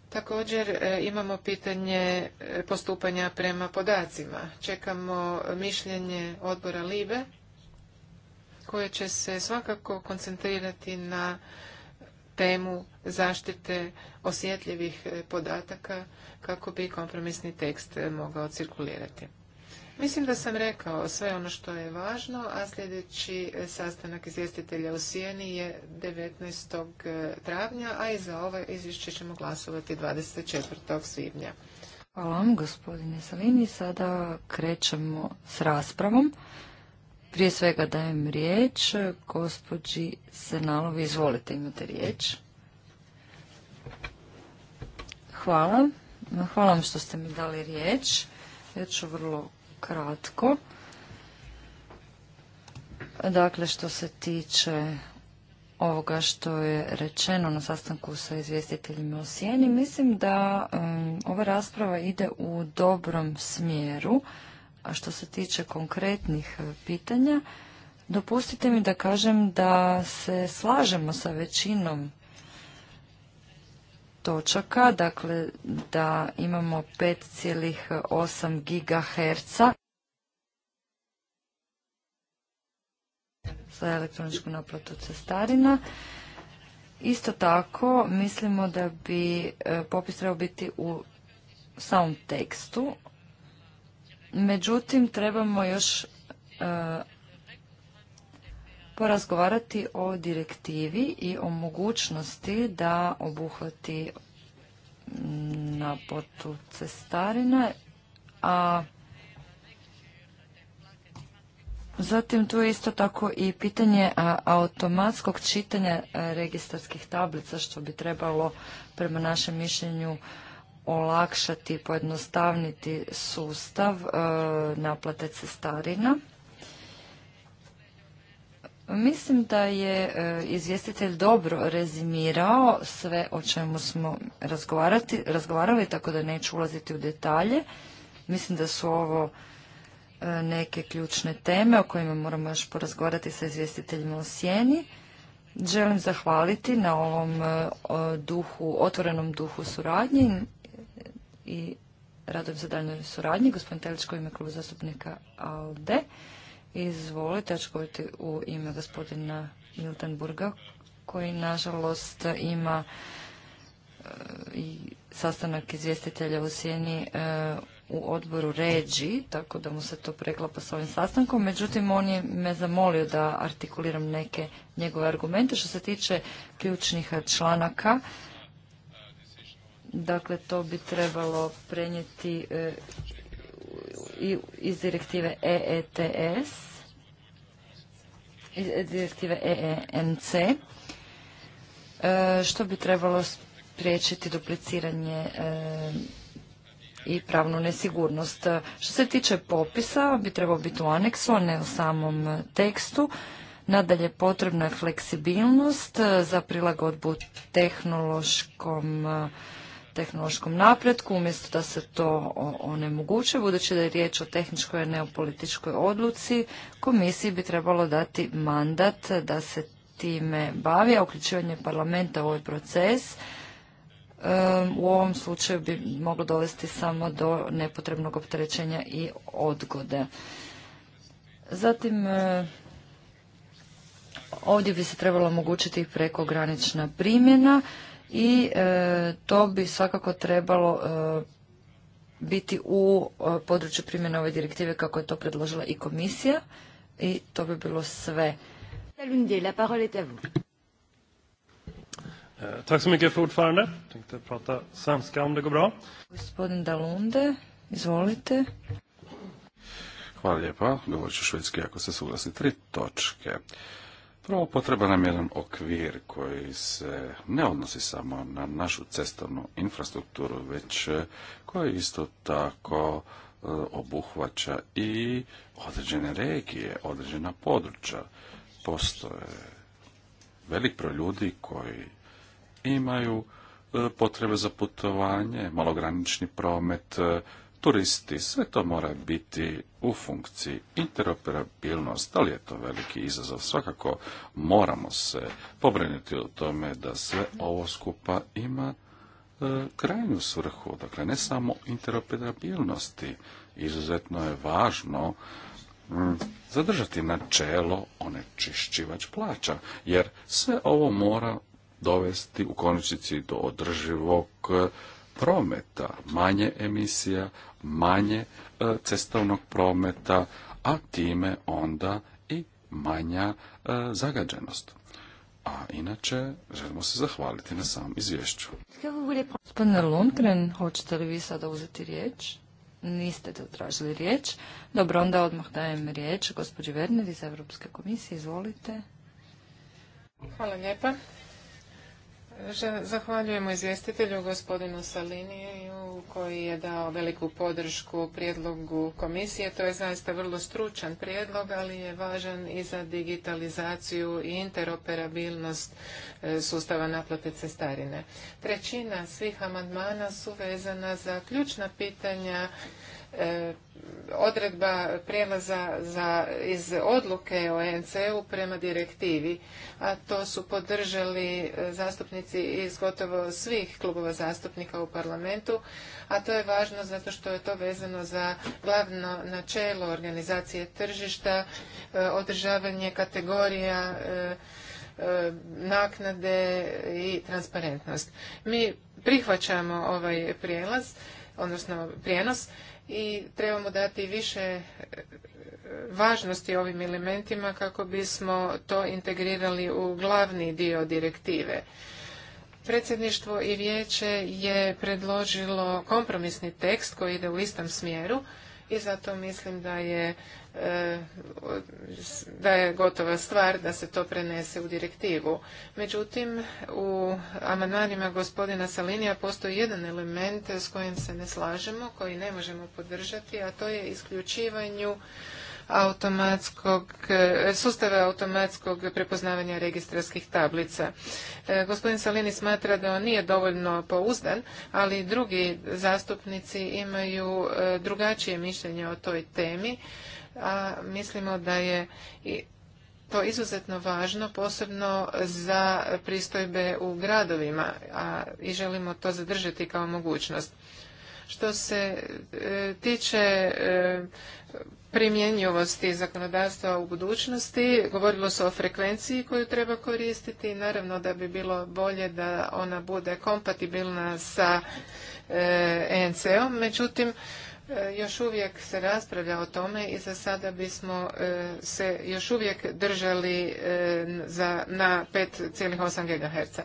Također e, imamo pitanje e, postupanja prema podacima. Čekamo mišljenje odbora LIBE koje će se svakako koncentrirati na temu zaštite osjetljivih e, podataka kako bi kompromisni tekst mogao cirkulirati. Mislim da sam rekao sve ono što je važno, a sljedeći e, sastanak izvjestitelja u Sijeni je 19. E, travnja, a i za ove izvješće ćemo glasovati 24. svibnja. Hvala vam, gospodine Salini. Sada krećemo s raspravom. Prije svega dajem riječ gospođi Senalovi. Izvolite, imate riječ. Hvala. Hvala vam što ste mi dali riječ. Ja ću vrlo kratko. Dakle, što se tiče ovoga što je rečeno na sastanku sa izvjestiteljima o sjeni, mislim da um, ova rasprava ide u dobrom smjeru, a što se tiče konkretnih uh, pitanja, dopustite mi da kažem da se slažemo sa većinom točaka, dakle da imamo 5,8 GHz za elektroničku naplatu cestarina. Isto tako mislimo da bi e, popis trebao biti u samom tekstu. Međutim, trebamo još e, porazgovarati o direktivi i o mogućnosti da obuhvati naplatu cestarina, a Zatim tu je isto tako i pitanje automatskog čitanja e, registarskih tablica što bi trebalo prema našem mišljenju olakšati i pojednostavniti sustav e, naplate cestarina. Mislim da je e, izvjestitelj dobro rezimirao sve o čemu smo razgovarali, tako da neću ulaziti u detalje. Mislim da su ovo e, neke ključne teme o kojima moramo još porazgovarati sa izvjestiteljima u sjeni. Želim zahvaliti na ovom e, duhu, otvorenom duhu suradnje i radujem za daljnoj suradnji. Gospodin Teličko ime kluba zastupnika ALDE. Izvolite, ja ću govoriti u ime gospodina Miltenburga, koji nažalost ima e, i sastanak izvjestitelja u Sjeni e, u odboru ređi, tako da mu se to preklapa s ovim sastankom. Međutim, on je me zamolio da artikuliram neke njegove argumente što se tiče ključnih članaka. Dakle, to bi trebalo prenijeti e, iz direktive EETS, iz direktive EENC, e, što bi trebalo spriječiti dupliciranje e, i pravnu nesigurnost. Što se tiče popisa, bi trebao biti u aneksu, a ne u samom tekstu. Nadalje, potrebna je fleksibilnost e, za prilagodbu tehnološkom tehnološkom napretku, umjesto da se to onemoguće, budući da je riječ o tehničkoj neopolitičkoj odluci, komisiji bi trebalo dati mandat da se time bavi, a uključivanje parlamenta u ovaj proces u ovom slučaju bi moglo dovesti samo do nepotrebnog opterećenja i odgode. Zatim, e, ovdje bi se trebalo omogućiti prekogranična primjena, i e, to bi svakako trebalo e, biti u e, području primjene ove direktive kako je to predložila i komisija i to bi bilo sve. La parole est à vous. Eh, tack så mycket för ordförande. Tänkte prata svenska om det går bra. Gospodin Dalunde, izvolite. Hvala lijepa. Govorit ću švedski ako se suglasi tri točke. Prvo potreba nam jedan okvir koji se ne odnosi samo na našu cestovnu infrastrukturu, već e, koji isto tako e, obuhvaća i određene regije, određena područja. Postoje velik broj ljudi koji imaju e, potrebe za putovanje, malogranični promet, turisti, sve to mora biti u funkciji interoperabilnost. Da li je to veliki izazov? Svakako moramo se pobrinuti o tome da sve ovo skupa ima e, krajnju svrhu. Dakle, ne samo interoperabilnosti. Izuzetno je važno na zadržati načelo onečišćivač plaća, jer sve ovo mora dovesti u konačnici do održivog prometa, manje emisija, manje e, cestovnog prometa, a time onda i manja e, zagađenost. A inače, želimo se zahvaliti na samom izvješću. Gospodine Lundgren, hoćete li vi sada uzeti riječ? Niste tražili riječ. Dobro, onda odmah dajem riječ gospođi Werner iz Europske komisije. Izvolite. Hvala lijepa. Zahvaljujemo izvjestitelju gospodinu Saliniju koji je dao veliku podršku prijedlogu komisije. To je zaista vrlo stručan prijedlog, ali je važan i za digitalizaciju i interoperabilnost e, sustava naplate cestarine. Trećina svih amandmana su vezana za ključna pitanja E, odredba prijelaza za, iz odluke o u prema direktivi, a to su podržali e, zastupnici iz gotovo svih klubova zastupnika u parlamentu, a to je važno zato što je to vezano za glavno načelo organizacije tržišta, e, održavanje kategorija naknade i transparentnost. Mi prihvaćamo ovaj prijelaz, odnosno prijenos i trebamo dati više e, važnosti ovim elementima kako bismo to integrirali u glavni dio direktive. Predsjedništvo i vijeće je predložilo kompromisni tekst koji ide u istom smjeru i zato mislim da je Eh, da je gotova stvar da se to prenese u direktivu. Međutim, u amandmanima gospodina Salinija postoji jedan element s kojim se ne slažemo, koji ne možemo podržati, a to je isključivanju automatskog, eh, sustava automatskog prepoznavanja registarskih tablica. Eh, gospodin Salini smatra da on nije dovoljno pouzdan, ali drugi zastupnici imaju drugačije mišljenje o toj temi a mislimo da je to izuzetno važno, posebno za pristojbe u gradovima a, i želimo to zadržati kao mogućnost. Što se e, tiče e, primjenjivosti zakonodavstva u budućnosti, govorilo se o frekvenciji koju treba koristiti i naravno da bi bilo bolje da ona bude kompatibilna sa e, om međutim E, još uvijek se raspravlja o tome i za sada bismo e, se još uvijek držali e, na 5,8 GHz.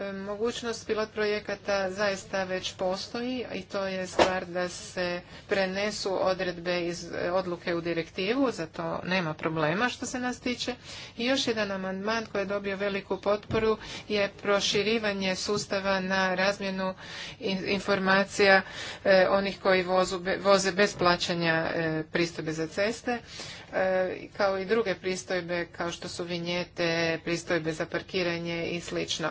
E, mogućnost pilot projekata zaista već postoji i to je stvar da se prenesu odredbe iz e, odluke u direktivu, za to nema problema što se nas tiče. I još jedan amandman koji je dobio veliku potporu je proširivanje sustava na razmjenu informacija e, onih koji voze bez plaćanja pristojbe za ceste kao i druge pristojbe kao što su vinjete, pristojbe za parkiranje i slično.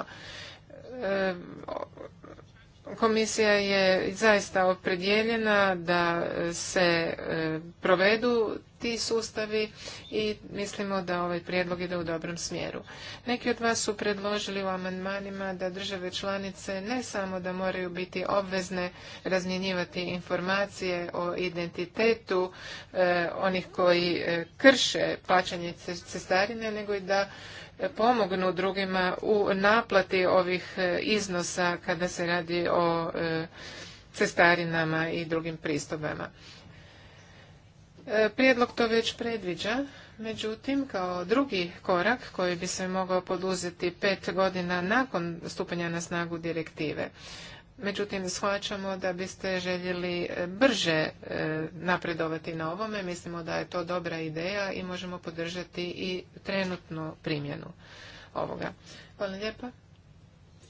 Komisija je zaista opredjeljena da se e, provedu ti sustavi i mislimo da ovaj prijedlog ide u dobrom smjeru. Neki od vas su predložili u amandmanima da države članice ne samo da moraju biti obvezne razmjenjivati informacije o identitetu e, onih koji e, krše plaćanje cestarine, nego i da pomognu drugima u naplati ovih e, iznosa kada se radi o e, cestarinama i drugim pristobama. E, prijedlog to već predviđa, međutim kao drugi korak koji bi se mogao poduzeti pet godina nakon stupanja na snagu direktive. Međutim, shvaćamo da biste željeli e, brže e, napredovati na ovome. Mislimo da je to dobra ideja i možemo podržati i trenutnu primjenu ovoga. Hvala lijepa.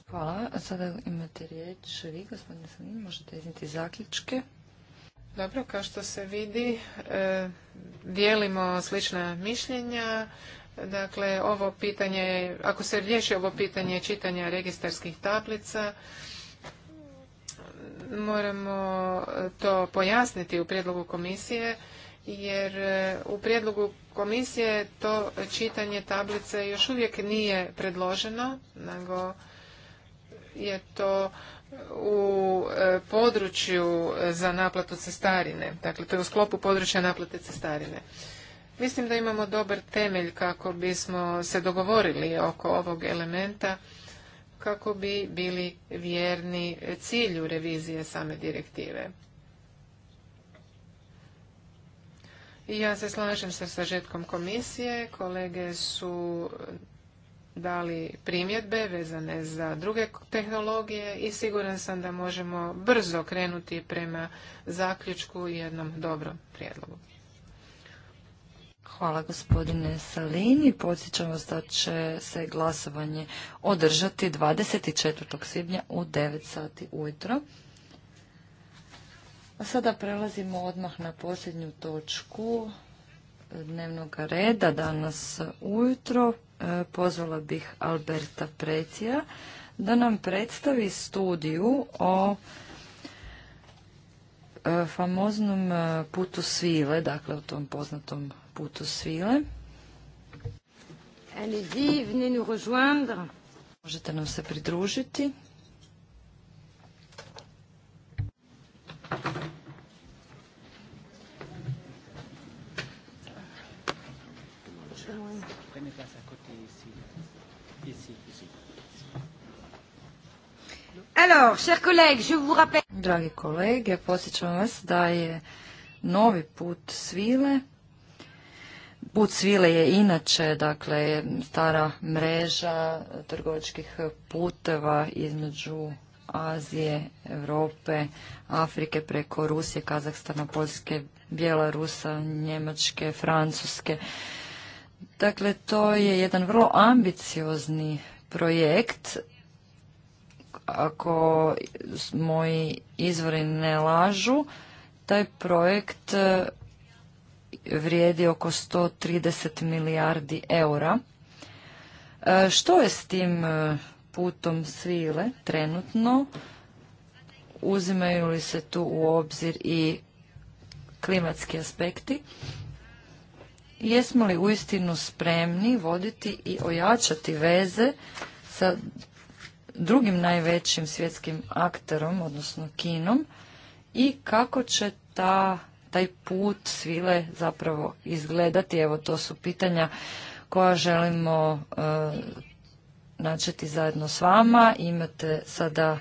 Hvala. A sada imate riječ vi, gospodine možete izniti zaključke. Dobro, kao što se vidi, e, dijelimo slična mišljenja. Dakle, ovo pitanje, ako se riješi ovo pitanje čitanja registarskih tablica, moramo e, to pojasniti u prijedlogu komisije jer e, u prijedlogu komisije to čitanje tablice još uvijek nije predloženo, nego je to u e, području za naplatu cestarine. Dakle, to je u sklopu područja naplate cestarine. Mislim da imamo dobar temelj kako bismo se dogovorili oko ovog elementa kako bi bili vjerni cilju revizije same direktive. ja se slažem sa sažetkom komisije, kolege su dali primjedbe vezane za druge tehnologije i siguran sam da možemo brzo krenuti prema zaključku i jednom dobrom prijedlogu. Hvala gospodine Salini. Podsjećam vas da će se glasovanje održati 24. svibnja u 9 sati ujutro. A sada prelazimo odmah na posljednju točku dnevnog reda danas ujutro. E, pozvala bih Alberta Precija da nam predstavi studiju o e, famoznom e, putu svile, dakle o tom poznatom putu svile. allez Možete nam se pridružiti. Dragi kolege, posjećam vas da je novi put svile Put svile je inače dakle stara mreža trgovačkih puteva između Azije, Europe, Afrike preko Rusije, Kazahstana, Poljske, Bjelarusa, Njemačke, Francuske. Dakle, to je jedan vrlo ambiciozni projekt. Ako moji izvori ne lažu, taj projekt vrijedi oko 130 milijardi eura. E, što je s tim e, putom svile trenutno? Uzimaju li se tu u obzir i klimatski aspekti? Jesmo li uistinu spremni voditi i ojačati veze sa drugim najvećim svjetskim akterom, odnosno Kinom, i kako će ta taj put svile zapravo izgledati? Evo, to su pitanja koja želimo e, načeti zajedno s vama. Imate sada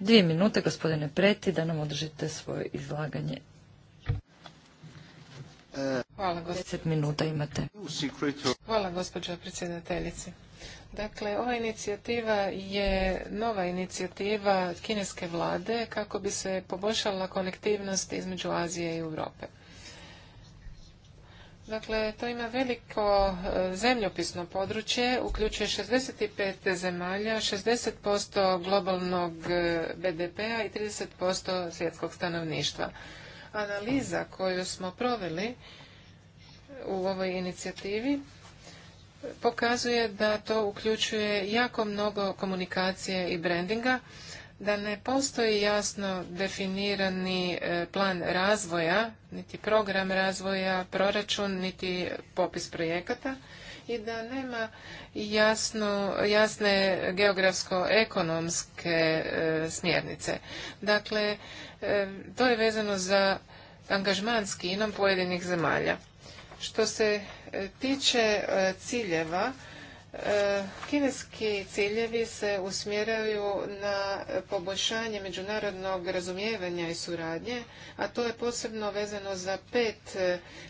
dvije minute, gospodine Preti, da nam održite svoje izlaganje. Hvala, 10 minuta imate. Hvala, gospođo predsjedateljice. Dakle, ova inicijativa je nova inicijativa kineske vlade kako bi se poboljšala konektivnost između Azije i Europe. Dakle, to ima veliko e, zemljopisno područje, uključuje 65 zemalja, 60% globalnog e, BDP-a i 30% svjetskog stanovništva. Analiza koju smo proveli u ovoj inicijativi pokazuje da to uključuje jako mnogo komunikacije i brandinga, da ne postoji jasno definirani e, plan razvoja, niti program razvoja, proračun, niti popis projekata i da nema jasno, jasne geografsko-ekonomske e, smjernice. Dakle, e, to je vezano za angažman s Kinom pojedinih zemalja. Što se e, tiče e, ciljeva, e, Kineski ciljevi se usmjeraju na poboljšanje međunarodnog razumijevanja i suradnje, a to je posebno vezano za pet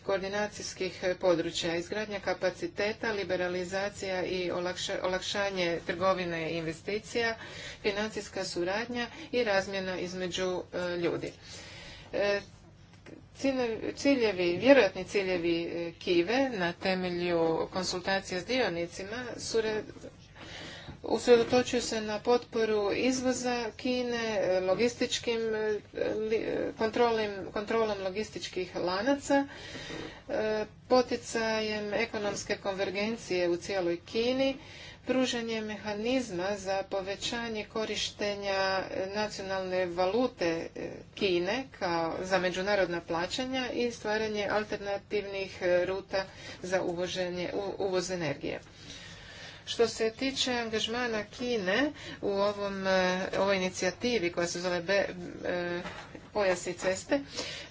koordinacijskih područja. Izgradnja kapaciteta, liberalizacija i olakšanje trgovine i investicija, financijska suradnja i razmjena između ljudi. Ciljevi, vjerojatni ciljevi e, Kive na temelju konsultacija s dionicima su usredotočuju se na potporu izvoza Kine, logističkim e, e, kontrolim, kontrolom logističkih lanaca, poticajem ekonomske konvergencije u cijeloj Kini, pružanje mehanizma za povećanje korištenja nacionalne valute e, Kine kao za međunarodna plaćanja i stvaranje alternativnih e, ruta za uvoženje, uvoz energije. Što se tiče angažmana Kine u ovom, e, ovoj inicijativi koja se zove pojas i ceste.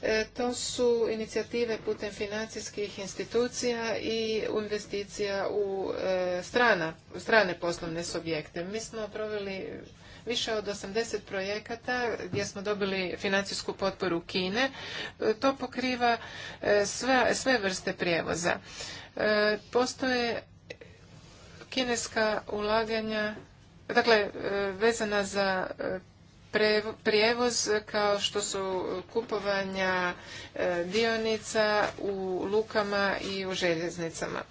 E, to su inicijative putem financijskih institucija i investicija u e, strana, strane poslovne subjekte. Mi smo proveli više od 80 projekata gdje smo dobili financijsku potporu Kine. E, to pokriva sve, sve vrste prijevoza. Postoje kineska ulaganja, dakle vezana za prijevoz kao što su kupovanja e, dionica u lukama i u željeznicama.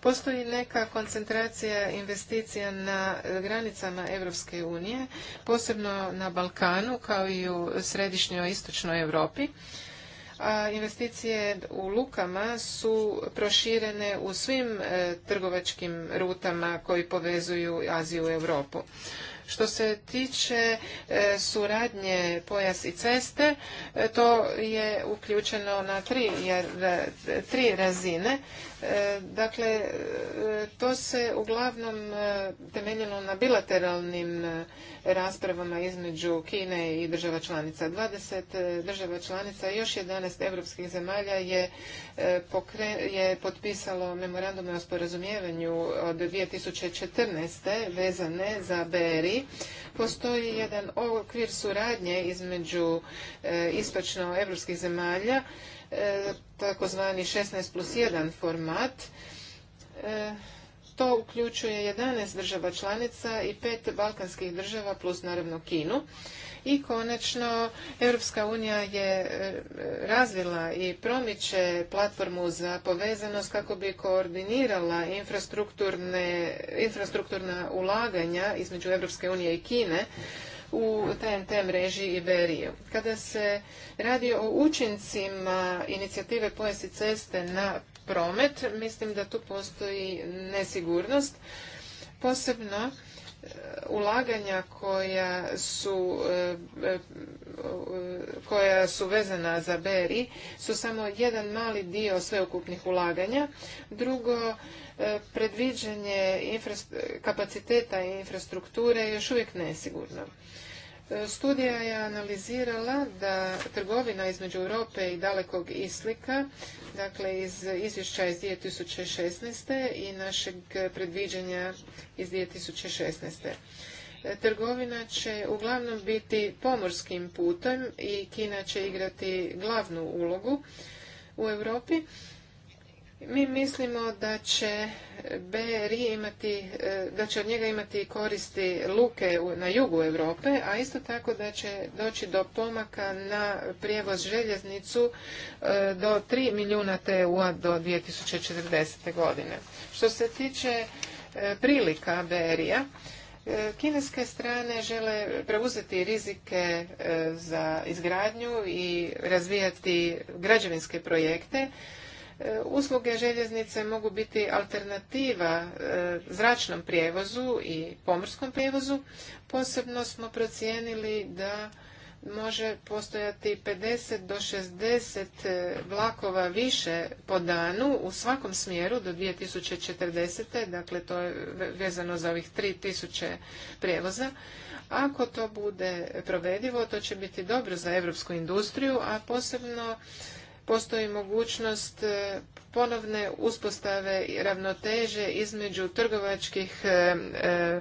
Postoji neka koncentracija investicija na granicama Europske unije, posebno na Balkanu kao i u središnjoj istočnoj Europi. A investicije u lukama su proširene u svim e, trgovačkim rutama koji povezuju Aziju i Europu. Što se tiče e, suradnje pojas i ceste, e, to je uključeno na tri, e, tri razine. E, dakle, e, to se uglavnom e, temeljilo na bilateralnim raspravama između Kine i država članica. 20 država članica i još 11 evropskih zemalja je, je potpisalo memorandume o sporazumijevanju od 2014. vezane za BERI. Postoji jedan okvir suradnje između istočno evropskih zemalja E, takozvani 16 plus format. E, to uključuje 11 država članica i pet balkanskih država plus naravno Kinu. I konačno, Europska unija je e, razvila i promiče platformu za povezanost kako bi koordinirala infrastrukturne, infrastrukturna ulaganja između Europske unije i Kine u TNT mreži Iberije. Kada se radi o učincima inicijative Pojesi ceste na promet, mislim da tu postoji nesigurnost, posebno ulaganja koja su, e, e, koja su vezana za BRI su samo jedan mali dio sveukupnih ulaganja. Drugo, e, predviđanje kapaciteta i infrastrukture je još uvijek nesigurno. Studija je analizirala da trgovina između Europe i dalekog islika, dakle iz izvješća iz 2016. i našeg predviđanja iz 2016. Trgovina će uglavnom biti pomorskim putem i Kina će igrati glavnu ulogu u Europi mi mislimo da će BRI imati, e, da će od njega imati koristi luke na jugu Europe, a isto tako da će doći do pomaka na prijevoz željeznicu e, do 3 milijuna TU-a do 2040. godine. Što se tiče e, prilika Berija, Kineske strane žele preuzeti rizike za izgradnju i razvijati građevinske projekte, E, usluge željeznice mogu biti alternativa e, zračnom prijevozu i pomorskom prijevozu. Posebno smo procijenili da može postojati 50 do 60 e, vlakova više po danu u svakom smjeru do 2040. Dakle, to je vezano za ovih 3000 prijevoza. Ako to bude provedivo, to će biti dobro za evropsku industriju, a posebno postoji mogućnost e, ponovne uspostave ravnoteže između trgovačkih e, e,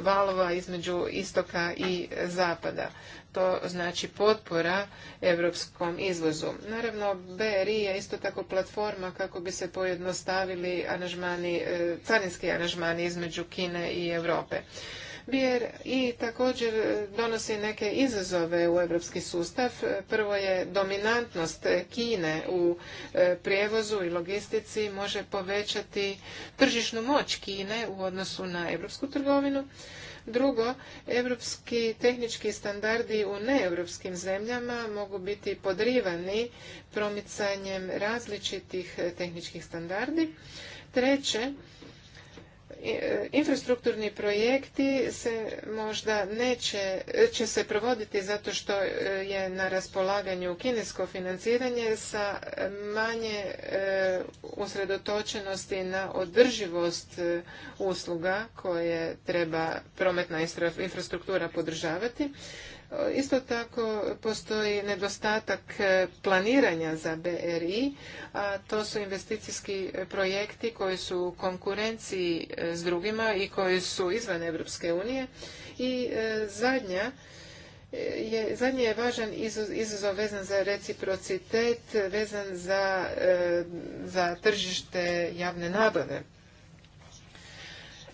valova između istoka i zapada. To znači potpora europskom izvozu. Naravno, BRI je isto tako platforma kako bi se pojednostavili aranžmani, carinski aranžmani između Kine i Europe i također donosi neke izazove u europski sustav. Prvo je dominantnost Kine u e, prijevozu i logistici može povećati tržišnu moć Kine u odnosu na europsku trgovinu. Drugo, europski tehnički standardi u neeuropskim zemljama mogu biti podrivani promicanjem različitih tehničkih standardi. Treće, E, infrastrukturni projekti se možda neće, će se provoditi zato što e, je na raspolaganju kinesko financiranje sa manje e, usredotočenosti na održivost usluga koje treba prometna infrastruktura podržavati. Isto tako postoji nedostatak e, planiranja za BRI, a to su investicijski projekti koji su u konkurenciji e, s drugima i koji su izvan Europske unije. I e, zadnja je, zadnji je važan izazov vezan za reciprocitet, vezan za, za tržište javne nabave.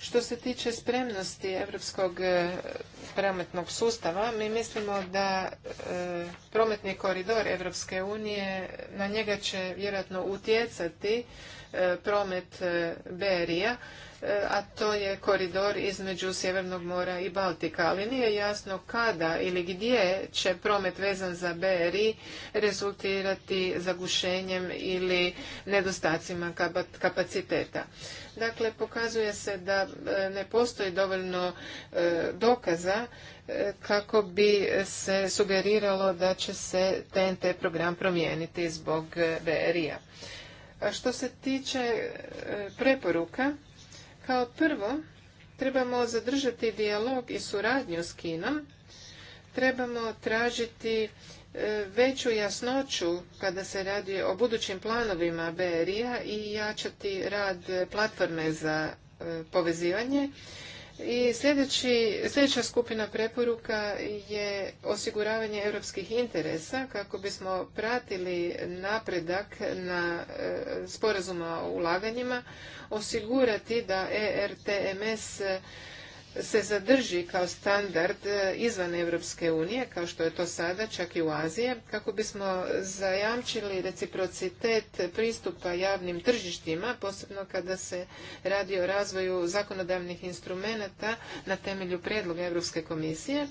Što se tiče spremnosti europskog e, prometnog sustava, mi mislimo da e, prometni koridor Europske unije na njega će vjerojatno utjecati promet e, Berija, e, a to je koridor između Sjevernog mora i Baltika. Ali nije jasno kada ili gdje će promet vezan za BRI rezultirati zagušenjem ili nedostacima kapaciteta. Dakle, pokazuje se da e, ne postoji dovoljno dokaza kako bi se sugeriralo da će se TNT program promijeniti zbog BRI-a. Što se tiče e, preporuka, kao prvo trebamo zadržati dijalog i suradnju s Kinom, trebamo tražiti e, veću jasnoću kada se radi o budućim planovima BRI-a i jačati rad platforme za e, povezivanje i sljedeći, sljedeća skupina preporuka je osiguravanje europskih interesa kako bismo pratili napredak na e, sporazuma o ulaganjima, osigurati da ERTMS se zadrži kao standard e, izvan Europske unije, kao što je to sada, čak i u Azije, kako bismo zajamčili reciprocitet pristupa javnim tržištima, posebno kada se radi o razvoju zakonodavnih instrumenata na temelju predloga Europske komisije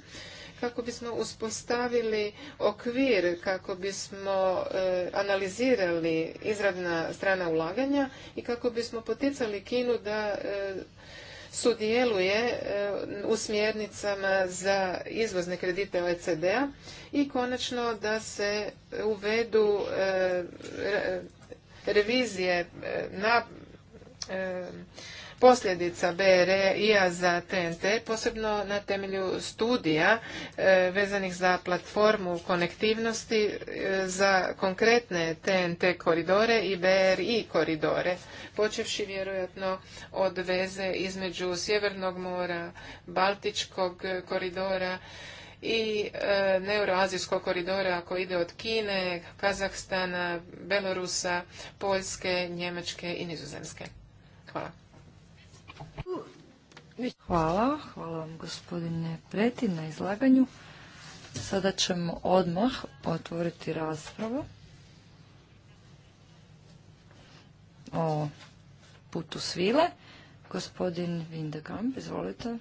kako bismo uspostavili okvir, kako bismo e, analizirali izravna strana ulaganja i kako bismo poticali Kinu da e, sudjeluje eh, u smjernicama za izvozne kredite OECD-a i konačno da se uvedu eh, revizije eh, na posljedica e i a za TNT, posebno na temelju studija e, vezanih za platformu konektivnosti e, za konkretne TNT koridore i BRI koridore, počevši vjerojatno od veze između Sjevernog mora, Baltičkog koridora, i neuroazijskog koridora koji ide od Kine, Kazahstana, Belorusa, Poljske, Njemačke i Nizozemske. Hvala. Hvala, hvala vam gospodine Preti na izlaganju. Sada ćemo odmah otvoriti raspravu o putu svile. Gospodin Vindekamp, izvolite.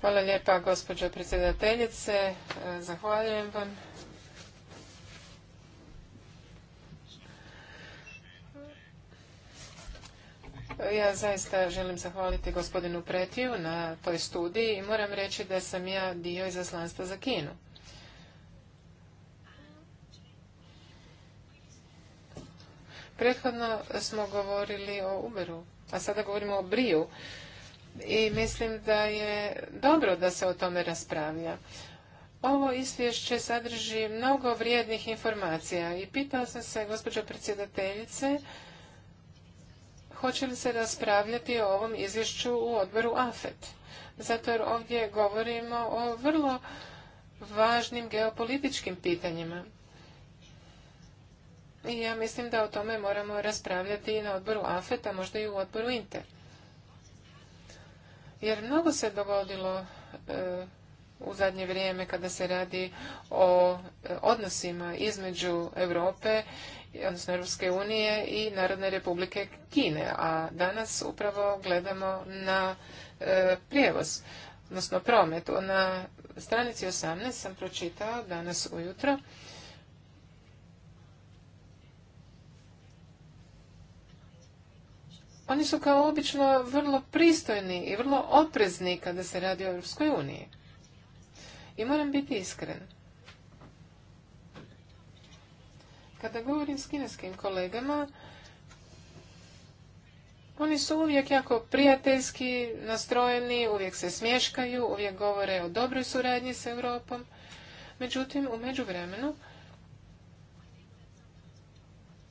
Hvala lijepa gospođo predsjedateljice. Zahvaljujem vam Ja zaista želim zahvaliti gospodinu Pretiju na toj studiji i moram reći da sam ja dio izaslanstva za Kinu. Prethodno smo govorili o Uberu, a sada govorimo o Briju i mislim da je dobro da se o tome raspravlja. Ovo izvješće sadrži mnogo vrijednih informacija i pitao sam se, gospođo predsjedateljice, hoće li se raspravljati o ovom izvješću u odboru AFET. Zato jer ovdje govorimo o vrlo važnim geopolitičkim pitanjima. I ja mislim da o tome moramo raspravljati i na odboru AFET, a možda i u odboru INTER. Jer mnogo se dogodilo e, u zadnje vrijeme kada se radi o e, odnosima između Europe odnosno Europske unije i Narodne republike Kine, a danas upravo gledamo na e, prijevoz, odnosno promet. Na stranici 18 sam pročitao danas ujutro Oni su kao obično vrlo pristojni i vrlo oprezni kada se radi o Europskoj uniji. I moram biti iskren. Kada govorim s kineskim kolegama, oni su uvijek jako prijateljski nastrojeni, uvijek se smješkaju, uvijek govore o dobroj suradnji s Europom. Međutim, u međuvremenu,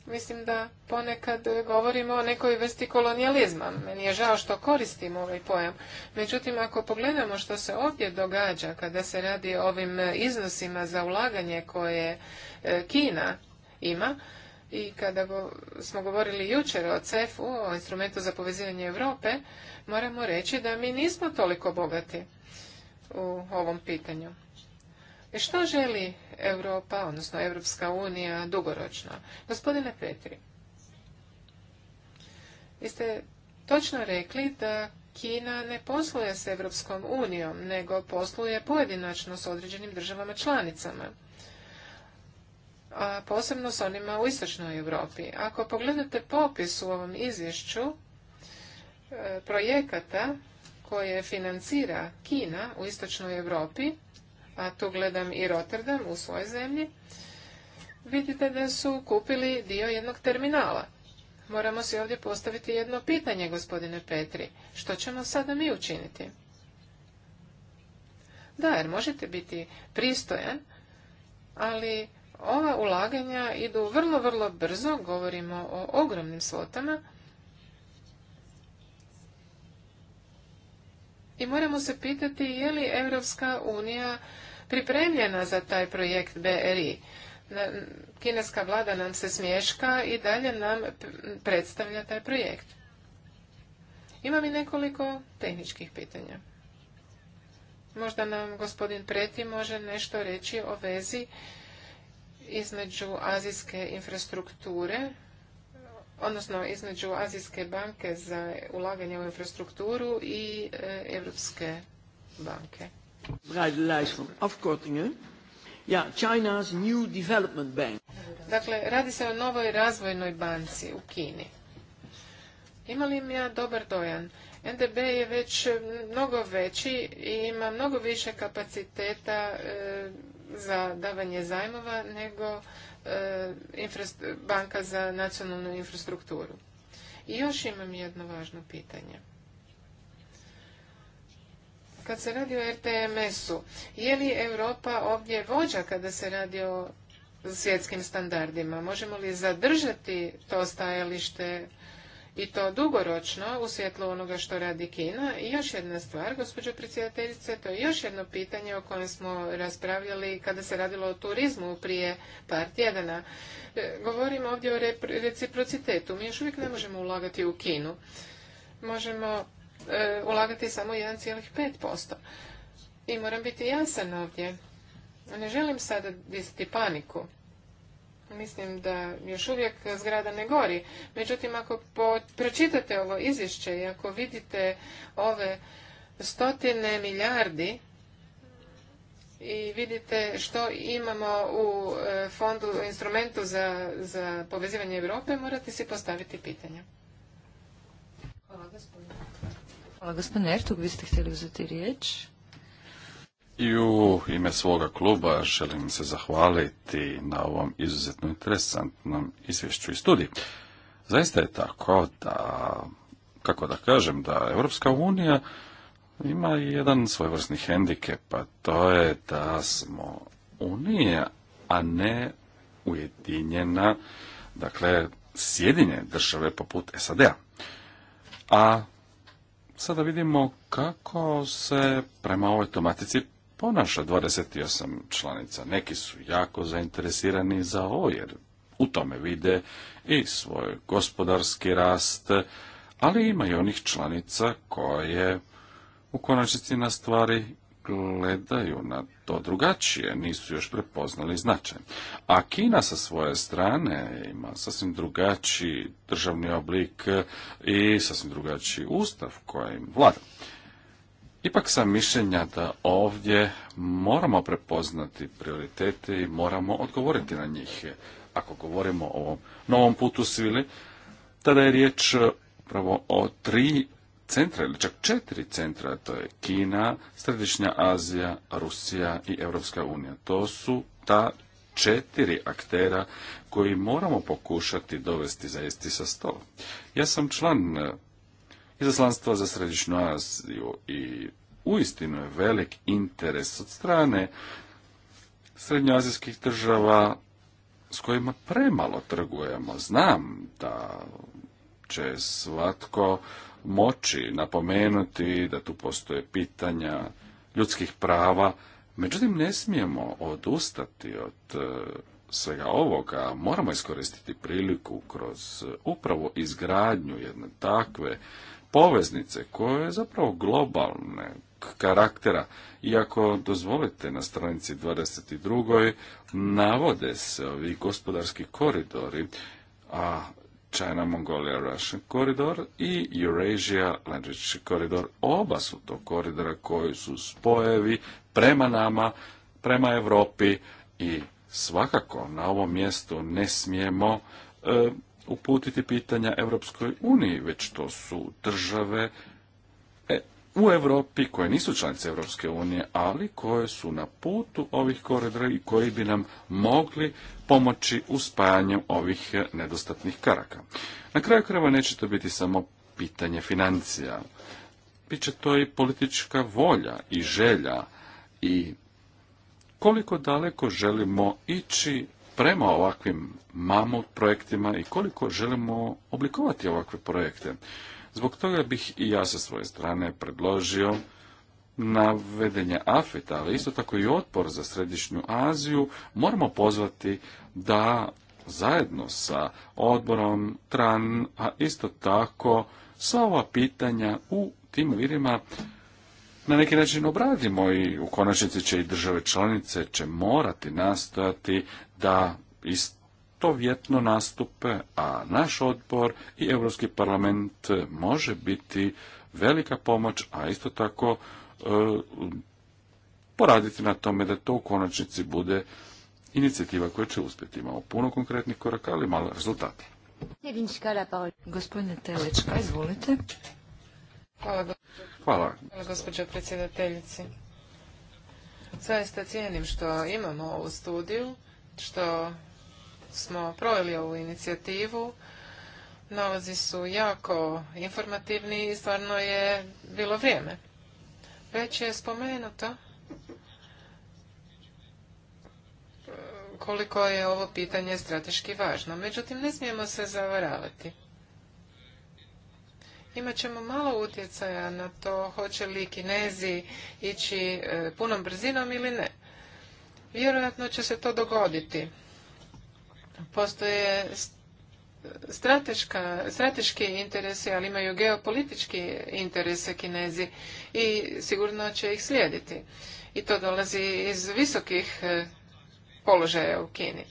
mislim da ponekad govorimo o nekoj vrsti kolonijalizma. Meni je žao što koristim ovaj pojam. Međutim, ako pogledamo što se ovdje događa kada se radi o ovim iznosima za ulaganje koje e, Kina ima. I kada smo govorili jučer o CEF-u, o instrumentu za povezivanje Europe, moramo reći da mi nismo toliko bogati u ovom pitanju. I e, što želi Europa, odnosno Europska unija, dugoročno? Gospodine Petri, vi ste točno rekli da Kina ne posluje s Europskom unijom, nego posluje pojedinačno s određenim državama članicama posebno s onima u istočnoj Europi. Ako pogledate popis u ovom izvješću e, projekata koje financira Kina u istočnoj Europi, a tu gledam i Rotterdam u svojoj zemlji, vidite da su kupili dio jednog terminala. Moramo si ovdje postaviti jedno pitanje, gospodine Petri. Što ćemo sada mi učiniti? Da, jer možete biti pristojan, ali ova ulaganja idu vrlo, vrlo brzo, govorimo o ogromnim svotama. I moramo se pitati je li Europska unija pripremljena za taj projekt BRI. Kineska vlada nam se smješka i dalje nam predstavlja taj projekt. Imam i nekoliko tehničkih pitanja. Možda nam gospodin Preti može nešto reći o vezi između azijske infrastrukture, odnosno između Azijske banke za ulaganje u infrastrukturu i Europske banke. Ja, China's New Development Bank. Dakle, radi se o novoj razvojnoj banci u Kini. Ima li ja dobar dojan? NDB je već mnogo veći i ima mnogo više kapaciteta e, za davanje zajmova nego e, banka za nacionalnu infrastrukturu. I još imam jedno važno pitanje. Kad se radi o RTMS-u, je li Europa ovdje vođa kada se radi o svjetskim standardima? Možemo li zadržati to stajalište i to dugoročno u svjetlu onoga što radi Kina. I još jedna stvar, gospođo predsjedateljice, to je još jedno pitanje o kojem smo raspravljali kada se radilo o turizmu prije par tjedana. E, Govorimo ovdje o reciprocitetu. Mi još uvijek ne možemo ulagati u Kinu. Možemo e, ulagati samo 1,5%. I moram biti jasan ovdje. Ne želim sada disati paniku mislim da još uvijek zgrada ne gori. Međutim, ako pročitate ovo izvješće i ako vidite ove stotine milijardi i vidite što imamo u e, fondu, u instrumentu za, za povezivanje Europe, morate si postaviti pitanja. Hvala gospodine. Hvala gospodine Ertug, vi ste htjeli uzeti riječ. I u ime svoga kluba želim se zahvaliti na ovom izuzetno interesantnom izvješću i studiju. Zaista je tako da, kako da kažem, da Europska unija ima jedan svojevrsni hendikep, a to je da smo Unija, a ne ujedinjena, dakle, sjedinje države poput SAD-a. A sada vidimo kako se prema ovoj tematici ponaša 28 članica. Neki su jako zainteresirani za ovo jer u tome vide i svoj gospodarski rast, ali ima i onih članica koje u konačnici na stvari gledaju na to drugačije, nisu još prepoznali značaj. A Kina sa svoje strane ima sasvim drugačiji državni oblik i sasvim drugačiji ustav kojim vlada. Ipak sam mišljenja da ovdje moramo prepoznati prioritete i moramo odgovoriti na njih. Ako govorimo o ovom novom putu svili, tada je riječ upravo o tri centra ili čak četiri centra, to je Kina, Središnja Azija, Rusija i Europska unija. To su ta četiri aktera koji moramo pokušati dovesti za isti sa stola. Ja sam član izaslanstva za središnju Aziju i uistinu je velik interes od strane srednjoazijskih država s kojima premalo trgujemo. Znam da će svatko moći napomenuti da tu postoje pitanja ljudskih prava, međutim ne smijemo odustati od e, svega ovoga, moramo iskoristiti priliku kroz e, upravo izgradnju jedne takve poveznice koje je zapravo globalne karaktera. Iako dozvolite na stranici 22. navode se ovi gospodarski koridori, a China Mongolia Russian koridor i Eurasia Language koridor. Oba su to koridora koji su spojevi prema nama, prema Europi i svakako na ovom mjestu ne smijemo e, uputiti pitanja Europskoj uniji, već to su države e, u Europi koje nisu članice Europske unije, ali koje su na putu ovih koridora i koji bi nam mogli pomoći u spajanju ovih nedostatnih karaka. Na kraju krajeva neće to biti samo pitanje financija. Biće to i politička volja i želja i koliko daleko želimo ići prema ovakvim mamut projektima i koliko želimo oblikovati ovakve projekte. Zbog toga bih i ja sa svoje strane predložio navedenje afet ali isto tako i otpor za Središnju Aziju, moramo pozvati da zajedno sa odborom TRAN, a isto tako sva ova pitanja u tim virima na neki način obradimo i u konačnici će i države članice će morati nastojati da istovjetno nastupe, a naš odbor i Europski parlament može biti velika pomoć, a isto tako e, poraditi na tome da to u konačnici bude inicijativa koja će uspjeti. Imamo puno konkretnih koraka, ali malo rezultata. Gospodine Telečka, izvolite. Hvala, Hvala. gospođo predsjedateljici. Zaista cijenim što imamo ovu studiju što smo proveli ovu inicijativu. Nalazi su jako informativni i stvarno je bilo vrijeme. Već je spomenuto koliko je ovo pitanje strateški važno. Međutim, ne smijemo se zavaravati. Imat ćemo malo utjecaja na to hoće li Kinezi ići e, punom brzinom ili ne. Vjerojatno će se to dogoditi. Postoje strateška, strateški interesi, ali imaju geopolitički interese Kinezi i sigurno će ih slijediti. I to dolazi iz visokih e, položaja u Kini.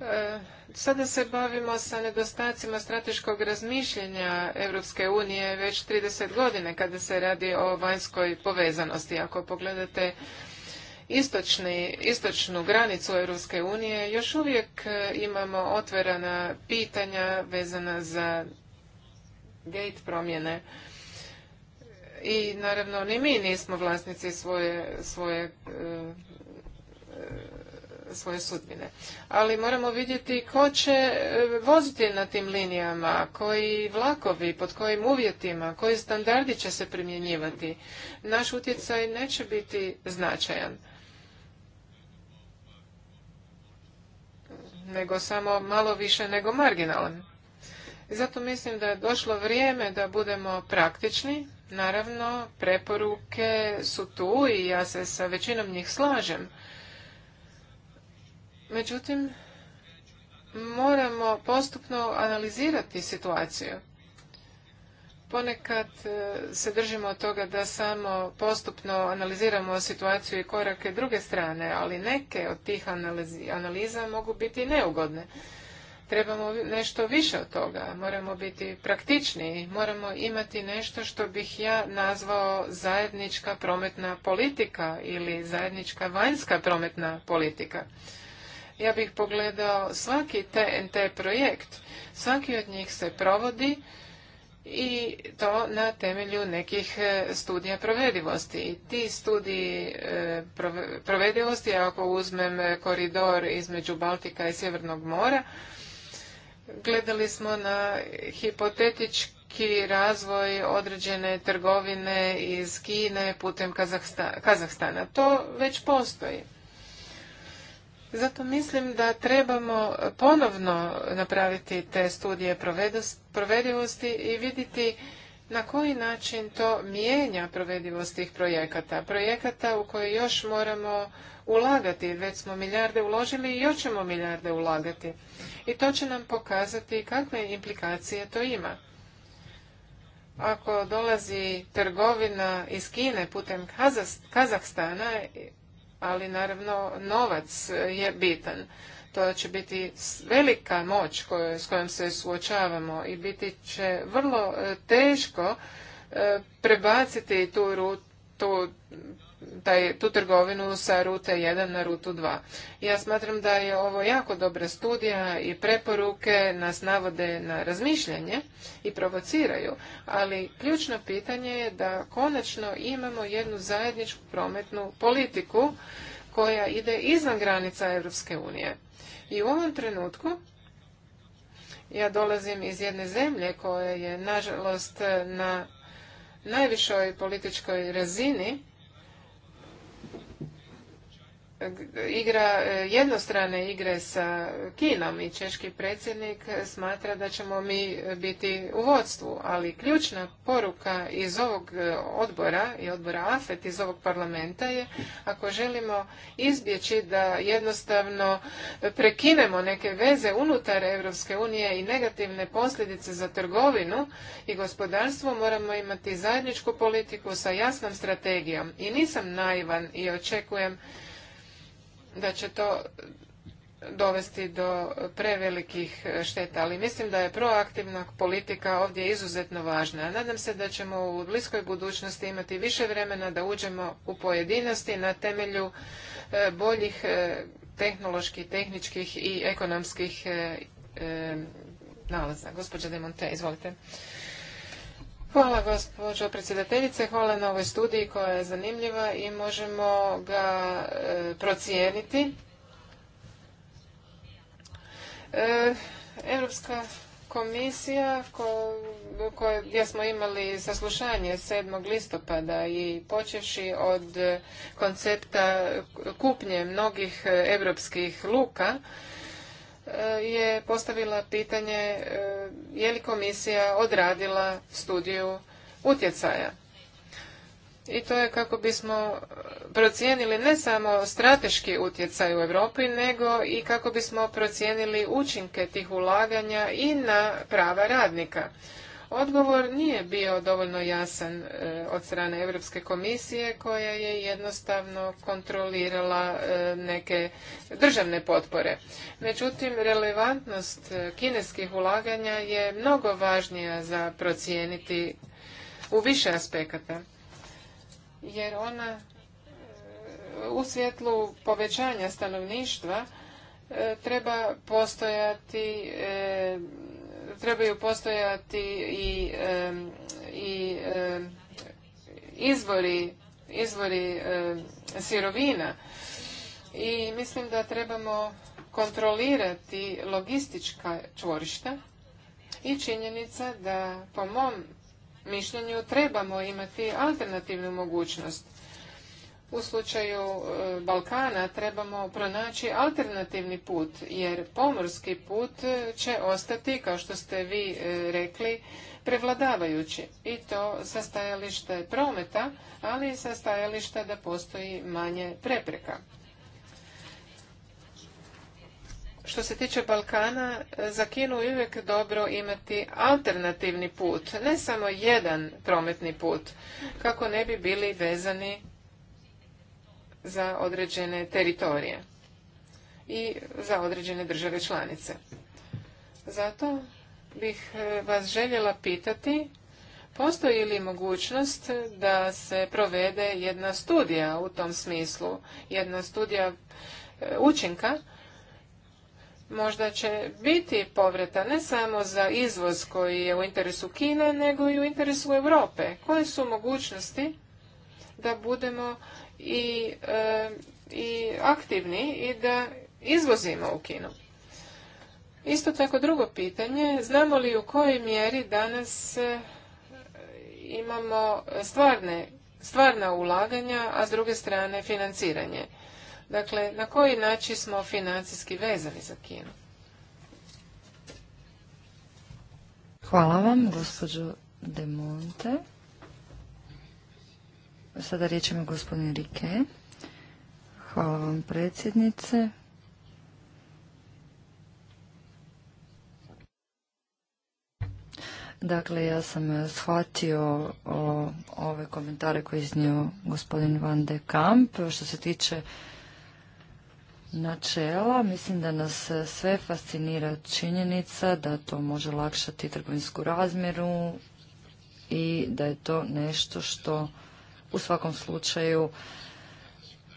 E, sada se bavimo sa nedostacima strateškog razmišljenja Europske unije već 30 godine kada se radi o vanjskoj povezanosti. Ako pogledate istočni, istočnu granicu Europske unije još uvijek e, imamo otvorena pitanja vezana za gate promjene. I naravno ni mi nismo vlasnici svoje, svoje, e, e, svoje sudbine. Ali moramo vidjeti ko će voziti na tim linijama, koji vlakovi, pod kojim uvjetima, koji standardi će se primjenjivati. Naš utjecaj neće biti značajan. nego samo malo više nego marginalan. zato mislim da je došlo vrijeme da budemo praktični. Naravno, preporuke su tu i ja se sa većinom njih slažem. Međutim, moramo postupno analizirati situaciju. Ponekad e, se držimo od toga da samo postupno analiziramo situaciju i korake druge strane, ali neke od tih analiza mogu biti neugodne. Trebamo nešto više od toga, moramo biti praktičniji, moramo imati nešto što bih ja nazvao zajednička prometna politika ili zajednička vanjska prometna politika. Ja bih pogledao svaki TNT projekt, svaki od njih se provodi i to na temelju nekih e, studija provedivosti. ti studiji e, provedivosti, ako uzmem koridor između Baltika i Sjevernog mora, gledali smo na hipotetički razvoj određene trgovine iz Kine putem Kazahstana. To već postoji. Zato mislim da trebamo ponovno napraviti te studije provedivosti i vidjeti na koji način to mijenja provedivost tih projekata. Projekata u koje još moramo ulagati, već smo milijarde uložili i još ćemo milijarde ulagati. I to će nam pokazati kakve implikacije to ima. Ako dolazi trgovina iz Kine putem Kazahstana, ali naravno novac je bitan. To će biti velika moć s kojom se suočavamo i biti će vrlo e, teško e, prebaciti tu, tu taj, tu trgovinu sa rute 1 na rutu 2. Ja smatram da je ovo jako dobra studija i preporuke nas navode na razmišljanje i provociraju, ali ključno pitanje je da konačno imamo jednu zajedničku prometnu politiku koja ide izvan granica Europske unije. I u ovom trenutku ja dolazim iz jedne zemlje koja je nažalost na najvišoj političkoj razini igra e, jednostrane igre sa Kinom i češki predsjednik smatra da ćemo mi biti u vodstvu, ali ključna poruka iz ovog e, odbora i odbora AFET iz ovog parlamenta je ako želimo izbjeći da jednostavno prekinemo neke veze unutar Europske unije i negativne posljedice za trgovinu i gospodarstvo moramo imati zajedničku politiku sa jasnom strategijom i nisam naivan i očekujem da će to dovesti do prevelikih šteta, ali mislim da je proaktivna politika ovdje izuzetno važna. Nadam se da ćemo u bliskoj budućnosti imati više vremena da uđemo u pojedinosti na temelju e, boljih e, tehnoloških, tehničkih i ekonomskih e, nalaza. Gospođa Demonte, izvolite. Hvala gospođo predsjedateljice, hvala na ovoj studiji koja je zanimljiva i možemo ga e, procijeniti. E, Europska komisija ko, smo imali saslušanje 7. listopada i počevši od koncepta kupnje mnogih europskih luka e, je postavila pitanje je li komisija odradila studiju utjecaja. I to je kako bismo procijenili ne samo strateški utjecaj u Europi, nego i kako bismo procijenili učinke tih ulaganja i na prava radnika. Odgovor nije bio dovoljno jasan e, od strane Europske komisije koja je jednostavno kontrolirala e, neke državne potpore. Međutim, relevantnost e, kineskih ulaganja je mnogo važnija za procijeniti u više aspekata. Jer ona u svjetlu povećanja stanovništva treba postojati trebaju postojati i, i izvori, izvori sirovina i mislim da trebamo kontrolirati logistička čvorišta i činjenica da po mom mišljenju trebamo imati alternativnu mogućnost u slučaju e, Balkana trebamo pronaći alternativni put, jer pomorski put e, će ostati, kao što ste vi e, rekli, prevladavajući. I to sa stajališta prometa, ali i sa stajališta da postoji manje prepreka. Što se tiče Balkana, za Kinu je uvijek dobro imati alternativni put, ne samo jedan prometni put, kako ne bi bili vezani za određene teritorije i za određene države članice. Zato bih e, vas željela pitati postoji li mogućnost da se provede jedna studija u tom smislu, jedna studija e, učinka možda će biti povrata ne samo za izvoz koji je u interesu Kine, nego i u interesu Europe. Koje su mogućnosti da budemo i, e, i aktivni i da izvozimo u Kinu. Isto tako drugo pitanje, znamo li u kojoj mjeri danas e, imamo stvarne, stvarna ulaganja, a s druge strane financiranje. Dakle, na koji način smo financijski vezani za Kinu? Hvala vam, gospođo De Monte. Sada riječ ima gospodin Rike. Hvala vam predsjednice. Dakle, ja sam shvatio ove komentare koje je iznio gospodin Van de Kamp. Što se tiče načela, mislim da nas sve fascinira činjenica da to može lakšati trgovinsku razmjeru i da je to nešto što u svakom slučaju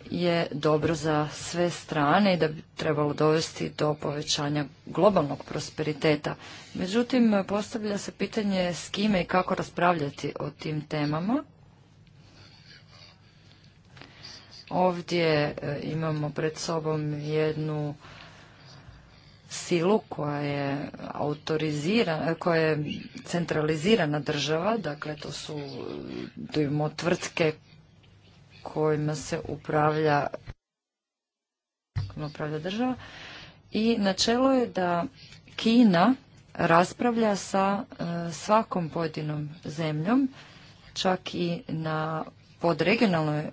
je dobro za sve strane i da bi trebalo dovesti do povećanja globalnog prosperiteta. Međutim, postavlja se pitanje s kime i kako raspravljati o tim temama. Ovdje e, imamo pred sobom jednu silu koja je autorizirana, koja je centralizirana država, dakle to su dojmo tvrtke kojima se upravlja kojima upravlja država i načelo je da Kina raspravlja sa e, svakom pojedinom zemljom čak i na podregionalnoj e,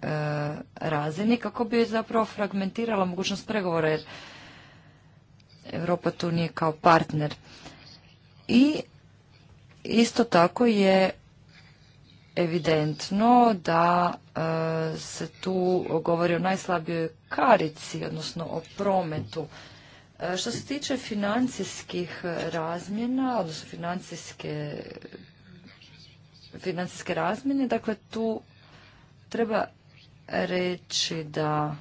razini kako bi zapravo fragmentirala mogućnost pregovora jer Europa tu nije kao partner. I isto tako je evidentno da e, se tu govori o najslabijoj karici, odnosno o prometu. E, što se tiče financijskih razmjena, odnosno financijske financijske razmjene, dakle tu treba reći da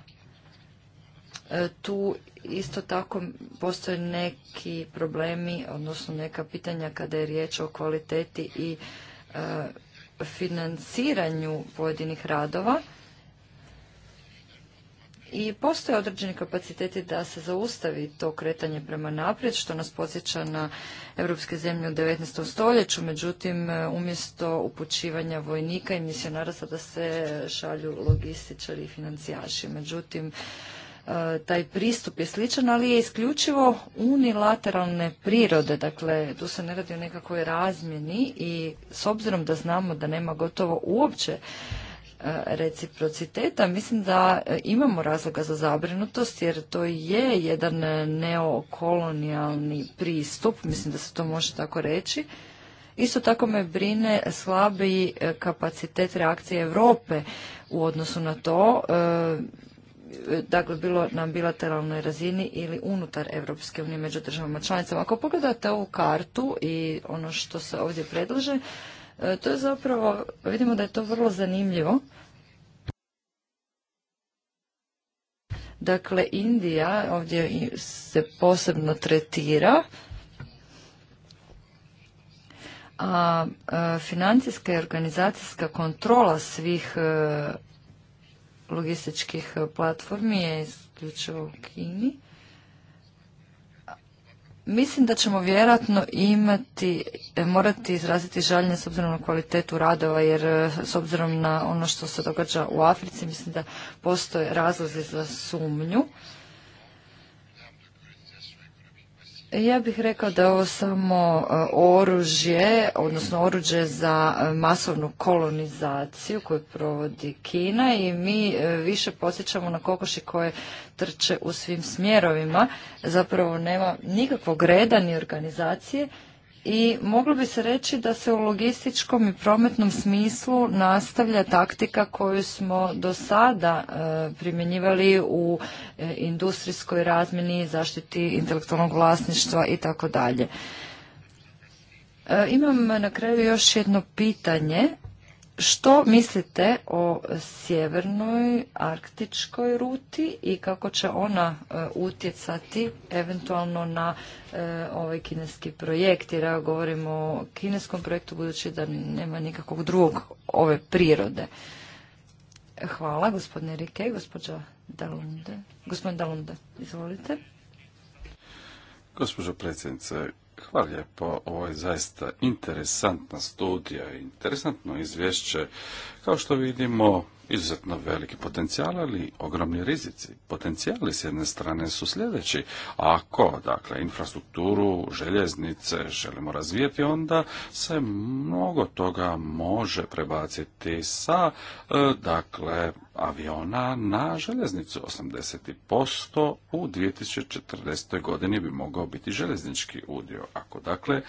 E, tu isto tako postoje neki problemi, odnosno neka pitanja kada je riječ o kvaliteti i e, financiranju pojedinih radova. I postoje određeni kapaciteti da se zaustavi to kretanje prema naprijed, što nas podsjeća na evropske zemlje u 19. stoljeću, međutim e, umjesto upućivanja vojnika i misionara sada se šalju logističari i financijaši. Međutim, E, taj pristup je sličan, ali je isključivo unilateralne prirode. Dakle, tu se ne radi o nekakvoj razmjeni i s obzirom da znamo da nema gotovo uopće e, reciprociteta, mislim da e, imamo razloga za zabrinutost jer to je jedan neokolonijalni pristup, mislim da se to može tako reći. Isto tako me brine slabi kapacitet reakcije Europe u odnosu na to dakle bilo na bilateralnoj razini ili unutar Europske unije među državama članicama. Ako pogledate ovu kartu i ono što se ovdje predlaže, e, to je zapravo, vidimo da je to vrlo zanimljivo. Dakle, Indija ovdje se posebno tretira, a e, financijska i organizacijska kontrola svih e, logističkih e, platformi je isključivo u Kini. Mislim da ćemo vjerojatno imati, e, morati izraziti žaljenje s obzirom na kvalitetu radova, jer e, s obzirom na ono što se događa u Africi, mislim da postoje razlozi za sumnju. Ja bih rekao da je ovo samo e, oružje, odnosno oruđe za e, masovnu kolonizaciju koju provodi Kina i mi e, više posjećamo na kokoši koje trče u svim smjerovima. Zapravo nema nikakvog reda ni organizacije i moglo bi se reći da se u logističkom i prometnom smislu nastavlja taktika koju smo do sada e, primjenjivali u e, industrijskoj razmjeni, zaštiti intelektualnog vlasništva i tako dalje. E, imam na kraju još jedno pitanje što mislite o sjevernoj arktičkoj ruti i kako će ona e, utjecati eventualno na e, ovaj kineski projekt? Jer ja govorim o kineskom projektu budući da nema nikakvog drugog ove prirode. Hvala, gospodine Rike, gospođa Dalunde. Gospodin Dalunde, izvolite. Gospođo predsjednice, Hvala lijepo. Ovo je zaista interesantna studija, interesantno izvješće. Kao što vidimo, izuzetno veliki potencijal, ali ogromni rizici. Potencijali s jedne strane su sljedeći. Ako, dakle, infrastrukturu, željeznice želimo razvijeti, onda se mnogo toga može prebaciti sa, e, dakle, aviona na željeznicu. 80% u 2040. godini bi mogao biti željeznički udio. Ako dakle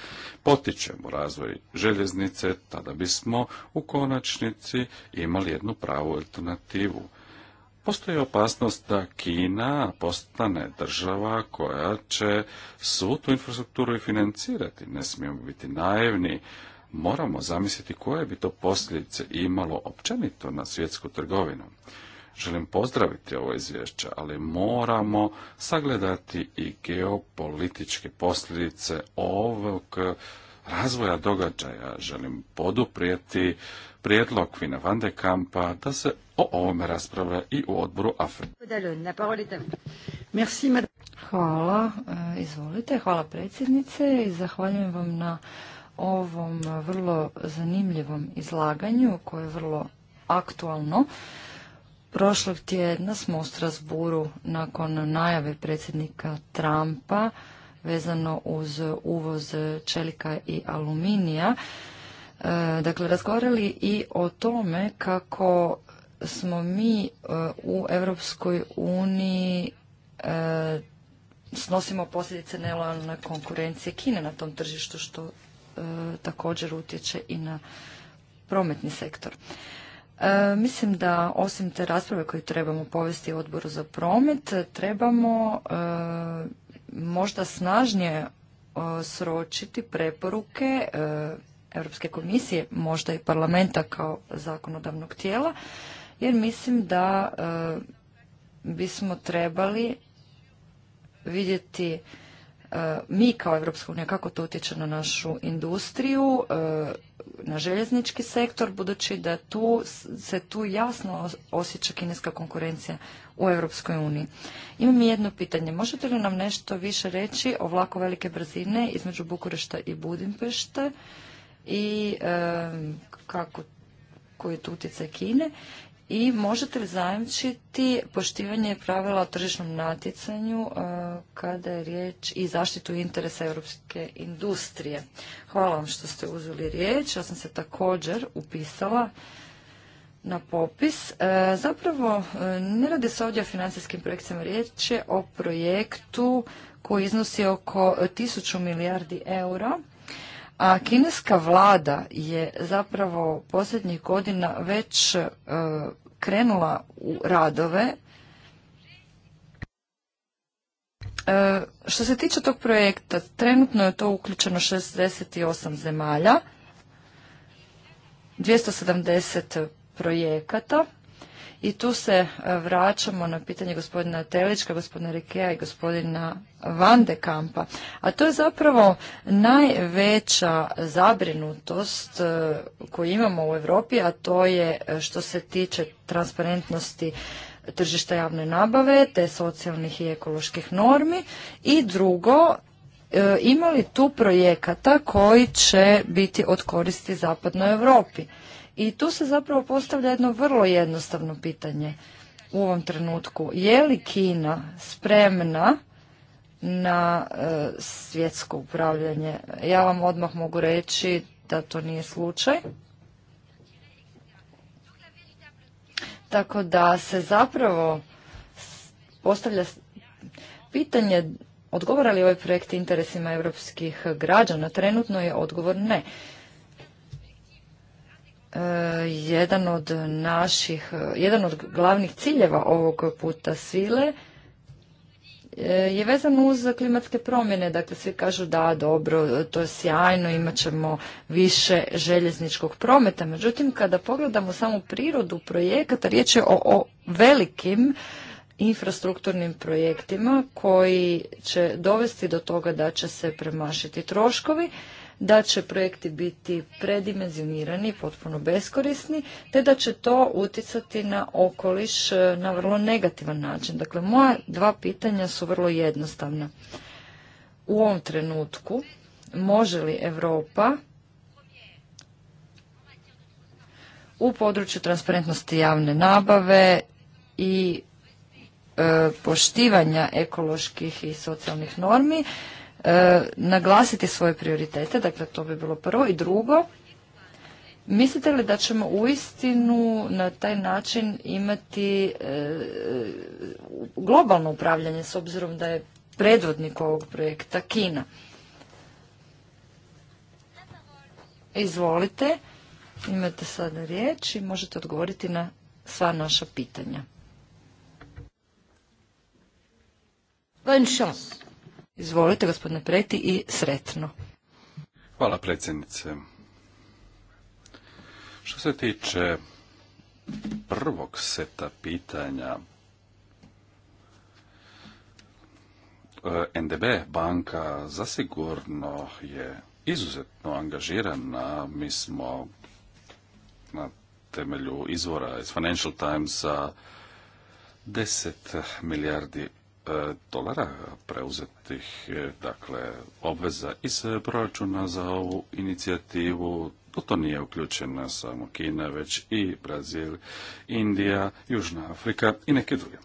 potičemo razvoj željeznice, tada bismo u konačnici imali jednu pravu alternativu. Postoji opasnost da Kina postane država koja će svu tu infrastrukturu i financirati. Ne smijemo biti naivni moramo zamisliti koje bi to posljedice imalo općenito na svjetsku trgovinu. Želim pozdraviti ovo izvješće, ali moramo sagledati i geopolitičke posljedice ovog razvoja događaja. Želim poduprijeti prijedlog Vina van de Kampa da se o ovome raspravlja i u odboru AFE. Hvala, e, izvolite, hvala predsjednice i zahvaljujem vam na ovom vrlo zanimljivom izlaganju koje je vrlo aktualno. Prošlog tjedna smo u Strasburu nakon najave predsjednika Trumpa vezano uz uvoz čelika i aluminija. E, dakle, razgovarali i o tome kako smo mi e, u Europskoj uniji e, snosimo posljedice nelojalne konkurencije Kine na tom tržištu, što E, također utječe i na prometni sektor. E, mislim da osim te rasprave koju trebamo povesti u odboru za promet, trebamo e, možda snažnije e, sročiti preporuke Europske komisije, možda i parlamenta kao zakonodavnog tijela, jer mislim da bismo trebali vidjeti E, mi kao Evropska unija, kako to utječe na našu industriju, e, na željeznički sektor, budući da tu se tu jasno osjeća kineska konkurencija u Europskoj uniji. Imam jedno pitanje. Možete li nam nešto više reći o vlaku velike brzine između Bukurešta i Budimpešte i e, kako koji je tu utjecaj Kine i možete li zajamčiti poštivanje pravila o tržišnom natjecanju e, kada je riječ i zaštitu interesa europske industrije? Hvala vam što ste uzeli riječ. Ja sam se također upisala na popis. E, zapravo e, ne radi se ovdje o financijskim projekcijama, riječ je o projektu koji iznosi oko 1000 milijardi eura a kineska vlada je zapravo posljednjih godina već e, krenula u radove. E, što se tiče tog projekta, trenutno je to uključeno 68 zemalja, 270 projekata i tu se e, vraćamo na pitanje gospodina Telička, gospodina Rikea i gospodina Van de A to je zapravo najveća zabrinutost e, koju imamo u Europi, a to je e, što se tiče transparentnosti tržišta javne nabave, te socijalnih i ekoloških normi. I drugo, imali tu projekata koji će biti od koristi zapadnoj Europi? I tu se zapravo postavlja jedno vrlo jednostavno pitanje u ovom trenutku. Je li Kina spremna na e, svjetsko upravljanje? Ja vam odmah mogu reći da to nije slučaj. Tako da se zapravo postavlja pitanje odgovara li ovaj projekt interesima europskih građana. Trenutno je odgovor ne. E, jedan od naših, e, jedan od glavnih ciljeva ovog puta svile e, je vezan uz klimatske promjene. Dakle, svi kažu da, dobro, to je sjajno, imat ćemo više željezničkog prometa. Međutim, kada pogledamo samu prirodu projekata, riječ je o, o velikim infrastrukturnim projektima koji će dovesti do toga da će se premašiti troškovi da će projekti biti predimenzionirani, potpuno beskorisni, te da će to utjecati na okoliš e, na vrlo negativan način. Dakle, moja dva pitanja su vrlo jednostavna. U ovom trenutku može li Europa u području transparentnosti javne nabave i e, poštivanja ekoloških i socijalnih normi E, naglasiti svoje prioritete, dakle to bi bilo prvo. I drugo, mislite li da ćemo uistinu na taj način imati e, globalno upravljanje s obzirom da je predvodnik ovog projekta Kina? Izvolite, imate sada riječ i možete odgovoriti na sva naša pitanja. Bonne chance. Izvolite, gospodine Preti, i sretno. Hvala, predsjednice. Što se tiče prvog seta pitanja, e, NDB banka zasigurno je izuzetno angažirana. Mi smo na temelju izvora iz Financial Timesa 10 milijardi dolara preuzetih dakle, obveza iz proračuna za ovu inicijativu. U to nije uključena samo Kina, već i Brazil, Indija, Južna Afrika i neke druge.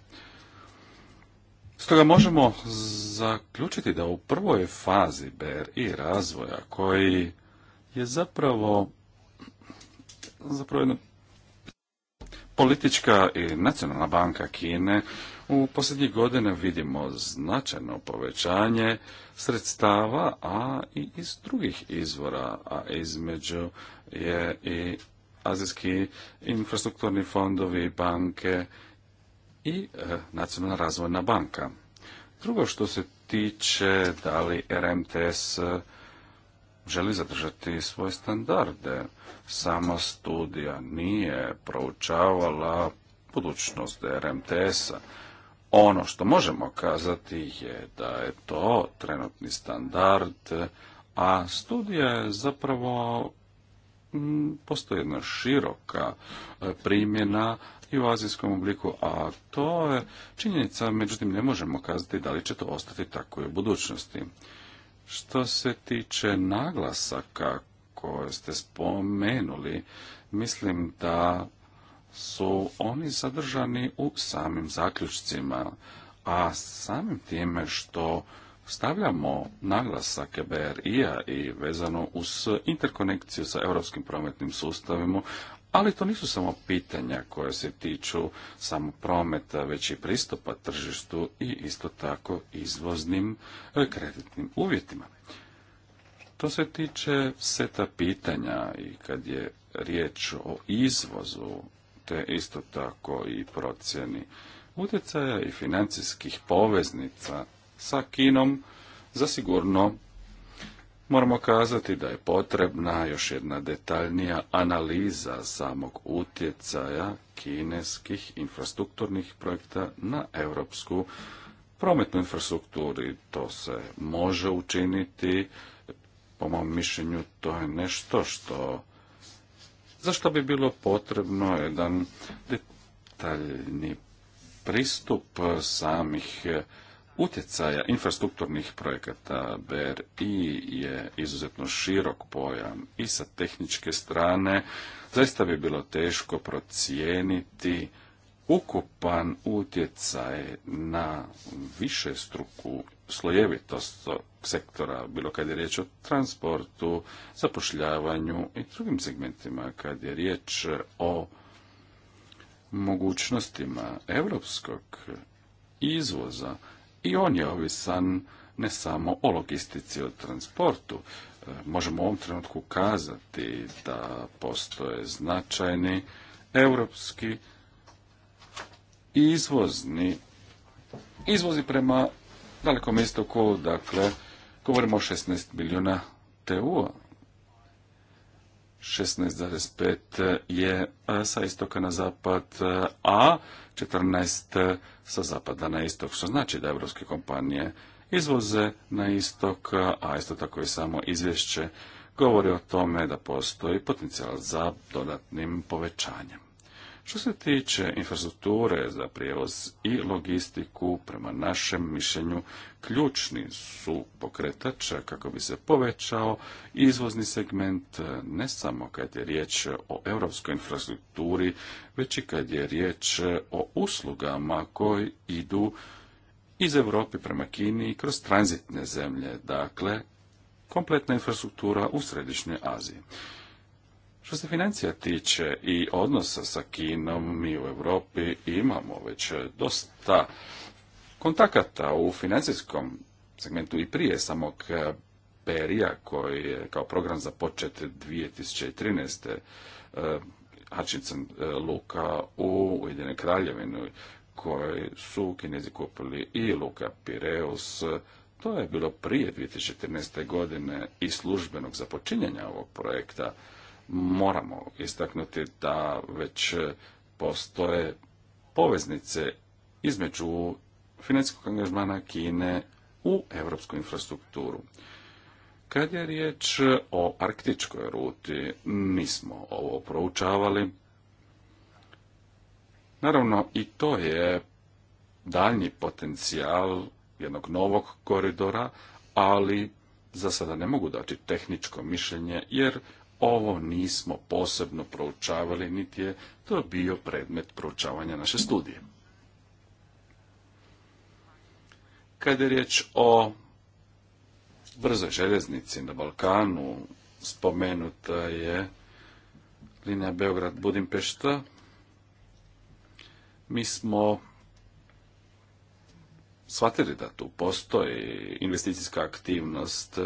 Stoga možemo zaključiti da u prvoj fazi i razvoja koji je zapravo zapravo jedna politička i nacionalna banka Kine u posljednjih godina vidimo značajno povećanje sredstava, a i iz drugih izvora, a između je i azijski infrastrukturni fondovi, banke i e, nacionalna razvojna banka. Drugo što se tiče da li RMTS e, želi zadržati svoje standarde. Sama studija nije proučavala budućnost RMTS-a. Ono što možemo kazati je da je to trenutni standard, a studija je zapravo mm, postoji jedna široka e, primjena i u azijskom obliku, a to je činjenica, međutim ne možemo kazati da li će to ostati tako i u budućnosti. Što se tiče naglasaka koje ste spomenuli, mislim da su oni sadržani u samim zaključcima, a samim time što stavljamo naglasak BRI-a i vezano uz interkonekciju sa europskim prometnim sustavima, ali to nisu samo pitanja koje se tiču samo prometa, već i pristupa tržištu i isto tako izvoznim e, kreditnim uvjetima. To se tiče seta pitanja i kad je riječ o izvozu te isto tako i procjeni utjecaja i financijskih poveznica sa Kinom, zasigurno moramo kazati da je potrebna još jedna detaljnija analiza samog utjecaja kineskih infrastrukturnih projekta na europsku prometnu I To se može učiniti, po mom mišljenju to je nešto što zašto bi bilo potrebno jedan detaljni pristup samih utjecaja infrastrukturnih projekata BRI je izuzetno širok pojam i sa tehničke strane zaista bi bilo teško procijeniti ukupan utjecaj na više struku, slojevitost sektora, bilo kad je riječ o transportu, zapošljavanju i drugim segmentima, kad je riječ o mogućnostima europskog izvoza i on je ovisan ne samo o logistici, o transportu. E, možemo u ovom trenutku kazati da postoje značajni europski izvozni izvozi prema dalekom istoku, dakle, govorimo o 16 milijuna tu 16,5 je sa istoka na zapad, a 14 sa zapada na istok, što znači da evropske kompanije izvoze na istok, a isto tako i samo izvješće govori o tome da postoji potencijal za dodatnim povećanjem. Što se tiče infrastrukture za prijevoz i logistiku, prema našem mišljenju, ključni su pokretač kako bi se povećao izvozni segment ne samo kad je riječ o europskoj infrastrukturi, već i kad je riječ o uslugama koji idu iz Europe prema Kini i kroz tranzitne zemlje, dakle kompletna infrastruktura u Središnjoj Aziji. Što se financija tiče i odnosa sa Kinom, mi u Europi imamo već dosta kontakata u financijskom segmentu i prije samog eh, Perija koji je kao program započet 2013. Eh, Hutchinson eh, Luka u Ujedine kraljevinu koje su kinezi kupili i Luka Pireus. To je bilo prije 2014. godine i službenog započinjanja ovog projekta moramo istaknuti da već postoje poveznice između financijskog angažmana Kine u europsku infrastrukturu. Kad je riječ o arktičkoj ruti, nismo ovo proučavali. Naravno, i to je daljnji potencijal jednog novog koridora, ali za sada ne mogu dati tehničko mišljenje, jer ovo nismo posebno proučavali, niti je to bio predmet proučavanja naše studije. Kad je riječ o brzoj željeznici na Balkanu, spomenuta je linija Beograd-Budimpešta. Mi smo shvatili da tu postoji investicijska aktivnost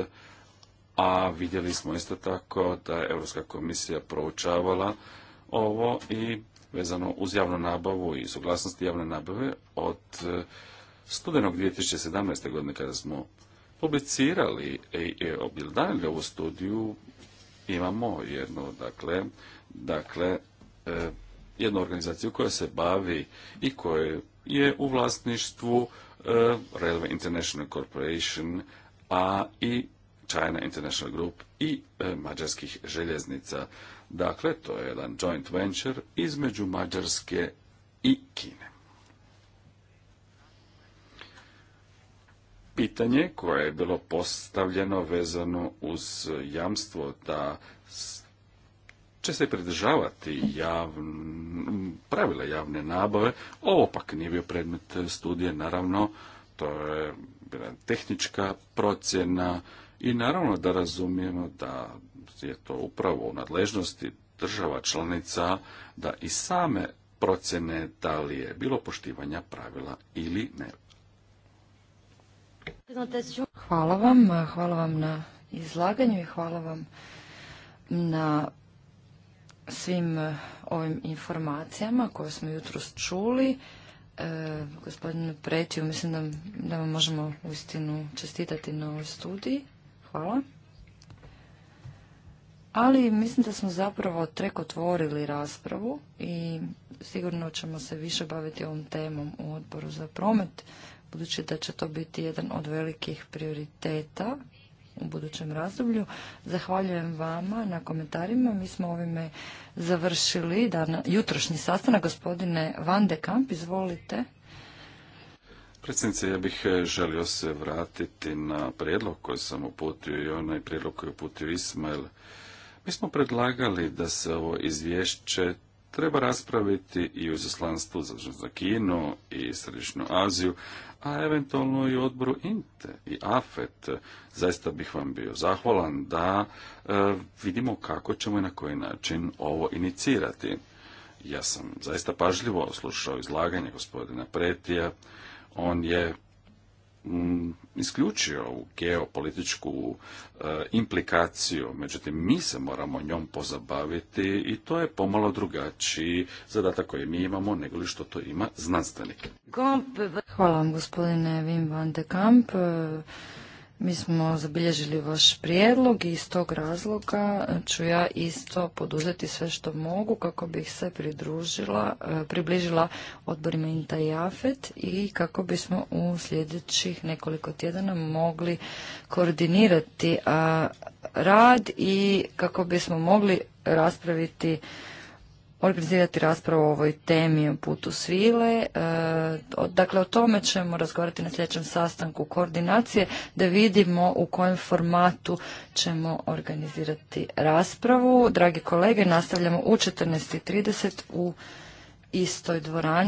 a vidjeli smo isto tako da je Europska komisija proučavala ovo i vezano uz javnu nabavu i suglasnosti javne nabave od eh, studenog 2017. godine kada smo publicirali i objeldanili ovu studiju imamo jednu dakle dakle eh, jednu organizaciju koja se bavi i koja je u vlasništvu eh, Railway International Corporation, a i China International Group i e, mađarskih željeznica. Dakle, to je jedan joint venture između Mađarske i Kine. Pitanje koje je bilo postavljeno vezano uz jamstvo da će se pridržavati pravila javne nabave. Ovo pak nije bio predmet studije, naravno, to je bila tehnička procjena i naravno da razumijemo da je to upravo u nadležnosti država članica da i same procjene da li je bilo poštivanja pravila ili ne. Hvala vam, hvala vam na izlaganju i hvala vam na svim ovim informacijama koje smo jutros čuli. E, gospodine Pretiju, mislim da, da vam možemo istinu čestitati na ovoj studiji. Hvala. Ali mislim da smo zapravo trek otvorili raspravu i sigurno ćemo se više baviti ovom temom u odboru za promet, budući da će to biti jedan od velikih prioriteta u budućem razdoblju. Zahvaljujem vama na komentarima. Mi smo ovime završili jutrošnji sastanak. Gospodine Van de Kamp, izvolite. Predsjednice, ja bih e, želio se vratiti na prijedlog koji sam uputio i onaj prijedlog koji je uputio Ismail. Mi smo predlagali da se ovo izvješće treba raspraviti i u zaslanstvu za Kino i Središnju Aziju, a eventualno i odboru INTE i AFET. Zaista bih vam bio zahvalan da e, vidimo kako ćemo i na koji način ovo inicirati. Ja sam zaista pažljivo slušao izlaganje gospodina Pretija, on je mm, isključio ovu geopolitičku eh, implikaciju, međutim mi se moramo njom pozabaviti i to je pomalo drugačiji zadatak koji mi imamo nego što to ima znanstvenik. Hvala vam gospodine Wim van de Kamp. Mi smo zabilježili vaš prijedlog i iz tog razloga ću ja isto poduzeti sve što mogu kako bih se pridružila, e, približila odborima Inta i Afet i kako bismo u sljedećih nekoliko tjedana mogli koordinirati rad i kako bismo mogli raspraviti organizirati raspravu o ovoj temi o putu svile. E, dakle, o tome ćemo razgovarati na sljedećem sastanku koordinacije da vidimo u kojem formatu ćemo organizirati raspravu. Dragi kolege, nastavljamo u 14.30 u istoj dvorani.